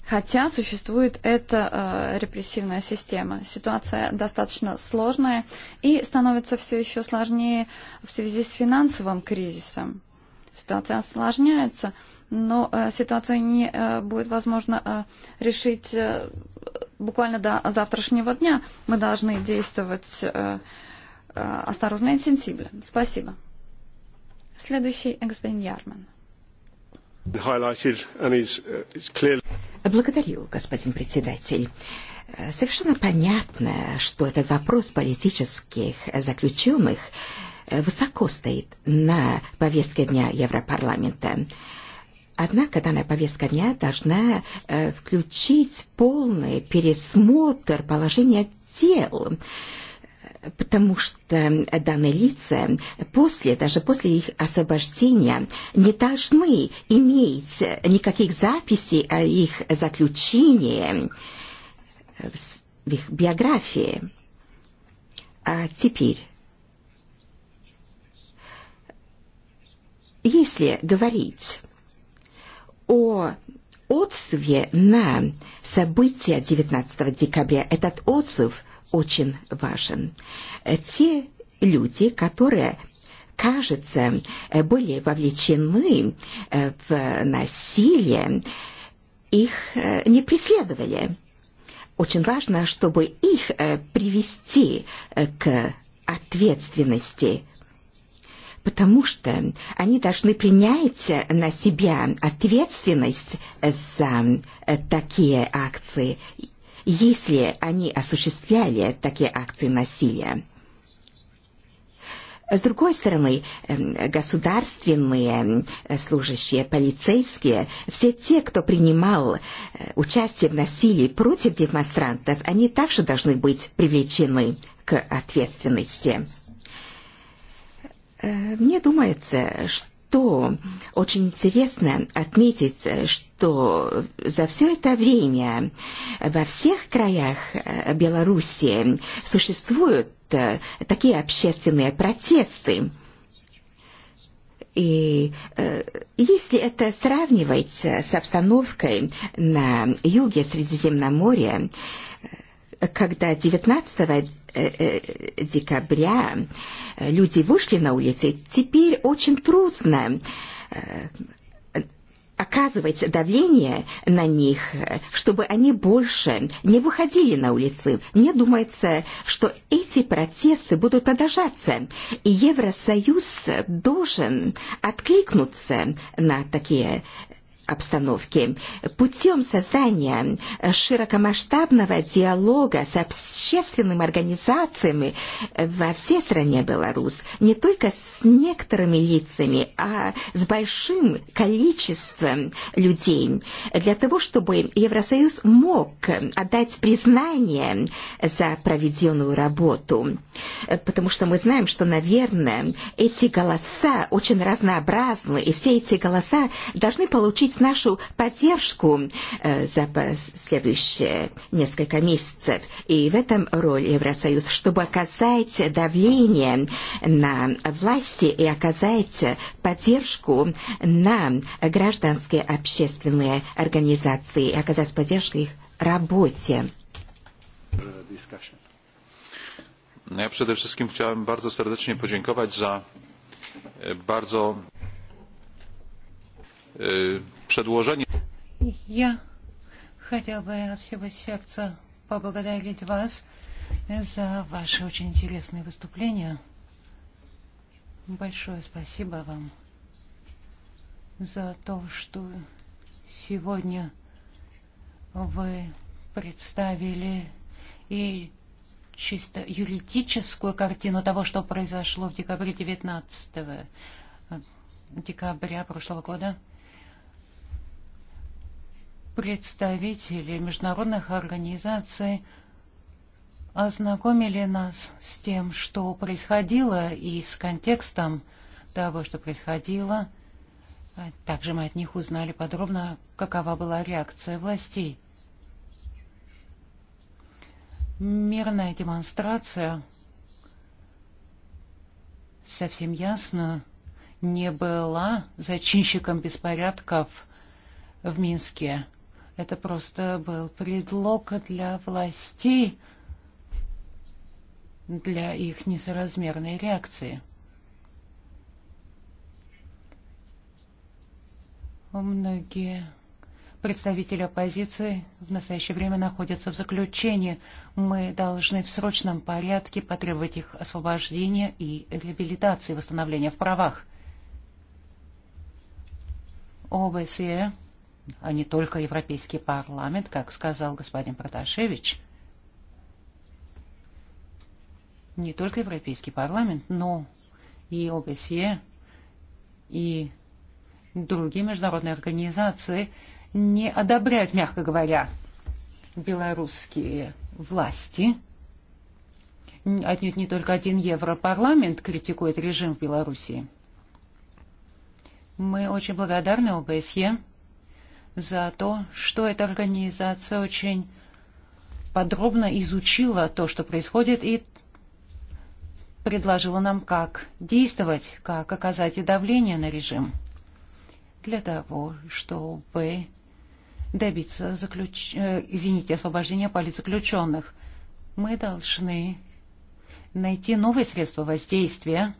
Speaker 13: Хотя существует эта э, репрессивная система. Ситуация достаточно сложная и становится все еще сложнее в связи с финансовым кризисом. Ситуация осложняется, но э, ситуацию не э, будет возможно э, решить э, буквально до завтрашнего дня. Мы должны действовать э, э, осторожно и сенсибельно. Спасибо. Следующий э, господин Ярман
Speaker 6: highlighted and is, uh, is
Speaker 15: Благодарю, господин председатель. Э, совершенно понятно, что этот вопрос политических заключенных э, высоко стоит на повестке дня Европарламента. Однако данная повестка дня должна э, включить полный пересмотр положения дел потому что э, данные лица после, даже после их освобождения не должны иметь никаких записей о их заключении э, в их биографии. А теперь, если говорить о отзыве на события 19 декабря, этот отзыв – очень важен. Э, те люди, которые кажется, э, были вовлечены э, в насилие, их не преследовали. Очень важно, чтобы их привести к ответственности, потому что они должны принять на себя ответственность за такие акции если они осуществляли такие акции насилия. С другой стороны, государственные служащие, полицейские, все те, кто принимал э, участие в насилии против демонстрантов, они также должны быть привлечены к ответственности. Э, мне думается, что то очень интересно отметить, что за все это время во всех краях э, Беларуси существуют э, такие общественные протесты. И э, если это сравнивать с обстановкой на юге Средиземноморья, когда 19 э, э, декабря э, люди вышли на улицы, теперь очень трудно оказывать давление на них, чтобы они больше не выходили на улицы. Мне думается, что эти протесты будут продолжаться, и Евросоюз должен откликнуться на такие обстановки путем создания широкомасштабного диалога с общественными организациями во всей стране Беларусь, не только с некоторыми лицами, а с большим количеством людей, для того, чтобы Евросоюз мог отдать признание за проведенную работу. Потому что мы знаем, что, наверное, эти голоса очень разнообразны, и все эти голоса должны получить нашу поддержку э, за следующие несколько месяцев. И в этом роль Евросоюз, чтобы оказать давление на власти и оказать поддержку на гражданские общественные организации и оказать поддержку их работе.
Speaker 6: Ja przede wszystkim chciałem bardzo serdecznie podziękować za e, bardzo Przedłożenie.
Speaker 12: Ja od всего сердца поблагодарить вас за Wasze очень interesne wystąpienie. Большое спасибо вам за то, что сегодня вы представили и чисто юридическую картину того, что произошло в декабре 19 декабря прошлого года представители международных организаций ознакомили нас с тем, что происходило, и с контекстом того, что происходило. Также мы от них узнали подробно, какова была реакция властей. Мирная демонстрация совсем ясно не была зачинщиком беспорядков в Минске. Это просто был предлог для властей, для их несоразмерной реакции. Многие представители оппозиции в настоящее время находятся в заключении. Мы должны в срочном порядке потребовать их освобождения и реабилитации, восстановления в правах. ОБСЕ а не только Европейский парламент, как сказал господин Проташевич. Не только Европейский парламент, но и ОБСЕ, и другие международные организации не одобряют, мягко говоря, белорусские власти. Отнюдь не только один Европарламент критикует режим в Белоруссии. Мы очень благодарны ОБСЕ за то, что эта организация очень подробно изучила то, что происходит, и предложила нам, как действовать, как оказать и давление на режим для того, чтобы добиться заключ... Э, извините, освобождения политзаключенных. Мы должны найти новые средства воздействия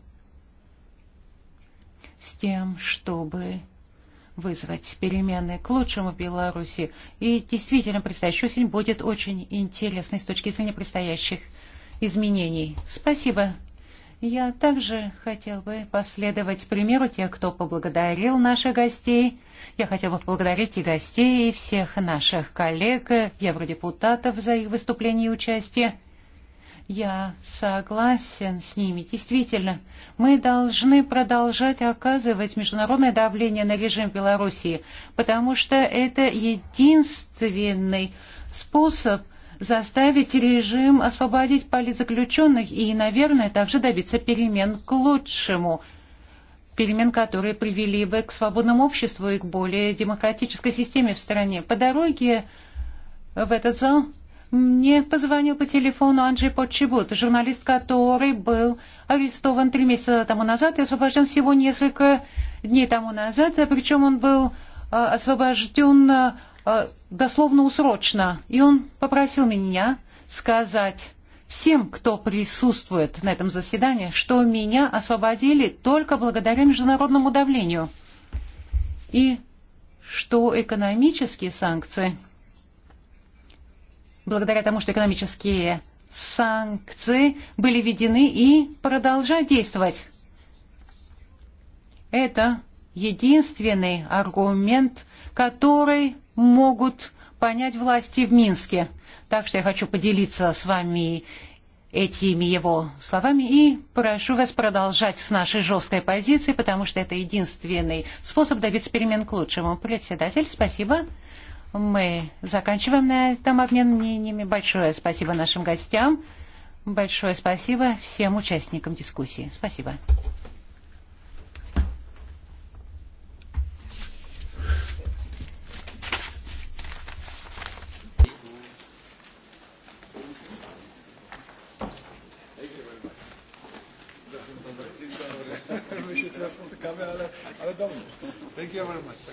Speaker 12: с тем, чтобы вызвать перемены к лучшему в Беларуси. И действительно, предстоящая осень будет очень интересной с точки зрения предстоящих изменений. Спасибо. Я также хотел бы последовать примеру тех, кто поблагодарил наших гостей. Я хотел бы поблагодарить и гостей, и всех наших коллег, евродепутатов за их выступление и участие. Я согласен с ними. Действительно, мы должны продолжать оказывать международное давление на режим Белоруссии, потому что это единственный способ заставить режим освободить политзаключенных и, наверное, также добиться перемен к лучшему, перемен, которые привели бы к свободному обществу и к более демократической системе в стране. По дороге в этот зал Мне позвонил по телефону Анджей Почебут, журналист, который был арестован три месяца тому назад и освобожден всего несколько дней тому назад, причем он был освобожден дословно усрочно. И он попросил меня сказать всем, кто присутствует на этом заседании, что меня освободили только благодаря международному давлению и что экономические санкции – благодаря тому, что экономические санкции были введены и продолжают действовать. Это единственный аргумент, который могут понять власти в Минске. Так что я хочу поделиться с вами этими его словами и прошу вас продолжать с нашей жесткой позиции, потому что это единственный способ добиться перемен к лучшему. Председатель, спасибо мы заканчиваем на этом обмен мнениями. Большое спасибо нашим гостям. Большое спасибо всем участникам дискуссии. Спасибо.
Speaker 6: Thank you very much.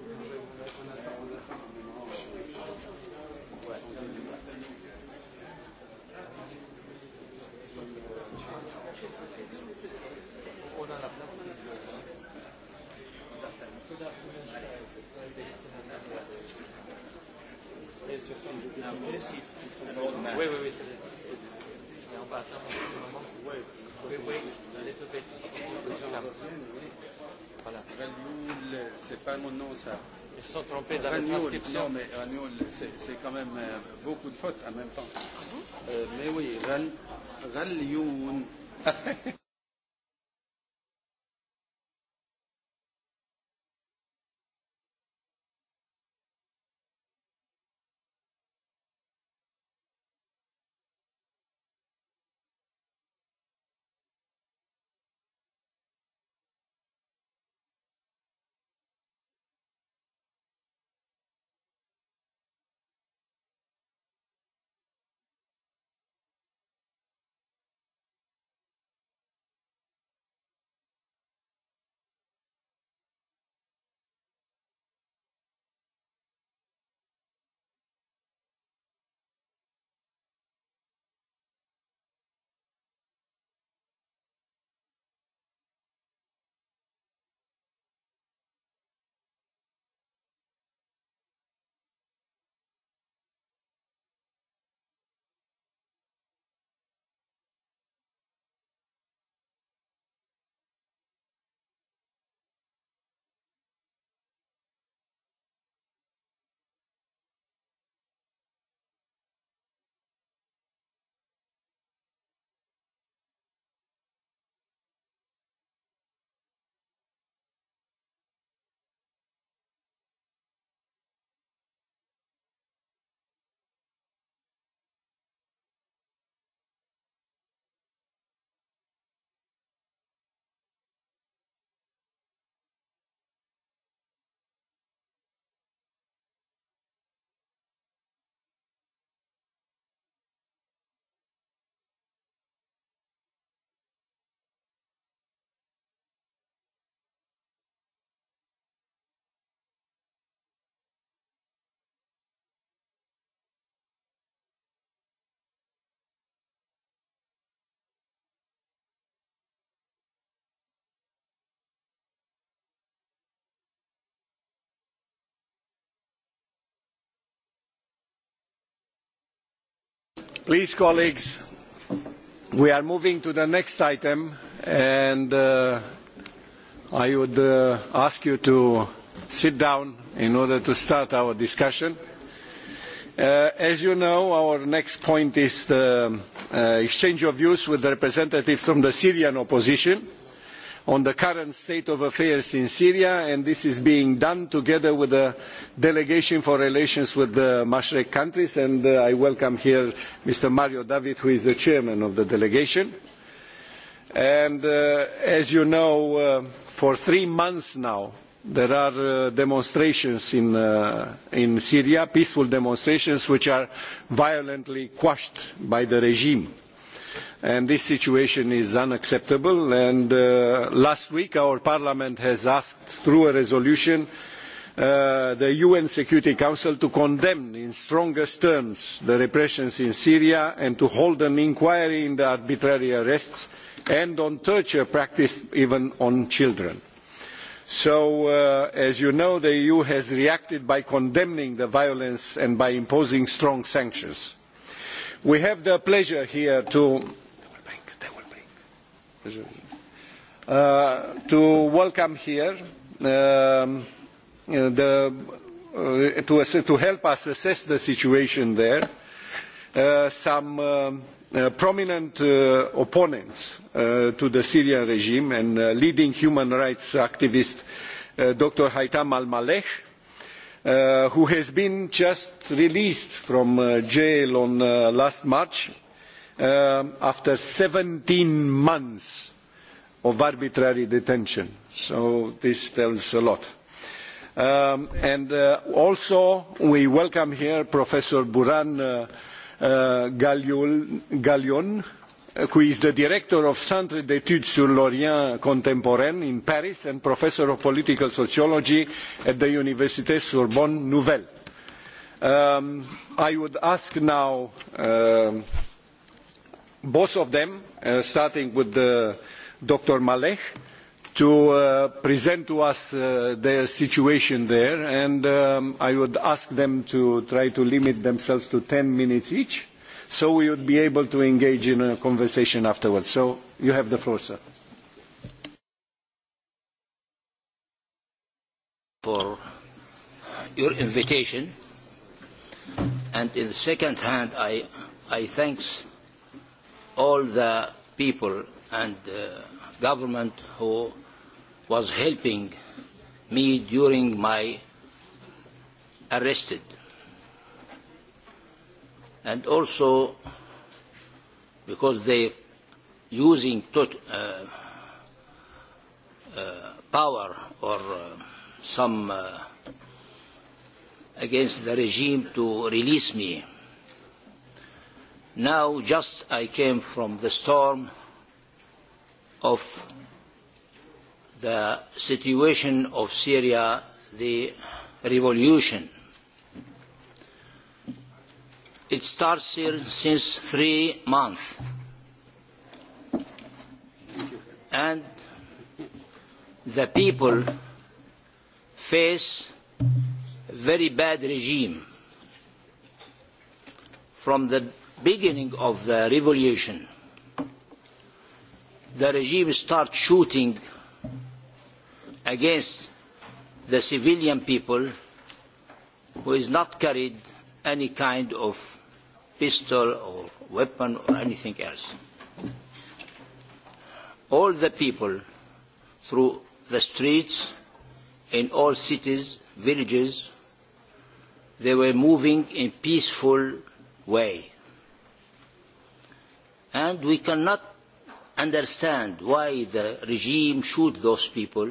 Speaker 17: non, ça.
Speaker 3: Ils se sont trompés dans Ragnoul, la transcription. Non, mais
Speaker 17: Ragnoul, c'est quand même beaucoup de fautes en même temps. Ah, euh, mais oui, Ragnoul.
Speaker 11: Please, colleagues, we are moving to the next item, and uh, I would uh, ask you to sit down in order to start our discussion. Uh, as you know, our next point is the uh, exchange of views with the representatives from the Syrian opposition on the current state of affairs in Syria, and this is being done together with the Delegation for Relations with the Mashrek countries, and uh, I welcome here Mr. Mario David, who is the chairman of the delegation. And uh, as you know, uh, for three months now, there are uh, demonstrations in, uh, in Syria, peaceful demonstrations, which are violently quashed by the regime and this situation is unacceptable and uh, last week our parliament has asked through a resolution uh, the UN Security Council to condemn in strongest terms the repressions in Syria and to hold an inquiry into the arbitrary arrests and on torture practiced even on children. So, uh, as you know, the EU has reacted by condemning the violence and by imposing strong sanctions. We have the pleasure here to, uh, to welcome here um, the, uh, to, to help us assess the situation there uh, some um, uh, prominent uh, opponents uh, to the Syrian regime and uh, leading human rights activist uh, Dr. Haitam al-Malek uh, who has been just released from uh, jail on uh, last March um, after 17 months of arbitrary detention. So this tells a lot. Um, and uh, also we welcome here Professor Buran uh, uh, Gallion, who is the director of Centre d'études sur l'Orient contemporain in Paris and professor of political sociology at the Université Sorbonne Nouvelle. Um, I would ask now uh, both of them, uh, starting with the Dr. Malek, to uh, present to us uh, the situation there, and um, I would ask them to try to limit themselves to ten minutes each so we would be able to engage in a conversation afterwards. So you have the floor, sir.
Speaker 18: For your invitation, and in the second hand, I, I thanks all the people and uh, government who was helping me during my arrested and also because they using to, uh, uh, power or uh, some uh, against the regime to release me. Now just I came from the storm of the situation of Syria, the revolution It starts here since three months. And the people face a very bad regime. From the beginning of the revolution, the regime starts shooting against the civilian people who is not carried any kind of pistol or weapon or anything else. All the people through the streets in all cities, villages, they were moving in peaceful way. And we cannot understand why the regime shoot those people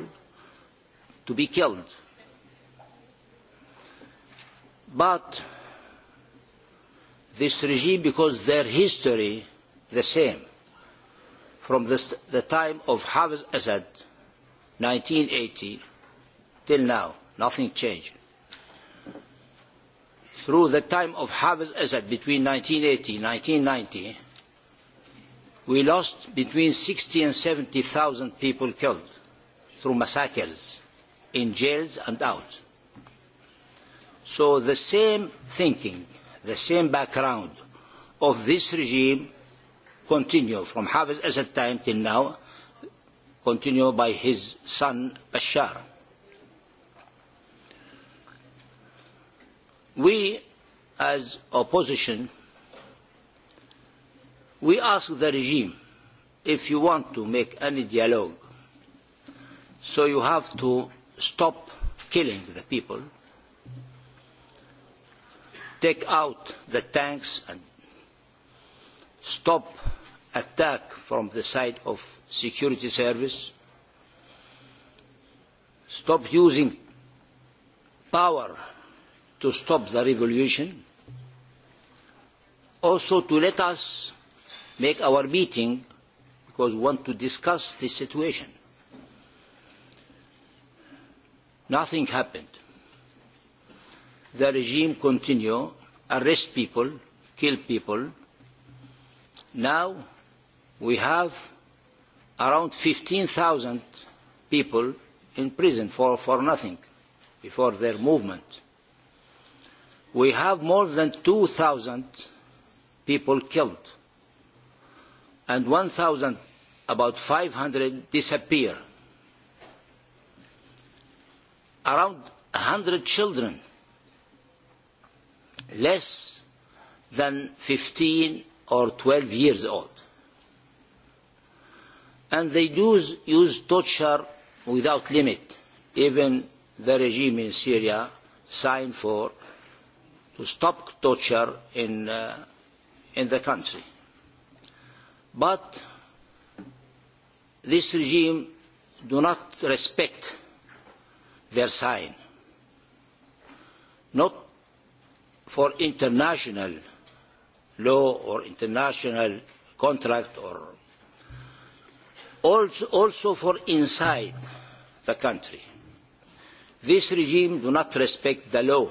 Speaker 18: to be killed. But this regime because their history the same from the, the time of Hafez Assad 1980 till now nothing changed through the time of Hafez Assad between 1980 and 1990 we lost between 60 and 70,000 people killed through massacres in jails and out so the same thinking the same background of this regime continue from as Assad time till now, continue by his son Bashar. We, as opposition, we ask the regime, if you want to make any dialogue, so you have to stop killing the people take out the tanks and stop attack from the side of security service, stop using power to stop the revolution, also to let us make our meeting because we want to discuss the situation. Nothing happened the regime continue, arrest people, kill people. Now we have around 15,000 people in prison for, for nothing before their movement. We have more than 2,000 people killed and 1,000, about 500 disappear. Around 100 children less than 15 or 12 years old. And they do use torture without limit. Even the regime in Syria signed for to stop torture in, uh, in the country. But this regime do not respect their sign. Not for international law or international contract or also, also for inside the country. This regime do not respect the law,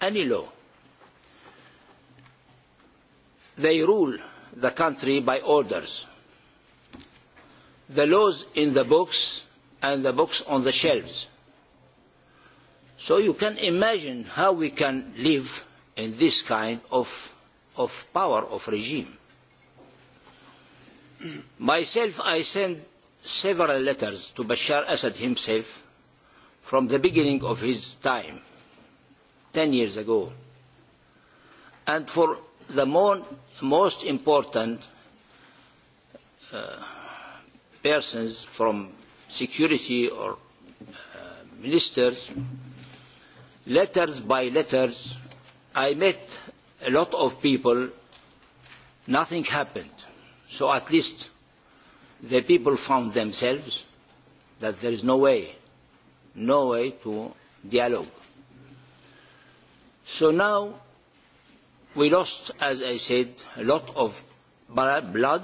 Speaker 18: any law. They rule the country by orders. The laws in the books and the books on the shelves. So you can imagine how we can live in this kind of, of power of regime. Myself, I sent several letters to Bashar Assad himself from the beginning of his time, ten years ago. And for the more, most important uh, persons from security or uh, ministers, letters by letters I met a lot of people, nothing happened. So at least the people found themselves that there is no way, no way to dialogue. So now we lost, as I said, a lot of blood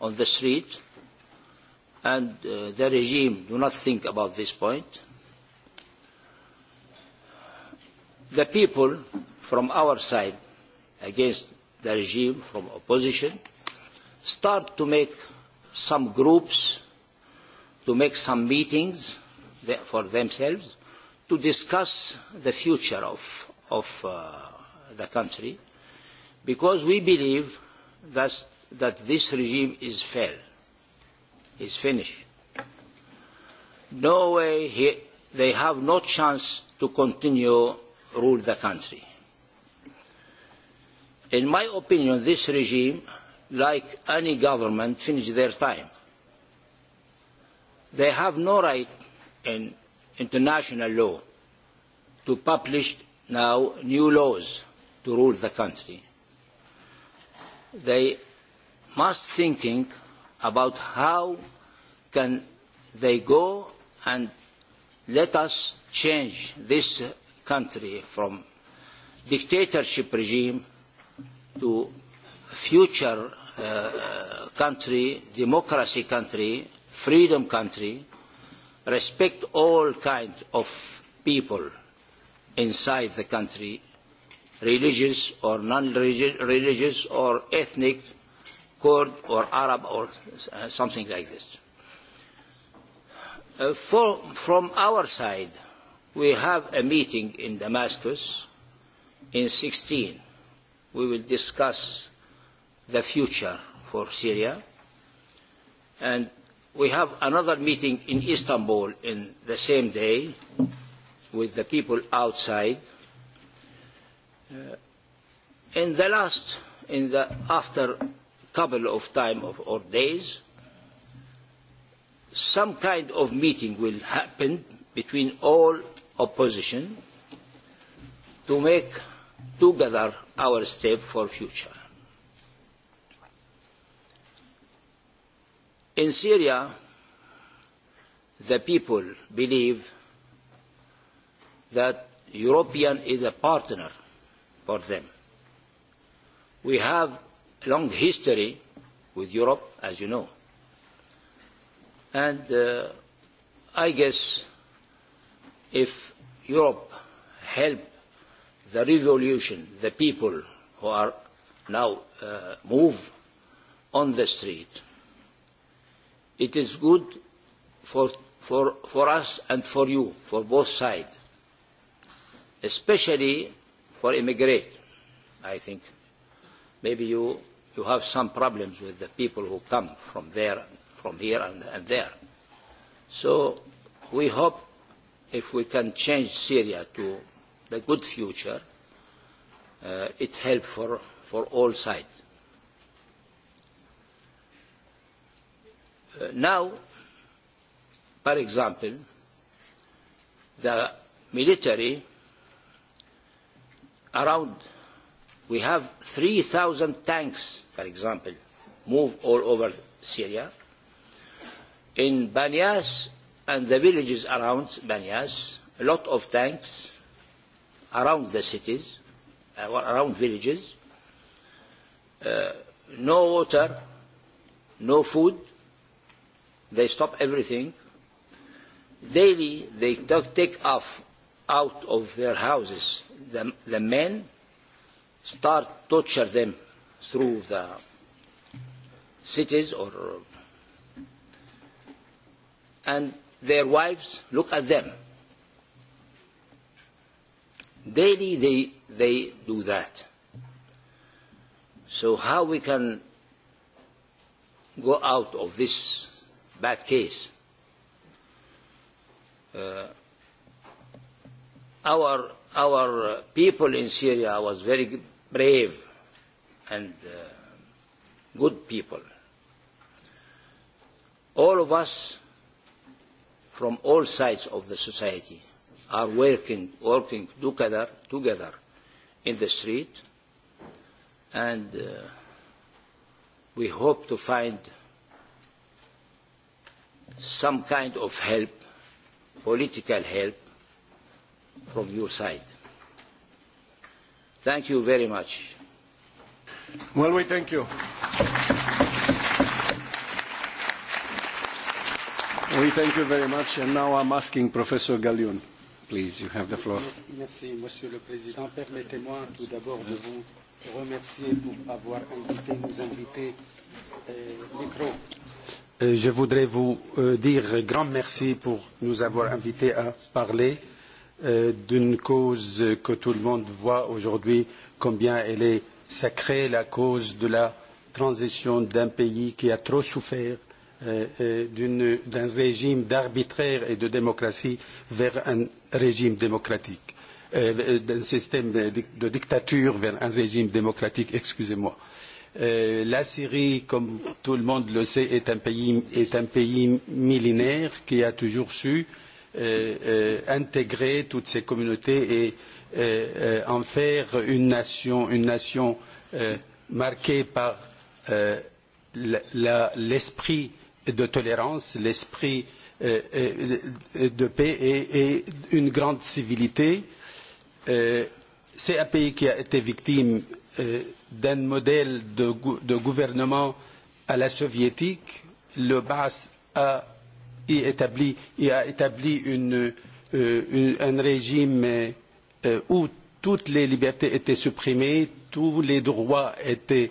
Speaker 18: on the street, and uh, the regime do not think about this point. The people from our side against the regime from opposition start to make some groups to make some meetings for themselves to discuss the future of, of uh, the country because we believe that, that this regime is fair, is finished. No way he, they have no chance to continue rule the country. In my opinion, this regime, like any government, finished their time. They have no right in international law to publish now new laws to rule the country. They must thinking about how can they go and let us change this country from dictatorship regime to future uh, country, democracy country, freedom country, respect all kinds of people inside the country, religious or non-religious or ethnic, Kurd or Arab or uh, something like this. Uh, for, from our side, we have a meeting in Damascus in 16 we will discuss the future for Syria. And we have another meeting in Istanbul in the same day with the people outside. Uh, in the last, in the after couple of time of, or days, some kind of meeting will happen between all opposition to make together our step for future. In Syria, the people believe that European is a partner for them. We have a long history with Europe, as you know. And uh, I guess if Europe helped the revolution, the people who are now uh, move on the street. It is good for, for, for us and for you, for both sides, especially for immigrate. I think maybe you, you have some problems with the people who come from there, from here and, and there. So we hope if we can change Syria to the good future, uh, it helps for, for all sides. Uh, now, for example, the military around, we have 3,000 tanks, for example, move all over Syria. In Banias and the villages around Banias, a lot of tanks around the cities or uh, around villages. Uh, no water, no food. They stop everything. Daily they take off out of their houses the, the men, start torture them through the cities or and their wives look at them Daily they, they do that. So how we can go out of this bad case? Uh, our, our uh, people in Syria was very brave and uh, good people. All of us from all sides of the society are working, working together, together in the street and uh, we hope to find some kind of help, political help from your side. Thank you very much. Well, we thank you.
Speaker 11: We thank you very much. And now I'm asking Professor Gallion. Please, you have the floor.
Speaker 17: Merci, Monsieur le Président. Permettez-moi tout d'abord de vous remercier pour avoir invité, nous inviter euh, micro. Euh, je voudrais vous euh, dire grand merci pour nous avoir invités à parler euh, d'une cause que tout le monde voit aujourd'hui, combien elle est sacrée, la cause de la transition d'un pays qui a trop souffert euh, euh d'un régime d'arbitraire et de démocratie vers un régime démocratique, euh, d'un système de, de dictature vers un régime démocratique, excusez-moi. Euh, la Syrie, comme tout le monde le sait, est un pays, est un pays millénaire qui a toujours su euh, euh, intégrer toutes ces communautés et euh, euh, en faire une nation, une nation euh, marquée par euh, l'esprit de tolérance, l'esprit euh, Euh, euh, de paix et, et une grande civilité. Euh, c'est un pays qui a été victime d'un modèle de, de gouvernement à la soviétique. Le BAS a y établi, y a établi une, une, un régime où toutes les libertés étaient supprimées, tous les droits étaient,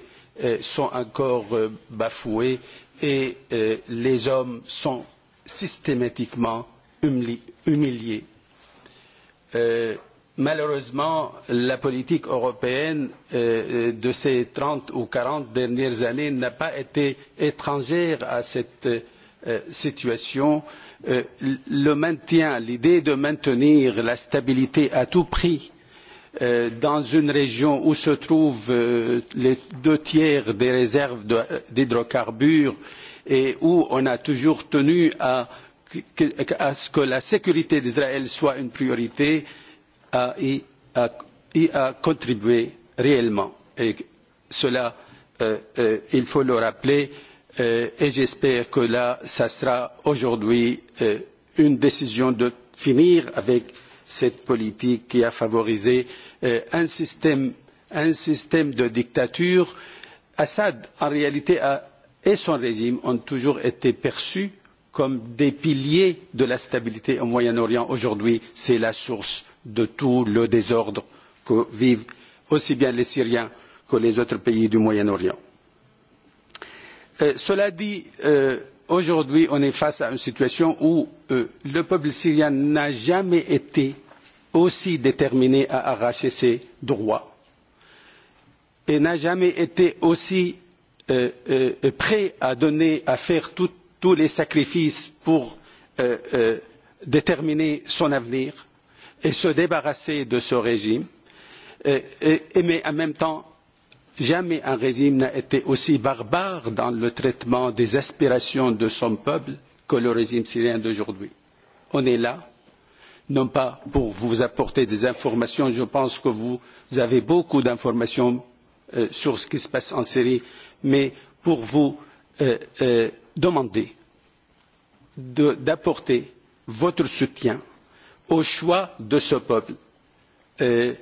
Speaker 17: sont encore bafoués et les hommes sont systématiquement humiliés. Euh, malheureusement, la politique européenne euh, de ces trente ou quarante dernières années n'a pas été étrangère à cette euh, situation. Euh, le maintien, l'idée de maintenir la stabilité à tout prix euh, dans une région où se trouvent euh, les deux tiers des réserves d'hydrocarbures de, et où on a toujours tenu à, à ce que la sécurité d'Israël soit une priorité à y, à, y a contribué réellement. Et cela, euh, euh, il faut le rappeler, euh, et j'espère que là, ça sera aujourd'hui euh, une décision de finir avec cette politique qui a favorisé euh, un, système, un système de dictature. Assad, en réalité, a et son régime ont toujours été perçus comme des piliers de la stabilité au Moyen-Orient. Aujourd'hui, c'est la source de tout le désordre que vivent aussi bien les Syriens que les autres pays du Moyen-Orient. Euh, cela dit, euh, aujourd'hui, on est face à une situation où euh, le peuple syrien n'a jamais été aussi déterminé à arracher ses droits et n'a jamais été aussi Euh, euh, euh, prêt à donner, à faire tous les sacrifices pour euh, euh, déterminer son avenir et se débarrasser de ce régime. et, euh, euh, et, mais en même temps, jamais un régime n'a été aussi barbare dans le traitement des aspirations de son peuple que le régime syrien d'aujourd'hui. On est là, non pas pour vous apporter des informations, je pense que vous, vous avez beaucoup d'informations euh, sur ce qui se passe en Syrie mais pour vous euh, euh, demander d'apporter de, votre soutien au choix de ce peuple euh,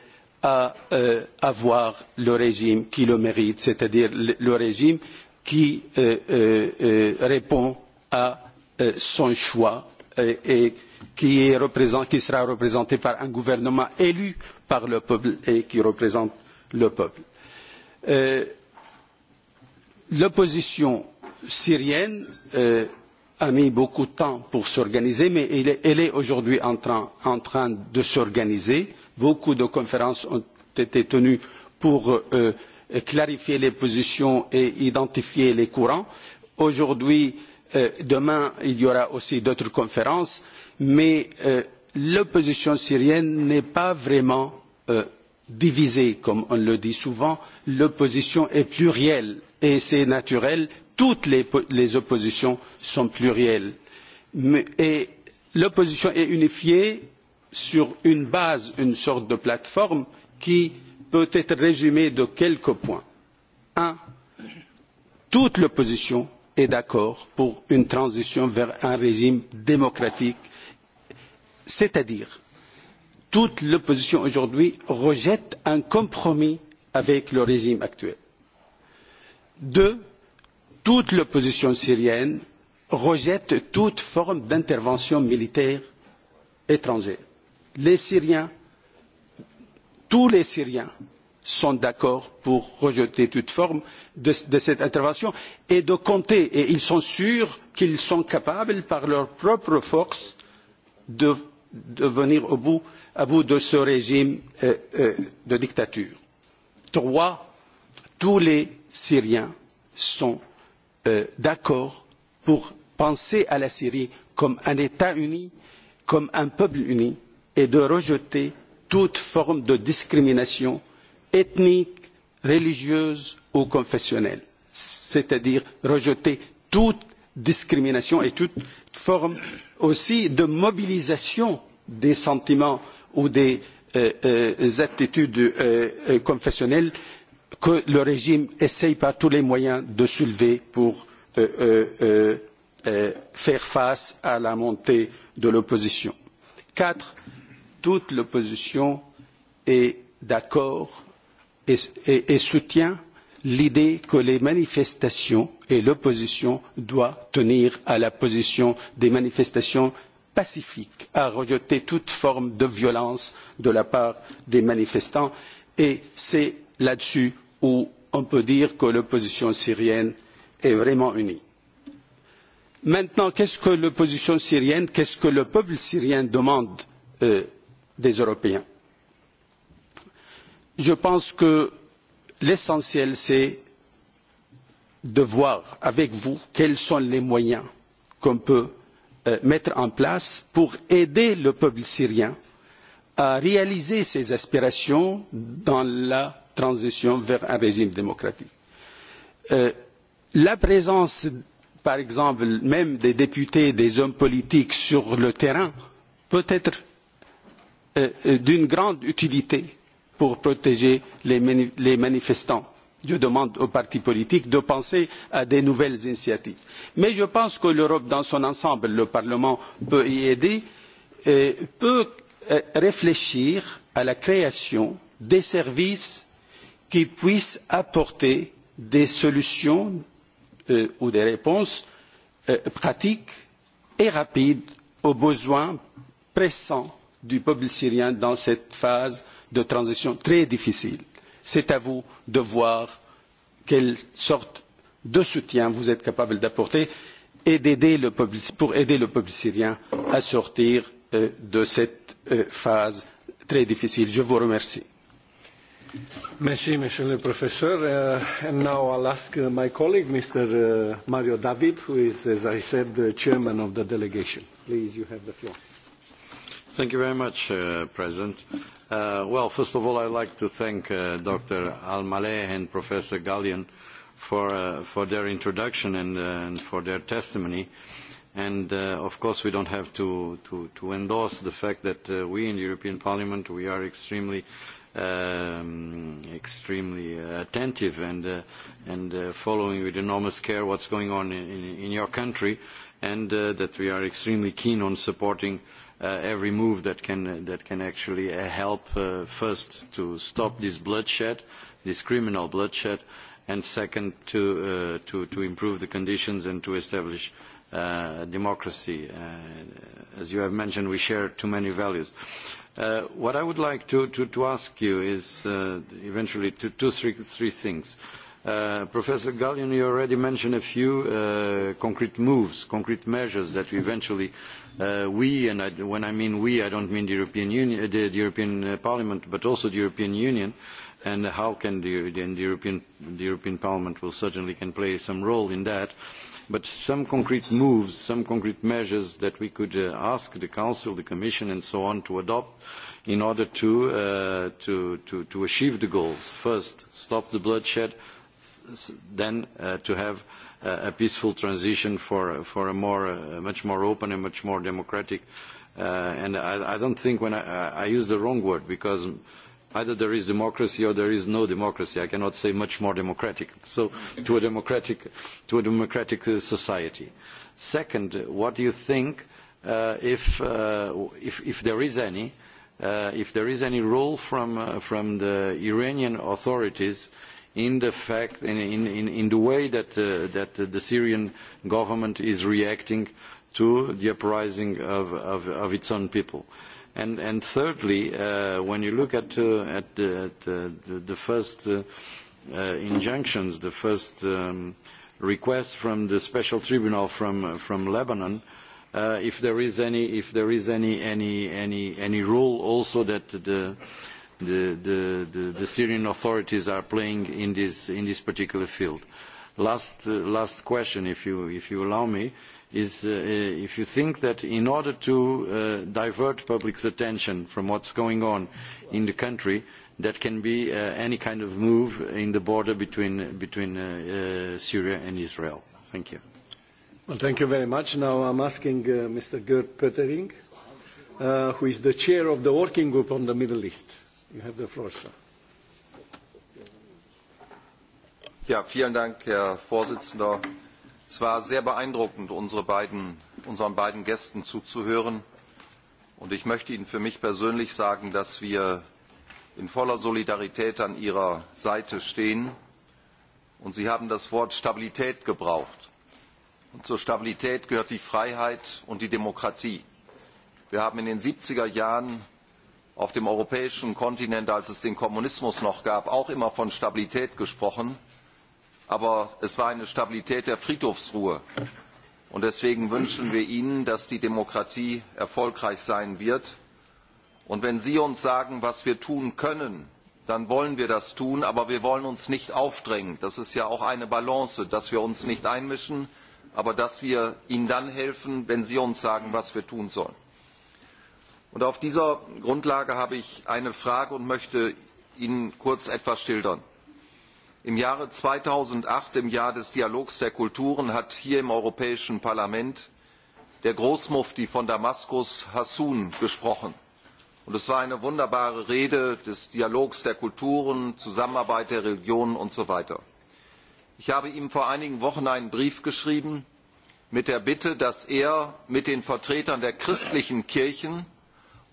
Speaker 17: à euh, avoir le régime qui le mérite, c'est-à-dire le, le régime qui euh, euh, euh, répond à euh, son choix et, et qui, est représent, qui sera représenté par un gouvernement élu par le peuple et qui représente le peuple. Euh, L'opposition syrienne euh, a mis beaucoup de temps pour s'organiser, mais elle est, elle est aujourd'hui en train, en train de s'organiser. Beaucoup de conférences ont été tenues pour euh, clarifier les positions et identifier les courants. Aujourd'hui, euh, demain, il y aura aussi d'autres conférences, mais euh, l'opposition syrienne n'est pas vraiment euh, divisée, comme on le dit souvent. L'opposition est plurielle et c'est naturel, toutes les, les oppositions sont plurielles. Mais, et l'opposition est unifiée sur une base, une sorte de plateforme qui peut être résumée de quelques points. Un, toute l'opposition est d'accord pour une transition vers un régime démocratique, c'est-à-dire toute l'opposition aujourd'hui rejette un compromis avec le régime actuel. Deux, toute l'opposition syrienne rejette toute forme d'intervention militaire étrangère. Les Syriens, tous les Syriens sont d'accord pour rejeter toute forme de, de, cette intervention et de compter, et ils sont sûrs qu'ils sont capables, par leur propre force, de, de venir au bout, à bout de ce régime euh, euh, de dictature. Trois, tous les Syriens sont euh, d'accord pour penser à la Syrie comme un État uni, comme un peuple uni, et de rejeter toute forme de discrimination ethnique, religieuse ou confessionnelle, c'est-à-dire rejeter toute discrimination et toute forme aussi de mobilisation des sentiments ou des euh, euh, attitudes euh, euh confessionnelles que le régime essaie par tous les moyens de soulever pour euh, euh, euh, euh, faire face à la montée de l'opposition. Quatre, toute l'opposition est d'accord et, et, et soutient l'idée que les manifestations et l'opposition doivent tenir à la position des manifestations pacifiques, à rejeter toute forme de violence de la part des manifestants et c'est là-dessus où on peut dire que l'opposition syrienne est vraiment unie. Maintenant, qu'est-ce que l'opposition syrienne, qu'est-ce que le peuple syrien demande euh, des Européens Je pense que l'essentiel, c'est de voir avec vous quels sont les moyens qu'on peut euh, mettre en place pour aider le peuple syrien à réaliser ses aspirations dans la transition vers un régime démocratique. Euh, la présence, par exemple, même des députés, des hommes politiques sur le terrain peut être euh, euh d'une grande utilité pour protéger les, mani les manifestants. Je demande aux partis politiques de penser à de nouvelles initiatives. Mais je pense que l'Europe dans son ensemble, le Parlement peut y aider, et euh, peut euh, réfléchir à la création des services qui puisse apporter des solutions euh, ou des réponses euh, pratiques et rapides aux besoins pressants du peuple syrien dans cette phase de transition très difficile. C'est à vous de voir quelle sorte de soutien vous êtes capable d'apporter et peuple, pour aider le peuple syrien à sortir euh, de cette euh, phase très difficile. Je vous remercie.
Speaker 11: Merci, Monsieur le Professeur. Uh, and now I'll ask uh, my colleague, Mr. Uh, Mario David, who is, as I said, the chairman of the delegation. Please, you have the floor.
Speaker 19: Thank you very much, uh, President. Uh, well, first of all, I'd like to thank uh, Dr. Al-Maleh and Professor Gallian for, uh, for their introduction and, uh, and for their testimony. And, uh, of course, we don't have to, to, to endorse the fact that uh, we in the European Parliament, we are extremely uh, um, extremely uh, attentive and, uh, and uh, following with enormous care what's going on in, in your country and uh, that we are extremely keen on supporting uh, every move that can, that can actually uh, help uh, first to stop this bloodshed, this criminal bloodshed, and second to, uh, to, to improve the conditions and to establish uh, democracy. Uh, as you have mentioned, we share too many values. Uh, Uh, what I would like to, ask you is uh, eventually two, three, things. Uh, Professor Gallion, you already mentioned a few concrete moves, concrete measures that eventually, we, and when I mean we, I don't mean the European, Union, the, European Parliament, but also the European Union, and how can the, and the, European, Parliament will certainly can play some role in that but some concrete moves, some concrete measures that we could uh, ask the Council, the Commission and so on to adopt in order to, uh, to, to, to achieve the goals. First, stop the bloodshed, then uh, to have uh, a peaceful transition for, for a more, uh, much more open and much more democratic. Uh, and I, I don't think when I, I use the wrong word because either there is democracy or there is no democracy. I cannot say much more democratic. So to a democratic, to a democratic uh, society. Second, what do you think uh, if, uh, if, if there is any, uh, if there is any role from, uh, from the Iranian authorities in the fact, in, in, in the way that, uh, that the Syrian government is reacting to the uprising of, of, of its own people? Uh, And, and thirdly, uh, when you look at, uh, at, the, at the, the first uh, uh, injunctions, the first um, request from the special tribunal from, uh, from Lebanon, uh, if there is any, if there is any, any, any, any role also that the, the, the, the, the Syrian authorities are playing in this, in this particular field. Last, uh, last question, if you, if you allow me. Uh, is uh, uh, if you think that in order to uh, divert public's attention from what's going on in the country, that can be uh, any kind of move in the border between, between uh, uh, Syria and Israel. Thank you.
Speaker 11: Well, thank you very much. Now I'm asking uh, Mr. Gerd Pöttering, uh, who is the chair of the working group on the Middle East. You have the
Speaker 18: floor, sir.
Speaker 16: Ja, vielen Dank, Herr Vorsitzender. Es war sehr beeindruckend, unsere beiden, unseren beiden Gästen zuzuhören. Und ich möchte Ihnen für mich persönlich sagen, dass wir in voller Solidarität an Ihrer Seite stehen. Und Sie haben das Wort Stabilität gebraucht. Und zur Stabilität gehört die Freiheit und die Demokratie. Wir haben in den 70er Jahren auf dem europäischen Kontinent, als es den Kommunismus noch gab, auch immer von Stabilität gesprochen aber es war eine Stabilität der Friedhofsruhe. Und deswegen wünschen wir Ihnen, dass die Demokratie erfolgreich sein wird. Und wenn Sie uns sagen, was wir tun können, dann wollen wir das tun, aber wir wollen uns nicht aufdrängen. Das ist ja auch eine Balance, dass wir uns nicht einmischen, aber dass wir Ihnen dann helfen, wenn Sie uns sagen, was wir tun sollen. Und auf dieser Grundlage habe ich eine Frage und möchte Ihnen kurz etwas schildern. Im Jahre 2008, im Jahr des Dialogs der Kulturen, hat hier im Europäischen Parlament der Großmufti von Damaskus Hassun gesprochen. Und es war eine wunderbare Rede des Dialogs der Kulturen, Zusammenarbeit der Religionen und so weiter. Ich habe ihm vor einigen Wochen einen Brief geschrieben mit der Bitte, dass er mit den Vertretern der christlichen Kirchen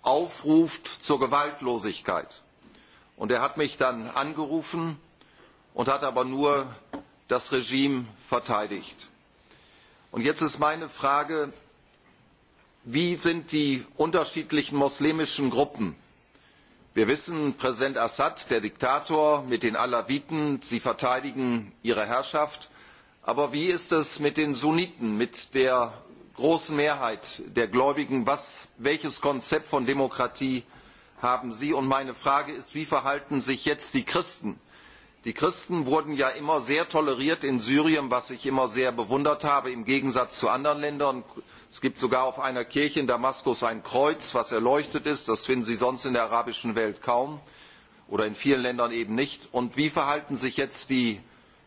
Speaker 16: aufruft zur Gewaltlosigkeit. Und er hat mich dann angerufen und hat aber nur das Regime verteidigt. Und jetzt ist meine Frage, wie sind die unterschiedlichen muslimischen Gruppen? Wir wissen, Präsident Assad, der Diktator mit den Alawiten, sie verteidigen ihre Herrschaft. Aber wie ist es mit den Sunniten, mit der großen Mehrheit der Gläubigen? Was, welches Konzept von Demokratie haben sie? Und meine Frage ist, wie verhalten sich jetzt die Christen Die Christen wurden ja immer sehr toleriert in Syrien, was ich immer sehr bewundert habe, im Gegensatz zu anderen Ländern. Es gibt sogar auf einer Kirche in Damaskus ein Kreuz, das erleuchtet ist. Das finden Sie sonst in der arabischen Welt kaum oder in vielen Ländern eben nicht. Und wie verhalten sich jetzt die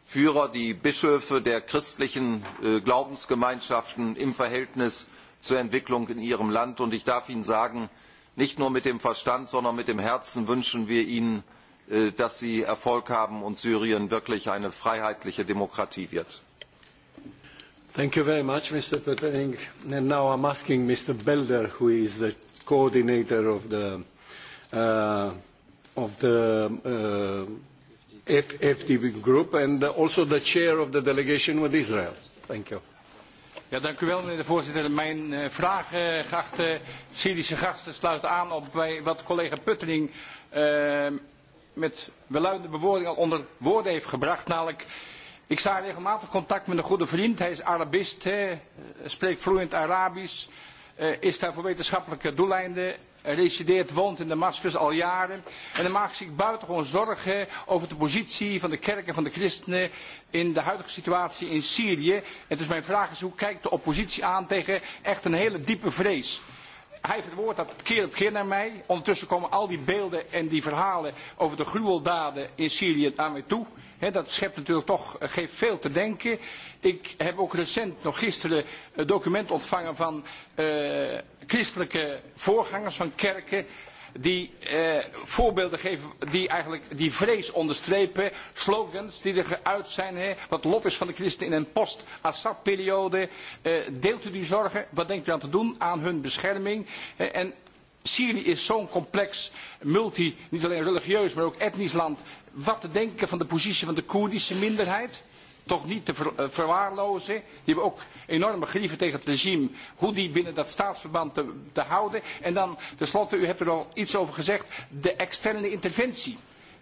Speaker 16: Führer, die Bischöfe der christlichen äh, Glaubensgemeinschaften im Verhältnis zur Entwicklung in ihrem Land? Und ich darf Ihnen sagen, nicht nur mit dem Verstand, sondern mit dem Herzen wünschen wir Ihnen, Äh, dass sie Erfolg haben und Syrien wirklich eine freiheitliche Demokratie wird.
Speaker 11: Thank you very much, Mr. Petering. And now I'm asking Mr. Belder, who is the coordinator of the, uh, of the uh, FDB group and also the chair of the delegation with Israel. Thank you.
Speaker 9: Ja, dank u wel, meneer de voorzitter. Mijn uh, vraag, uh, geachte Syrische gasten, sluit aan op wat collega Puttering uh, eh, met beluidende bewoordingen onder woorden heeft gebracht. Namelijk, ik sta regelmatig contact met een goede vriend. Hij is Arabist, he, spreekt vloeiend Arabisch, eh, is daar voor wetenschappelijke doeleinden resideert, woont in Damascus al jaren. En dan maakt zich buitengewoon zorgen over de positie van de kerk en van de christenen in de huidige situatie in Syrië. En dus mijn vraag is, hoe kijkt de oppositie aan tegen echt een hele diepe vrees? hij heeft het woord dat keer op keer naar mij. Ondertussen komen al die beelden en die verhalen over de gruweldaden in Syrië aan mij toe. He, dat schept natuurlijk toch, eh, geeft veel te denken. Ik heb ook recent, nog gisteren, een document ontvangen van uh, christelijke voorgangers van kerken die uh, voorbeelden geven die eigenlijk die vrees onderstrepen. Slogans die er geuit zijn, hè, wat lot is van de christen in een post-Assad-periode. Uh, deelt u die zorgen? Wat denkt u aan te doen aan hun bescherming? Uh, en Syrië is zo'n complex, multi, niet alleen religieus, maar ook etnisch land. Wat te denken van de positie van de Koerdische minderheid? toch niet te ver, eh, verwaarlozen. Die hebben ook enorme grieven tegen het regime, hoe die binnen dat staatsverband te, te houden. En dan tenslotte, u hebt er al iets over gezegd, de externe interventie.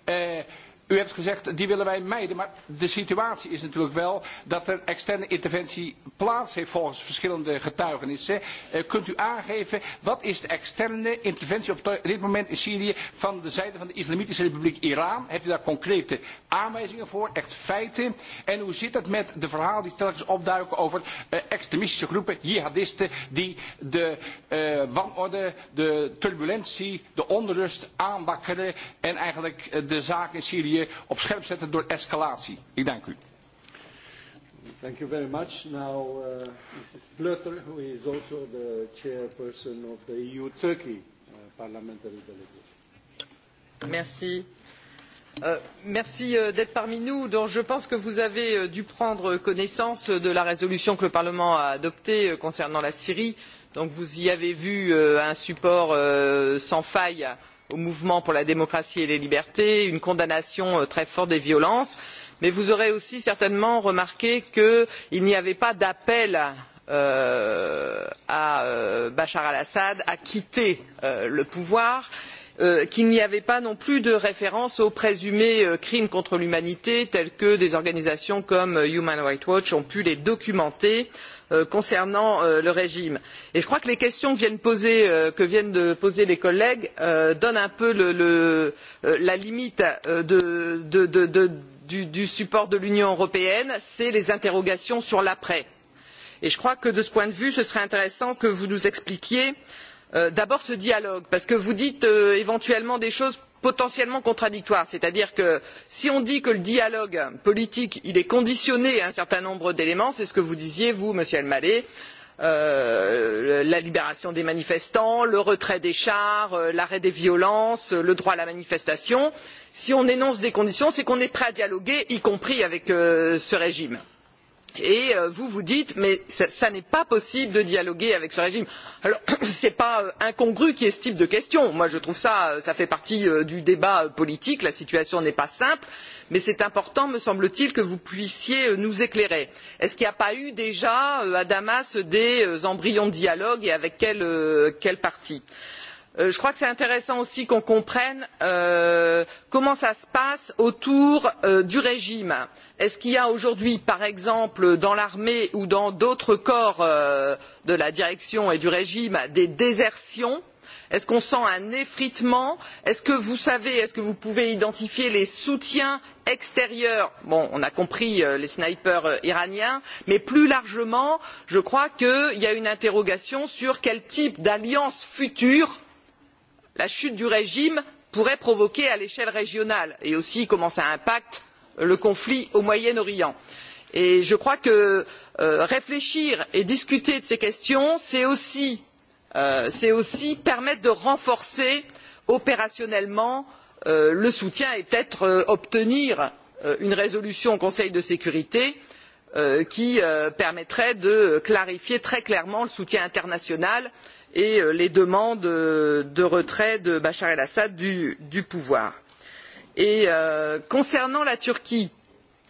Speaker 9: Uh, U hebt gezegd, die willen wij mijden. Maar de situatie is natuurlijk wel dat er externe interventie plaats heeft volgens verschillende getuigenissen. Uh, kunt u aangeven, wat is de externe interventie op dit moment in Syrië van de zijde van de Islamitische Republiek Iran? Hebt u daar concrete aanwijzingen voor, echt feiten? En hoe zit het met de verhalen die telkens opduiken over uh, extremistische groepen, jihadisten, die de uh, wanorde, de turbulentie, de onrust aanwakkeren en eigenlijk de zaak in Syrië je op scherp zetten door escalatie. Ik dank u.
Speaker 11: Thank you very much. Now, uh, Mrs. Blutter, who is also the chairperson of the EU-Turkey uh, parliamentary delegation.
Speaker 20: Merci. Euh, merci euh, d'être parmi nous. Donc, je pense que vous avez euh, dû prendre connaissance euh, de la résolution que le Parlement a adoptée euh, concernant la Syrie. Donc, vous y avez vu euh, un support euh, sans faille euh, au mouvement pour la démocratie et les libertés, une condamnation euh, très forte des violences, mais vous aurez aussi certainement remarqué qu'il n'y avait pas d'appel euh, à euh, Bachar al-Assad à quitter le pouvoir qu'il n'y avait pas non plus de référence aux présumés crimes contre l'humanité tels que des organisations comme Human Rights Watch ont pu les documenter euh, Euh, concernant euh, le régime. Et je crois que les questions que viennent, poser, euh, que viennent de poser les collègues donnent un peu le, le, la limite de, de, de, du, du support de l'Union européenne, c'est les interrogations sur l'après. Et je crois que de ce point de vue, ce serait intéressant que vous nous expliquiez euh, d'abord ce dialogue, parce que vous dites euh, éventuellement des choses potentiellement contradictoires. C'est-à-dire que si on dit que le dialogue politique est conditionné à un certain nombre d'éléments, c'est ce que vous disiez, vous, Monsieur El Mallet, euh, la libération des manifestants, le retrait des chars, euh, l'arrêt des violences, euh, le droit à la manifestation. Si on énonce des conditions, c'est qu'on est prêt à dialoguer, y compris avec euh, ce régime. Et euh, vous vous dites, mais ça, ça n'est pas possible de dialoguer avec ce régime. Alors, ce n'est pas euh, incongru qu'il y ait ce type de question. Moi, je trouve ça, euh, ça fait partie du débat politique. La situation n'est pas simple, mais c'est important, me semble-t-il, que vous puissiez nous éclairer. Est-ce qu'il n'y a pas eu déjà à Damas des embryons de dialogue et avec quelle, quelle partie je crois que c'est intéressant aussi qu'on comprenne euh, comment ça se passe autour euh, du régime. Euh, est ce qu'il y a aujourd'hui par exemple dans l'armée ou dans d'autres corps euh, de la direction et du régime des désertions? est ce qu'on sent un effritement? est ce que vous savez est ce que vous pouvez identifier les soutiens extérieurs bon on a compris euh, les snipers euh, iraniens mais plus largement je crois qu'il y a une interrogation sur quel type d'alliance future la chute du régime pourrait provoquer à l'échelle régionale et aussi comment cela impacte le conflit au Moyen Orient. Et je crois que euh, réfléchir et discuter de ces questions, c'est aussi, euh, aussi, permettre de renforcer opérationnellement euh, le soutien et peut-être euh, obtenir euh, une résolution au Conseil de sécurité euh, qui permettrait de clarifier très clairement le soutien international et les demandes de retrait de Bachar el-Assad du, du pouvoir. Et euh, concernant la Turquie,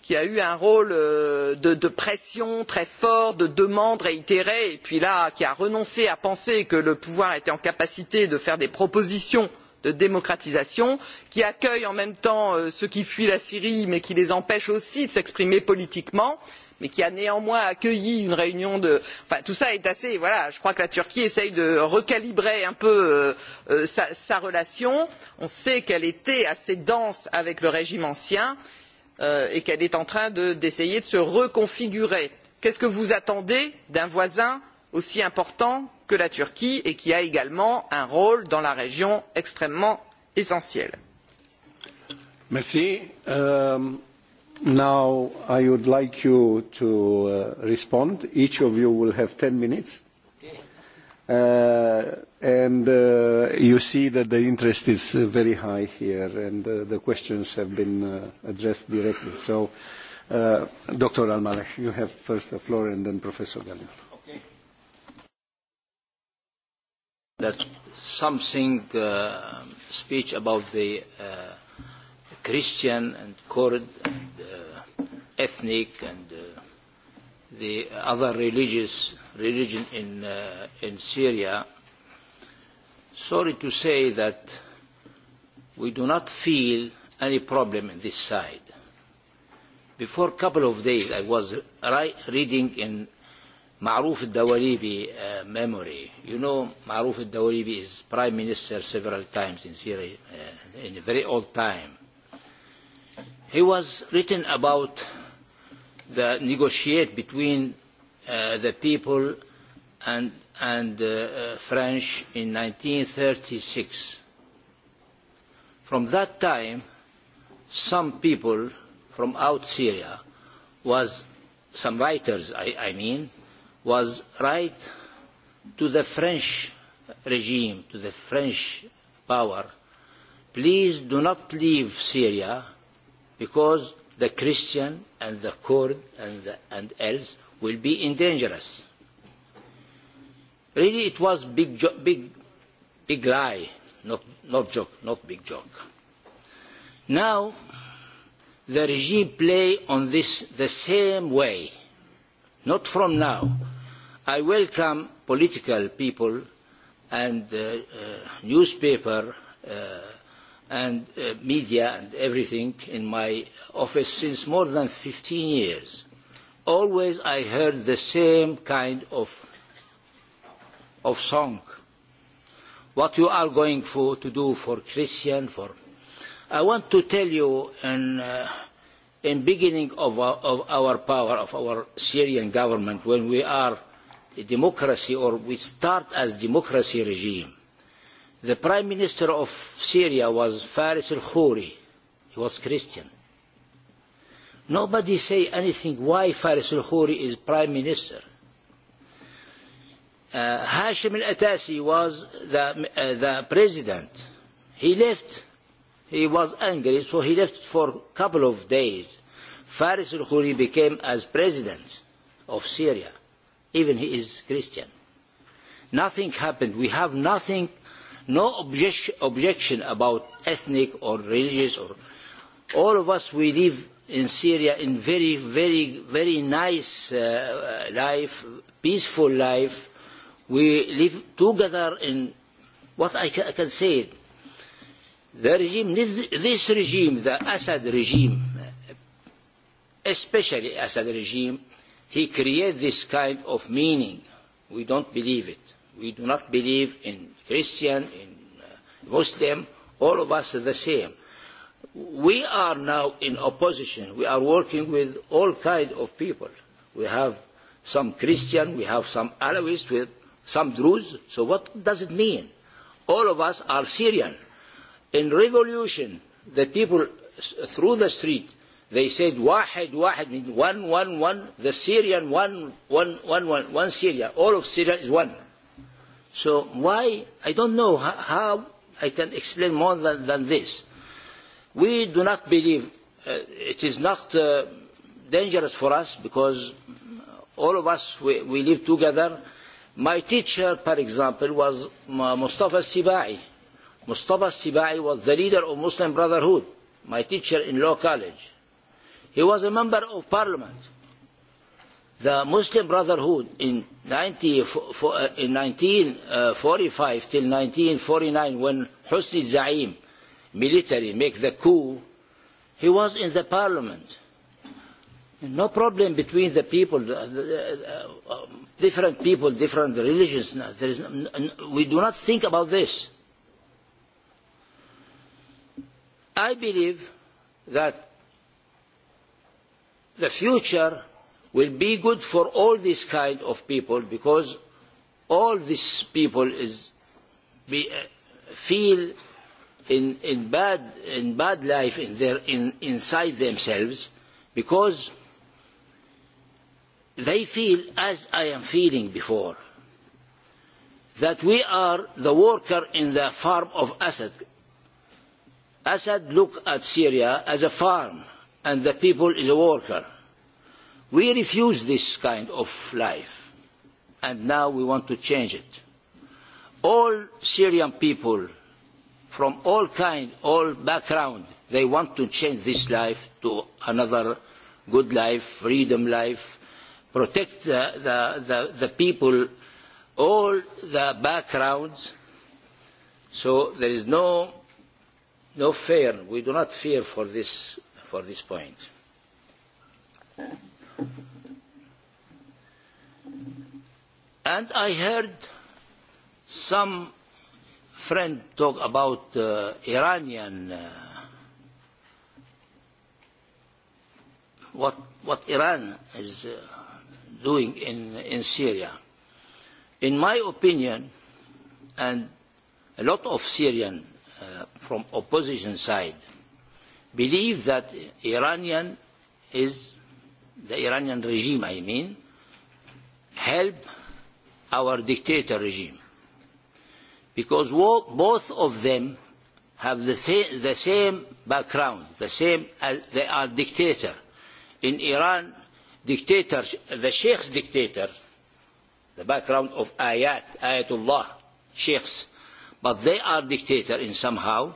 Speaker 20: qui a eu un rôle euh, de, de pression très fort, de demande réitérée, et puis là, qui a renoncé à penser que le pouvoir était en capacité de faire des propositions de démocratisation, qui accueille en même temps euh, ceux qui fuient la Syrie, mais qui les empêche aussi de s'exprimer politiquement, euh, mais qui a néanmoins accueilli une réunion de enfin tout ça est assez voilà je crois que la Turquie essaye de recalibrer un peu euh, euh sa, sa relation on sait qu'elle était assez dense avec le régime ancien euh, et qu'elle est en train d'essayer de, de se reconfigurer qu'est ce que vous attendez d'un voisin aussi important que la Turquie et qui a également un rôle dans la région extrêmement essentiel?
Speaker 11: Merci. Euh... Now I would like you to uh, respond. Each of you will have 10 minutes. Uh, and uh, you see that the interest is uh, very high here and uh, the questions have been uh, addressed directly. So, uh, Dr. Almalek, you have first the floor and then Professor Galliano.
Speaker 18: Okay. That something, uh, speech about the uh, Christian and Kurd and uh, ethnic and uh, the other religious religion in, uh, in Syria, sorry to say that we do not feel any problem in this side. Before a couple of days, I was reading in Maruf al-Dawalibi uh, memory. You know, Maruf al-Dawalibi is prime minister several times in Syria, uh, in a very old time. He was written about the negotiate between uh, the people and, and uh, uh French in 1936. From that time, some people from out Syria was, some writers I, I mean, was right to the French regime, to the French power, please do not leave Syria because the Christian and the Kurd and, the, and else will be in dangerous. Really, it was big, jo big, big lie, not, not joke, not big joke. Now, the regime play on this the same way, not from now. I welcome political people and uh, uh, newspaper uh, and uh, media and everything in my office since more than 15 years. Always I heard the same kind of, of song. What you are going for, to do for Christian, for... I want to tell you in, uh, in beginning of our, of our power, of our Syrian government, when we are a democracy or we start as democracy regime, The Prime Minister of Syria was Faris al Khouri. He was Christian. Nobody say anything why Faris al-Khoury is Prime Minister. Uh, Hashim al-Atasi was the, uh, the President. He left. He was angry, so he left for a couple of days. Faris al Khuri became as President of Syria. Even he is Christian. Nothing happened. We have nothing no objection, objection about ethnic or religious or all of us we live in Syria in very very very nice uh, life peaceful life we live together in what I, ca I can say the regime this, this regime the Assad regime especially Assad regime he created this kind of meaning we don't believe it we do not believe in Christian, in uh, Muslim, all of us are the same. We are now in opposition. We are working with all kinds of people. We have some Christian, we have some Alawis, we have some Druze. So what does it mean? All of us are Syrian. In revolution, the people through the street, they said wahid, wahid, means one, one, one, the Syrian, one, one, one, one, one Syria. All of Syria is one. So why, I don't know how, how I can explain more than, than this. We do not believe uh, it is not uh, dangerous for us because all of us, we, we live together. My teacher, for example, was Mustafa Sibai. Mustafa Sibai was the leader of Muslim Brotherhood, my teacher in law college. He was a member of parliament. The Muslim Brotherhood in, 90, uh, in 1945 uh, till 1949 when Husni Zaim military make the coup, he was in the parliament. No problem between the people, the, the, uh, um, different people, different religions. There is, we do not think about this. I believe that the future will be good for all these kind of people because all these people is be, uh, feel in, in, bad, in bad life in their, in, inside themselves because they feel as I am feeling before that we are the worker in the farm of Assad. Assad look at Syria as a farm and the people is a worker. We refuse this kind of life, and now we want to change it. All Syrian people from all kind, all background, they want to change this life to another good life, freedom life, protect the, the, the, the people, all the backgrounds. So there is no, no fear. We do not fear for this, for this point. And I heard some friend talk about uh, Iranian, uh, what, what Iran is uh, doing in, in Syria. In my opinion, and a lot of Syrian uh, from opposition side believe that Iranian is, the Iranian regime I mean, help our dictator regime. Because both of them have the, th the same background, the same as uh, they are dictator. In Iran, dictators the sheikh's dictator, the background of ayat, ayatullah, sheikhs, but they are dictator in somehow,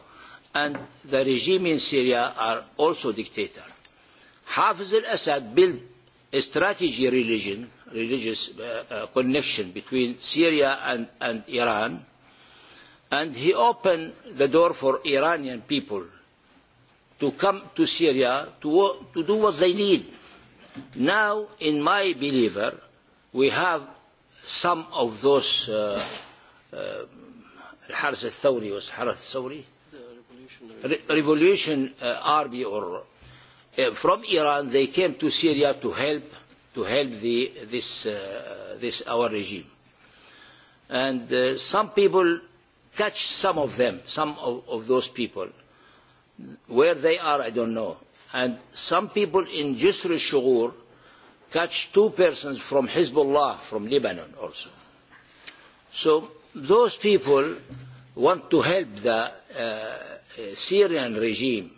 Speaker 18: and the regime in Syria are also dictator. Hafiz al-Assad built a strategy religion religious uh, uh, connection between Syria and, and Iran, and he opened the door for Iranian people to come to Syria to, to do what they need. Now, in my believer, we have some of those uh, uh, الحرس الثوري revolution uh, army or uh, from Iran they came to Syria to help to help the, this, uh, this our regime. And uh, some people catch some of them, some of, of those people. Where they are, I don't know. And some people in Jisr al-Shughur catch two persons from Hezbollah, from Lebanon also. So those people want to help the uh, Syrian regime,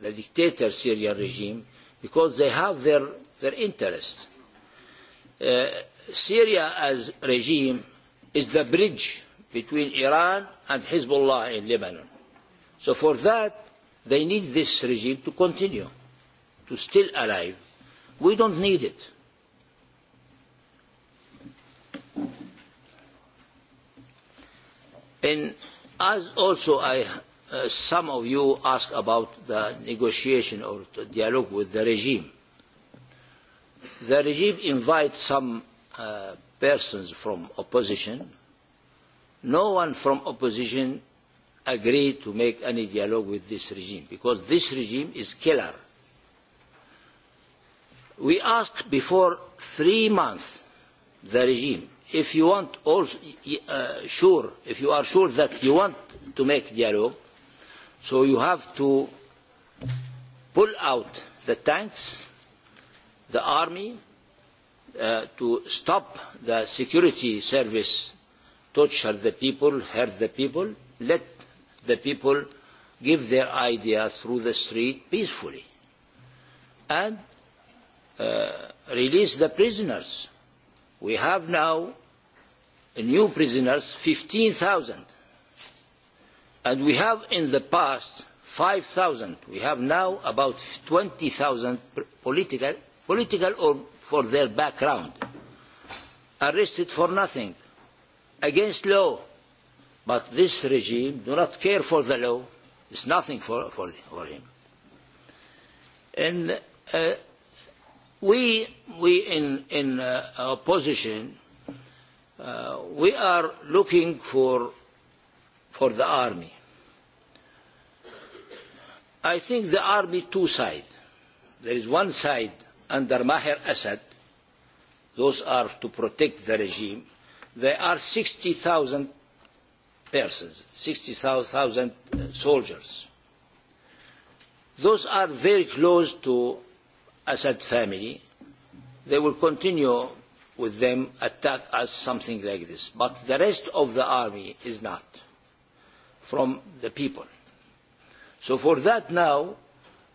Speaker 18: the dictator Syrian regime, because they have their, their interests. Uh, Syria as regime is the bridge between Iran and Hezbollah in Lebanon. So for that, they need this regime to continue, to still alive. We don't need it. And as also I, uh, some of you asked about the negotiation or the dialogue with the regime the regime invites some uh, persons from opposition. No one from opposition agreed to make any dialogue with this regime because this regime is killer. We asked before three months the regime if you want also, uh, sure, if you are sure that you want to make dialogue, so you have to pull out the tanks the army uh, to stop the security service torture the people, hurt the people, let the people give their idea through the street peacefully and uh, release the prisoners. We have now uh, new prisoners, 15,000. And we have in the past 5,000. We have now about 20,000 political political or for their background, arrested for nothing, against law. But this regime do not care for the law. It's nothing for, for, for him. And uh, we, we in, in uh, opposition, uh, we are looking for, for the army. I think the army two sides. There is one side under Maher Assad, those are to protect the regime, there are 60,000 persons, 60,000 uh, soldiers. Those are very close to Assad family. They will continue with them attack us something like this. But the rest of the army is not from the people. So for that now,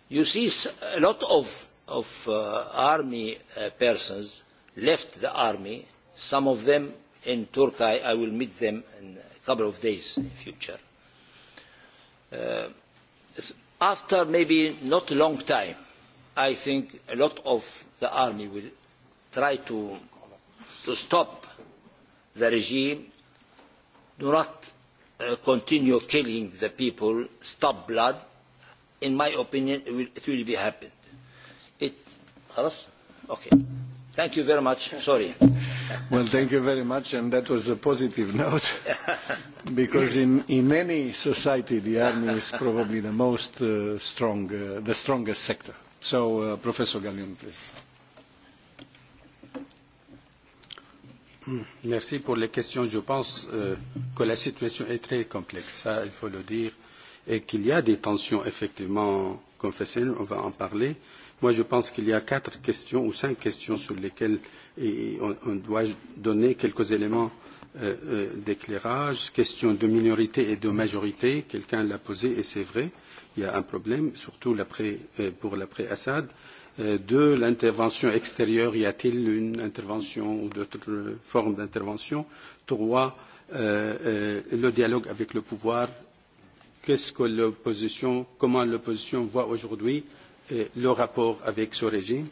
Speaker 18: you see a lot of of uh, army uh, persons left the army, some of them in Turkey. I will meet them in a couple of days in the future. Uh, after maybe not a long time, I think a lot of the army will try to, to stop the regime, do not uh, continue killing the people, stop blood. In my opinion, it will, it will be happen. خلاص اوكي Thank you very much. Sorry. well, thank you very much, and that was a positive note,
Speaker 11: because in, in any society, the army is probably the most uh, strong, uh, the strongest sector. So, uh, Professor Gallion, please.
Speaker 17: Hmm. Merci pour les questions. Je pense euh, que la situation est très complexe, ça, il faut le dire, et qu'il y a des tensions, effectivement, confessionnelles, on va en parler. Euh, Moi, je pense qu'il y a quatre questions ou cinq questions sur lesquelles on, on doit donner quelques éléments euh, euh, d'éclairage. Question de minorité et de majorité, quelqu'un l'a posé et c'est vrai, il y a un problème, surtout euh, pour l'après-Assad. Euh, deux, l'intervention extérieure, y a-t-il une intervention ou d'autres formes d'intervention Trois, euh, euh, le dialogue avec le pouvoir, qu'est-ce que l'opposition, comment l'opposition voit aujourd'hui euh, Euh, le rapport avec ce régime.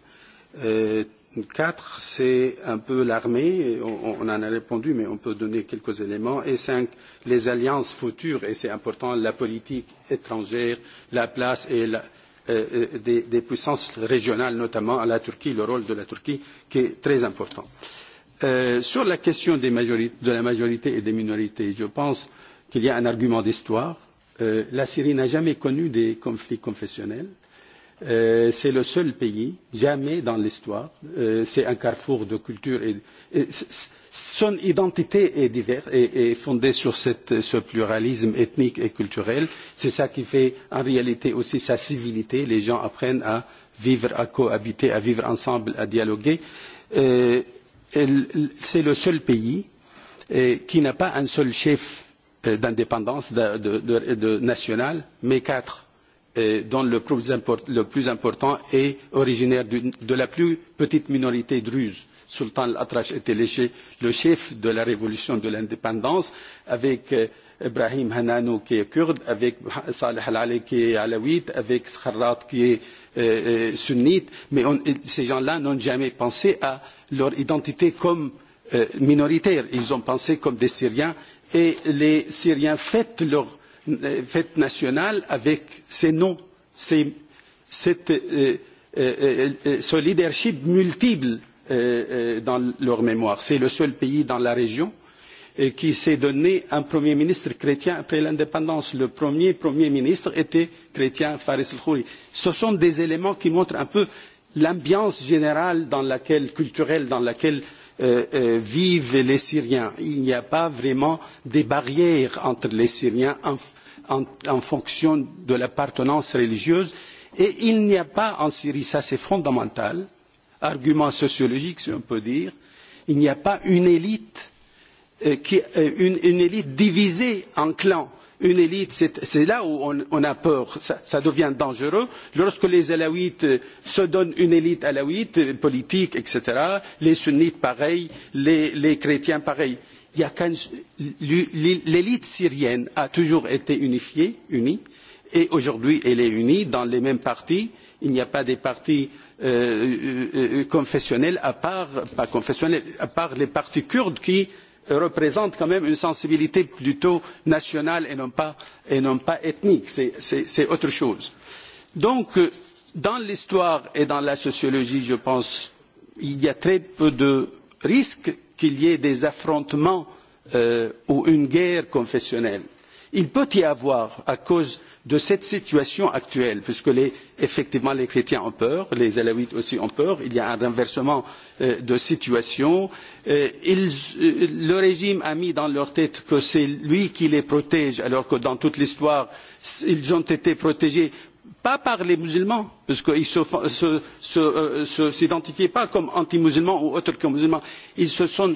Speaker 17: Euh, quatre, c'est un peu l'armée, on, on en a répondu, mais on peut donner quelques éléments. Et cinq, les alliances futures, et c'est important, la politique étrangère, la place et la, euh, euh des, des puissances régionales, notamment à la Turquie, le rôle de la Turquie, qui est très important. Euh, sur la question des de la majorité et des minorités, je pense qu'il y a un argument d'histoire. Euh, la Syrie n'a jamais connu des conflits confessionnels Euh, c'est le seul pays, jamais dans l'histoire, euh, c'est un carrefour de culture. Et, et, son identité est diverse et et fondée sur cette, ce pluralisme ethnique et culturel. C'est ça qui fait en réalité aussi sa civilité. Les gens apprennent à vivre, à cohabiter, à vivre ensemble, à dialoguer. Euh, c'est le seul pays euh, qui n'a pas un seul chef euh, d'indépendance de, de, de, de national, mais quatre Euh, dont le plus, le plus, important est originaire de la plus petite minorité druze. Sultan al-Atrash était le chef de la révolution de l'indépendance avec euh, Ibrahim Hanano qui est kurde, avec Saleh Al-Ali qui est alawite, avec Kharrat qui est euh, euh sunnite, mais on, ces gens-là n'ont jamais pensé à leur identité comme euh, minoritaire. Ils ont pensé comme des Syriens et les Syriens fêtent leur Euh, fête nationale avec ses noms, ces, cette, euh, euh, euh, euh ce leadership multiple euh, dans leur mémoire. C'est le seul pays dans la région qui s'est donné un premier ministre chrétien après l'indépendance. Le premier premier ministre était chrétien Faris al khouri Ce sont des éléments qui montrent un peu l'ambiance générale dans laquelle, culturelle dans laquelle Euh, euh, vivent les Syriens. Il n'y a pas vraiment des barrières entre les Syriens en, en, en fonction de l'appartenance religieuse et il n'y a pas en Syrie, ça c'est fondamental, argument sociologique si on peut dire, il n'y a pas une élite, euh, qui, euh, une, une élite divisée en clans une élite, c'est là où on, on a peur, ça, ça, devient dangereux. Lorsque les alawites se donnent une élite alawite, politique, etc., les sunnites pareil, les, les chrétiens pareil. L'élite syrienne a toujours été unifiée, unie, et aujourd'hui elle est unie dans les mêmes partis. Il n'y a pas des partis euh, euh, euh confessionnels à part, pas confessionnels, à part les partis kurdes qui Euh, représente quand même une sensibilité plutôt nationale et non pas, et non pas ethnique. C'est autre chose. Donc, euh, dans l'histoire et dans la sociologie, je pense, il y a très peu de risques qu'il y ait des affrontements euh, ou une guerre confessionnelle. Il peut y avoir, à cause de cette situation actuelle, puisque les, effectivement les chrétiens ont peur, les alawites aussi ont peur, il y a un renversement euh, de situation. Euh, ils, euh, le régime a mis dans leur tête que c'est lui qui les protège, alors que dans toute l'histoire, ils ont été protégés pas par les musulmans, parce qu'ils ne se, se, se, euh, s'identifiaient s'identifient pas comme anti-musulmans ou autres que musulmans. Ils se sont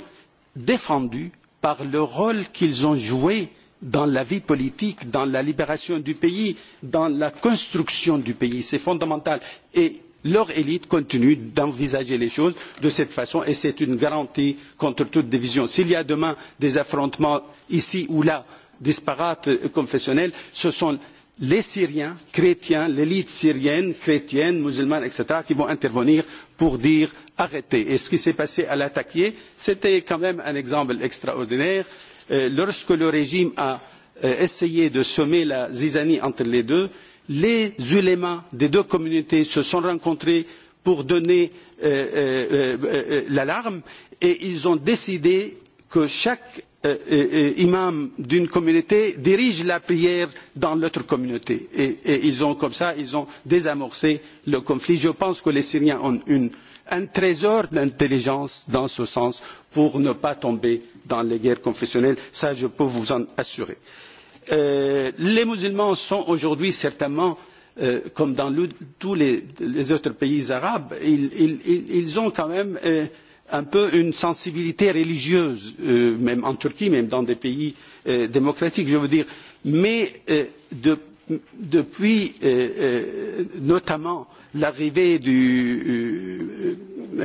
Speaker 17: défendus par le rôle qu'ils ont joué euh, dans la vie politique, dans la libération du pays, dans la construction du pays. C'est fondamental. Et leur élite continue d'envisager les choses de cette façon et c'est une garantie contre toute division. S'il y a demain des affrontements ici ou là, disparates, confessionnels, ce sont les Syriens, chrétiens, l'élite syrienne, chrétienne, musulmane, etc., qui vont intervenir pour dire arrêtez. Et ce qui s'est passé à l'attaquer, c'était quand même un exemple extraordinaire Euh, lorsque le régime a euh, essayé de semer la zizanie entre les deux, les ulémas des deux communautés se sont rencontrés pour donner euh, l'alarme et ils ont décidé que chaque imam d'une communauté dirige la prière dans l'autre communauté. Et, et, ils ont comme ça, ils ont désamorcé le conflit. Je pense que les Syriens ont une, un trésor d'intelligence dans ce sens pour ne pas tomber dans les guerres confessionnelles, ça je peux vous en assurer. Euh, les musulmans sont aujourd'hui certainement, euh, comme dans le, tous les, les, autres pays arabes, ils, ils, ils ont quand même euh, un peu une sensibilité religieuse, euh, même en Turquie, même dans des pays euh, démocratiques, je veux dire. Mais euh, de, depuis notamment l'arrivée du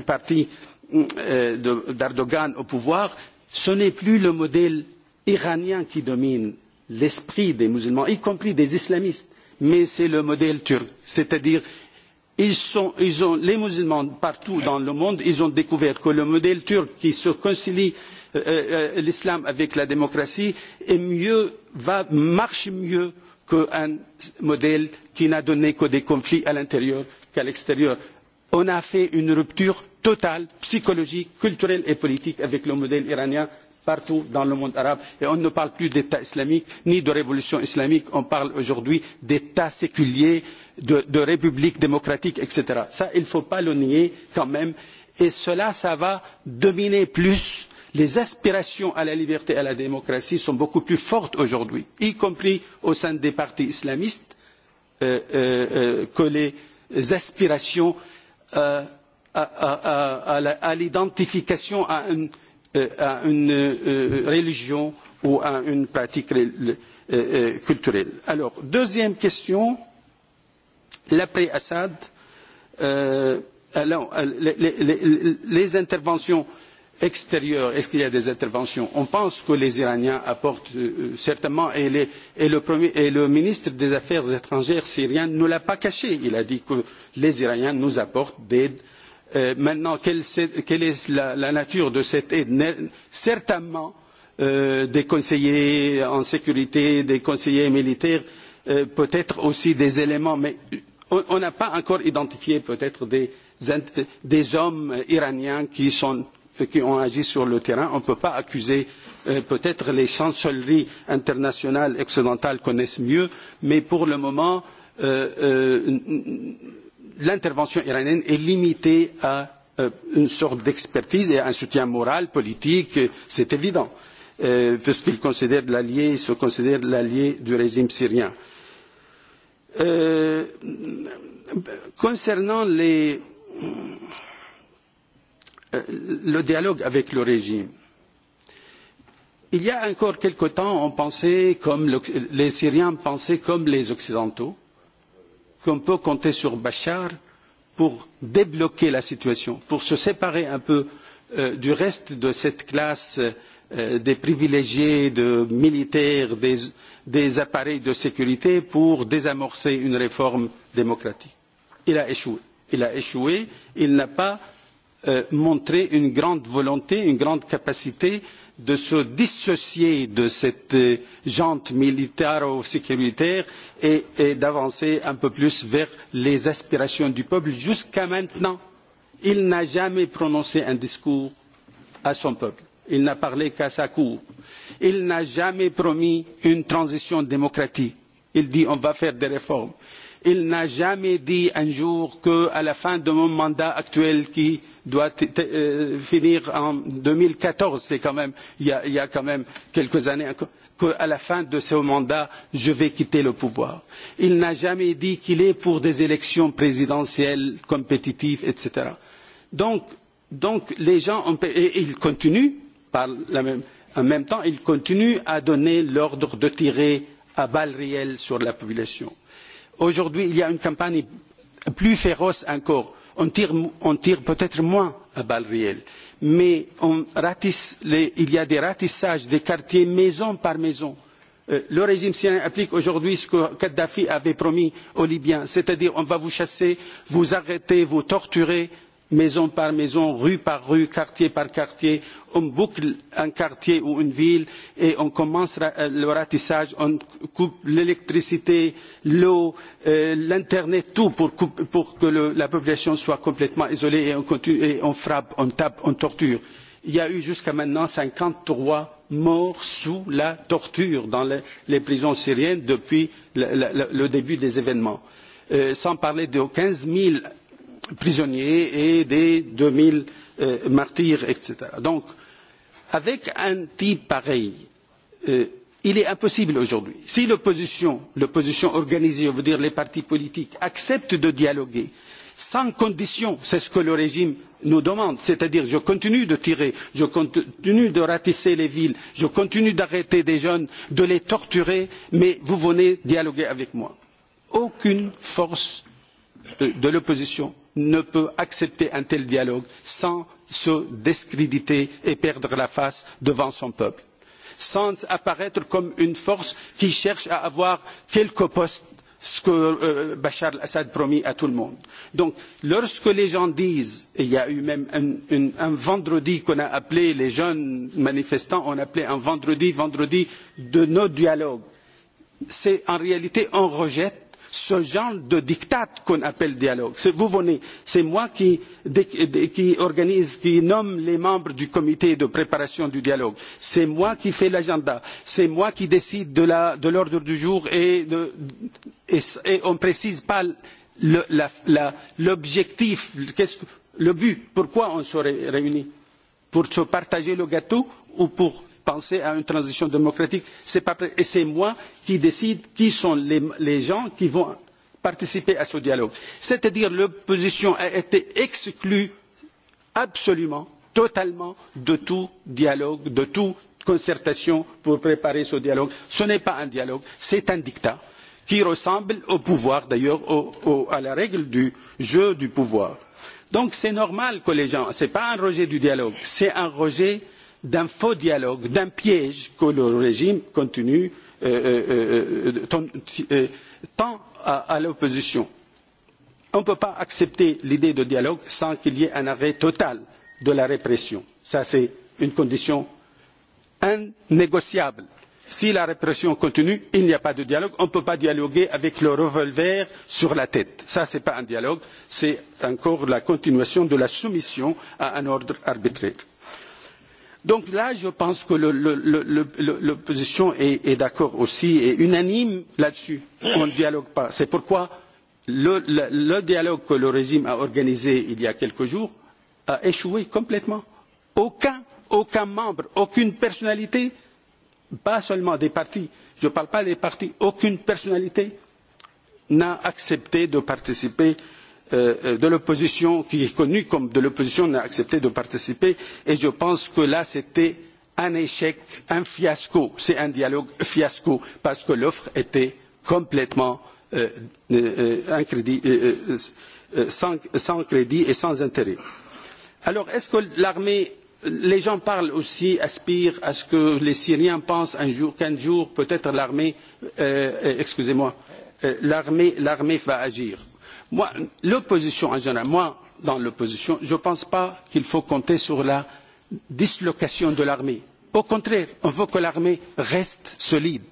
Speaker 17: parti d'Erdogan au pouvoir, ce n'est plus le modèle iranien qui domine l'esprit des musulmans, y compris des islamistes, mais c'est le modèle turc. C'est-à-dire, ils ils les musulmans partout dans le monde, ils ont découvert que le modèle turc qui se concilie euh, euh, l'islam avec la démocratie est mieux, va, marche mieux qu'un modèle qui n'a donné que des conflits à l'intérieur qu'à l'extérieur. On a fait une rupture totale, psychologique, culturelle et politique avec le modèle iranien partout dans le monde arabe. Et on ne parle plus d'État islamique ni de révolution islamique, on parle aujourd'hui d'État séculier, de, de république démocratique, etc. Ça, il ne faut pas le nier quand même. Et cela, ça va dominer plus. Les aspirations à la liberté et à la démocratie sont beaucoup plus fortes aujourd'hui, y compris au sein des partis islamistes, euh, euh, euh que les aspirations euh, à, à, à l'identification à une, euh, à une euh, religion ou à une pratique euh, euh, culturelle. Alors, deuxième question, l'après-Assad, euh, euh les, les, les interventions extérieures, est-ce qu'il y a des interventions On pense que les Iraniens apportent euh, certainement, et, les, et, le premier, et le ministre des Affaires étrangères syrien ne l'a pas caché. Il a dit que les Iraniens nous apportent d'aide euh, Euh, maintenant, quelle, quelle est la, la nature de cette aide Certainement, euh, des conseillers en sécurité, des conseillers militaires, euh, peut-être aussi des éléments, mais on n'a pas encore identifié peut-être des, des hommes iraniens qui, sont, qui ont agi sur le terrain. On ne peut pas accuser euh, peut-être les chancelleries internationales occidentales connaissent mieux, mais pour le moment, euh, euh, l'intervention iranienne est limitée à euh, une sorte d'expertise et à un soutien moral, politique, c'est évident, euh, puisqu'il considère l'allié, il se considère l'allié du régime syrien. Euh, concernant les, euh, le dialogue avec le régime, il y a encore quelque temps, on pensait comme le, les Syriens pensaient comme les Occidentaux, qu'on peut compter sur Bachar pour débloquer la situation, pour se séparer un peu euh, du reste de cette classe euh, des privilégiés, de militaires, des, des appareils de sécurité pour désamorcer une réforme démocratique. Il a échoué. Il a échoué. Il n'a pas euh, montré une grande volonté, une grande capacité de se dissocier de cette euh, jante militaire ou sécuritaire et, et d'avancer un peu plus vers les aspirations du peuple. Jusqu'à maintenant, il n'a jamais prononcé un discours à son peuple. Il n'a parlé qu'à sa cour. Il n'a jamais promis une transition démocratique. Il dit on va faire des réformes il n'a jamais dit un jour qu'à la fin de mon mandat actuel qui doit euh, finir en deux mille quatorze, c'est quand même, il y, a, il y a quand même quelques années encore, qu'à la fin de ce mandat, je vais quitter le pouvoir. Il n'a jamais dit qu'il est pour des élections présidentielles compétitives, etc. Donc, donc les gens, ont, et ils continuent, par la même, en même temps, ils continuent à donner l'ordre de tirer à balles réelles sur la population. Aujourd'hui, il y a une campagne plus féroce encore. On tire, on tire peut-être moins à balles réelles, mais on ratisse les, il y a des ratissages des quartiers maison par maison. Euh, le régime syrien applique aujourd'hui ce que Kadhafi avait promis aux Libyens, c'est-à-dire on va vous chasser, vous arrêter, vous torturer, maison par maison, rue par rue, quartier par quartier. On boucle un quartier ou une ville et on commence euh, le ratissage, on coupe l'électricité, l'eau, euh, l'Internet, tout pour, couper, pour que le, la population soit complètement isolée et on, continue, et on frappe, on tape, on torture. Il y a eu jusqu'à maintenant cinquante trois morts sous la torture dans les, les prisons syriennes depuis le, le, le début des événements. Euh, sans parler de quinze 000 prisonniers et des 2000 euh, martyrs, etc. Donc, avec un type pareil, euh, il est impossible aujourd'hui. Si l'opposition, l'opposition organisée, on veut dire les partis politiques, acceptent de dialoguer, sans condition, c'est ce que le régime nous demande, c'est-à-dire je continue de tirer, je continue de ratisser les villes, je continue d'arrêter des jeunes, de les torturer, mais vous venez dialoguer avec moi. Aucune force de l'opposition ne peut accepter un tel dialogue sans se discréditer et perdre la face devant son peuple, sans apparaître comme une force qui cherche à avoir quelques postes ce que euh, Bachar al-Assad promit à tout le monde. Donc, lorsque les gens disent, et il y a eu même un, un, un vendredi qu'on a appelé, les jeunes manifestants ont appelé un vendredi, vendredi de nos dialogues, c'est en réalité, on rejette ce genre de diktat qu'on appelle dialogue. Vous venez, c'est moi qui, qui organise, qui nomme les membres du comité de préparation du dialogue. C'est moi qui fais l'agenda. C'est moi qui décide de l'ordre du jour et, de, et, et on ne précise pas l'objectif, le but, pourquoi on se réunit. Pour se partager le gâteau ou pour penser à une transition démocratique. C'est pas et c'est moi qui décide qui sont les, les gens qui vont participer à ce dialogue. C'est-à-dire l'opposition a été exclue absolument, totalement de tout dialogue, de toute concertation pour préparer ce dialogue. Ce n'est pas un dialogue, c'est un dictat qui ressemble au pouvoir d'ailleurs, à la règle du jeu du pouvoir. Donc c'est normal que les gens, ce n'est pas un rejet du dialogue, c'est un rejet euh, d'un faux dialogue, d'un piège que le régime continue euh, euh, euh tant euh, à, à l'opposition. On ne peut pas accepter l'idée de dialogue sans qu'il y ait un arrêt total de la répression. Ça, c'est une condition innégociable. Si la répression continue, il n'y a pas de dialogue. On ne peut pas dialoguer avec le revolver sur la tête. Ça, ce n'est pas un dialogue. C'est encore la continuation de la soumission à un ordre arbitraire. Donc là, je pense que l'opposition est, est d'accord aussi et unanime là-dessus. On ne dialogue pas. C'est pourquoi le, le, le dialogue que le régime a organisé il y a quelques jours a échoué complètement. Aucun, aucun membre, aucune personnalité, pas seulement des partis, je ne parle pas des partis, aucune personnalité n'a accepté de participer euh, Euh, euh, de l'opposition, qui est connue comme de l'opposition, n'a accepté de participer. Et je pense que là, c'était un échec, un fiasco. C'est un dialogue fiasco parce que l'offre était complètement euh, euh, crédit, euh, euh, sans, sans, crédit et sans intérêt. Alors, est-ce que l'armée, les gens parlent aussi, aspirent à ce que les Syriens pensent un jour, qu'un jour, peut-être l'armée, excusez-moi, l'armée va agir. Moi, l'opposition en général, moi, dans l'opposition, je ne pense pas qu'il faut compter sur la dislocation de l'armée. Au contraire, on veut que l'armée reste solide.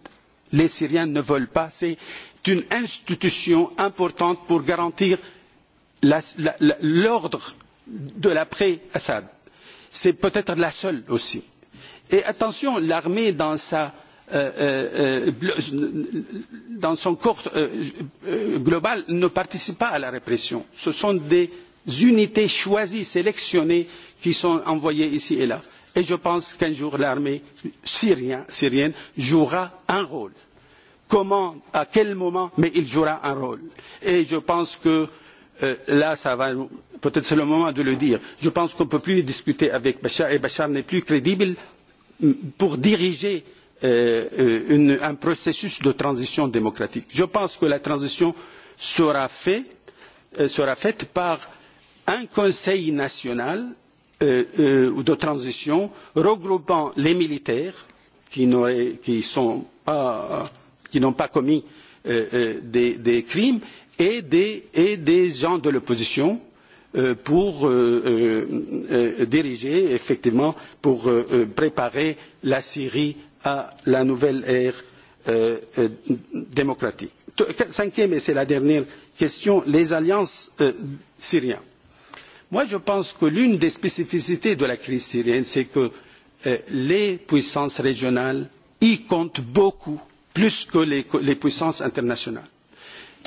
Speaker 17: Les Syriens ne veulent pas. C'est une institution importante pour garantir l'ordre de l'après-Assad. C'est peut-être la seule aussi. Et attention, l'armée dans sa Euh, euh, euh, dans son corps global, ne participent pas à la répression. Ce sont des unités choisies, sélectionnées, qui sont envoyées ici et là. Et je pense qu'un jour, l'armée syrienne, syrienne jouera un rôle. Comment, à quel moment, mais il jouera un rôle. Et je pense que euh, là, ça va peut-être c'est le moment de le dire. Je pense qu'on ne peut plus discuter avec Bachar et Bachar n'est plus crédible mm, pour diriger euh, Euh, euh, une, un processus de transition démocratique. Je pense que la transition sera, fait, euh, sera faite par un conseil national euh, euh, de transition regroupant les militaires qui n'ont pas, pas, commis euh, euh, des, des, crimes et des, et des gens de l'opposition euh, pour diriger effectivement pour préparer la Syrie à la nouvelle ère euh, euh, démocratique. Cinquième, et c'est la dernière question, les alliances euh, syriennes. Moi, je pense que l'une des spécificités de la crise syrienne, c'est que euh, les puissances régionales y comptent beaucoup, plus que les, les puissances internationales.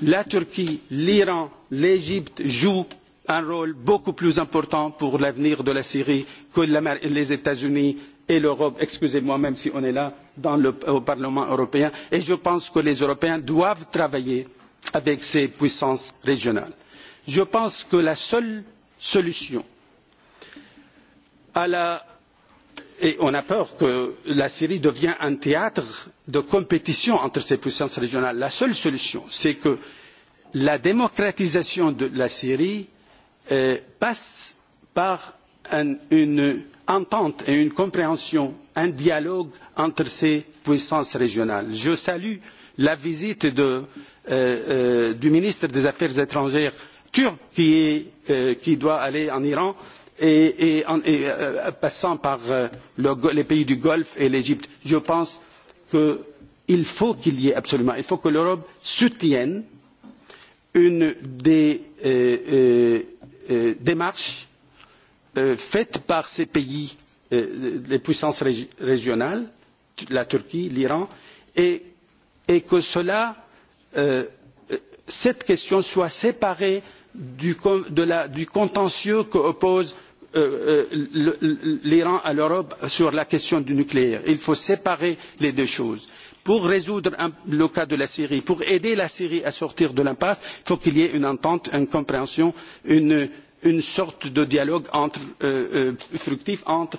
Speaker 17: La Turquie, l'Iran, l'Égypte jouent un rôle beaucoup plus important pour l'avenir de la Syrie que la, les États-Unis, et l'Europe, excusez-moi même si on est là, dans le, au Parlement européen. Et je pense que les Européens doivent travailler avec ces puissances régionales. Je pense que la seule solution à la et on a peur que la Syrie devienne un théâtre de compétition entre ces puissances régionales. La seule solution, c'est que la démocratisation de la Syrie euh, passe par un, une entente et une compréhension, un dialogue entre ces puissances régionales. Je salue la visite de, euh, euh, du ministre des Affaires étrangères turc qui, est, euh, qui doit aller en Iran et, et, en, et euh, passant par euh, le, les pays du Golfe et l'Égypte. Je pense qu'il faut qu'il y ait absolument, il faut que l'Europe soutienne une des euh, euh, euh démarches Euh, faite par ces pays, euh, les puissances régionales, la Turquie, l'Iran, et, et, que cela, euh, euh cette question soit séparée du, de la, du contentieux que oppose euh, l'Iran à l'Europe sur la question du nucléaire. Il faut séparer les deux choses pour résoudre un, le cas de la Syrie, pour aider la Syrie à sortir de l'impasse, il faut qu'il y ait une entente, une compréhension, une, une sorte de dialogue entre, euh, euh, fructif entre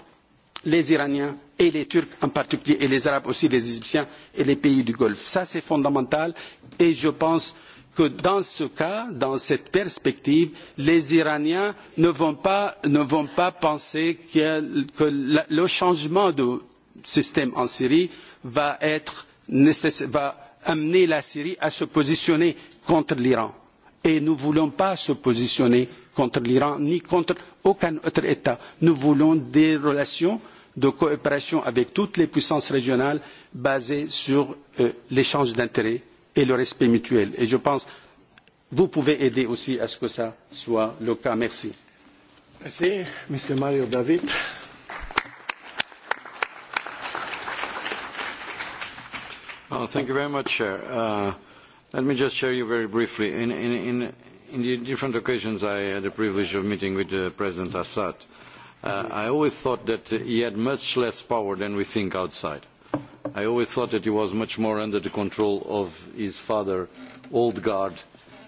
Speaker 17: les Iraniens et les Turcs en particulier, et les Arabes aussi, les Égyptiens et les pays du Golfe. Ça, c'est fondamental et je pense que dans ce cas, dans cette perspective, les Iraniens ne vont pas, ne vont pas penser que, que la, le changement de système en Syrie va, être va amener la Syrie à se positionner contre l'Iran. Et nous ne voulons pas se positionner contre l'Iran ni contre aucun autre État. Nous voulons des relations de coopération avec toutes les puissances régionales basées sur euh, l'échange d'intérêts et le respect mutuel. Et je pense que vous pouvez aider aussi à ce que ça soit le cas. Merci.
Speaker 11: Merci, M. Mario David. Oh, thank you very
Speaker 19: much, Chair. Uh, let me just share you very briefly. In, in, in, in the different occasions I had the privilege of meeting with uh, President Assad, uh, I always thought that he had much less power than we think outside. I always thought that he was much more under the control of his father, old guard,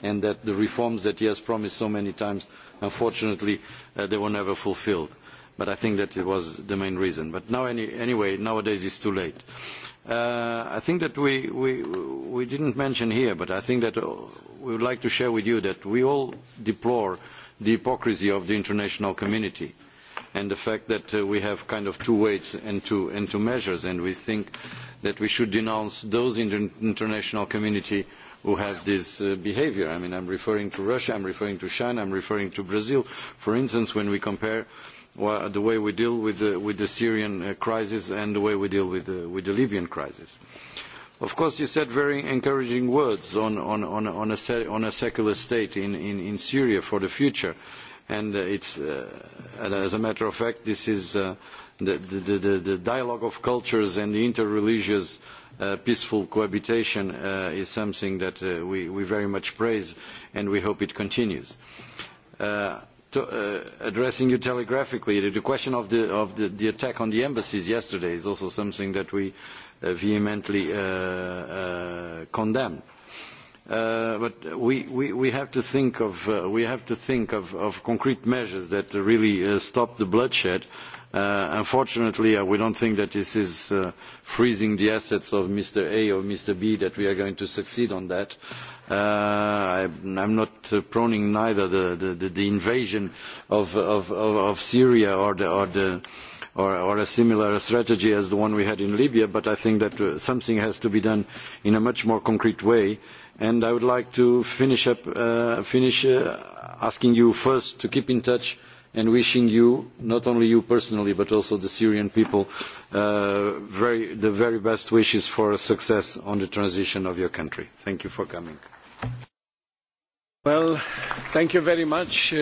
Speaker 19: and that the reforms that he has promised so many times, unfortunately, uh, they were never fulfilled. But I think that it was the main reason. But now, any, anyway, nowadays it's too late. Uh, Uh, I think that we, we, we didn't mention here, but I think that uh, we would like to share with you that we all deplore the hypocrisy of the international community and the fact that uh, we have kind of two weights and two, and two measures, and we think that we should denounce those in the international community who have this uh, behavior. I mean, I'm referring to Russia, I'm referring to China, I'm referring to Brazil. For instance, when we compare uh, the way we deal with the, with the Syrian uh, crisis and the way we deal with the, with the Libyan crisis. Of course, you said very encouraging words on, on, on, on, a, on a secular state in, in, in Syria for the future. And uh, it's, uh, as a matter of fact, this is uh, the, the, the, the dialogue of cultures and the interreligious uh, peaceful cohabitation uh, is something that uh, we, we very much praise and we hope it continues. Uh, to, uh, addressing you telegraphically, the question of, the, of the, the attack on the embassies yesterday is also something that we uh, vehemently uh, uh, condemn. Uh, but we, we, we have to think of uh, we have to think of, of concrete measures that really uh, stop the bloodshed. Uh, unfortunately, uh, we don't think that this is uh, freezing the assets of Mr. A or Mr. B that we are going to succeed on that. Uh, Uh, I, I'm not uh, proning neither the, the, the, the invasion of, of, of, of Syria or the, or the or, or a similar strategy as the one we had in Libya, but I think that uh, something has to be done in a much more concrete way. And I would like to finish up, uh, finish uh, asking you first to keep in touch and wishing you, not only you personally, but also the Syrian people, uh, very, the very best wishes for success on the transition of your country. Thank you for coming.
Speaker 11: Well, thank you very much. Uh,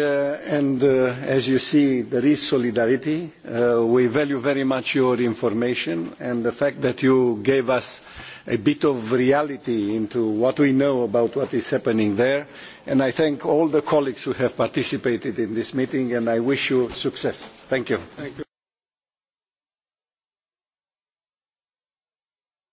Speaker 11: and uh, as you see, there is solidarity. Uh, we value very much your information and the fact that you gave us a bit of reality into what we know about what is happening there. And I thank all the colleagues who have participated in this meeting, and I wish you success. Thank you. Thank you.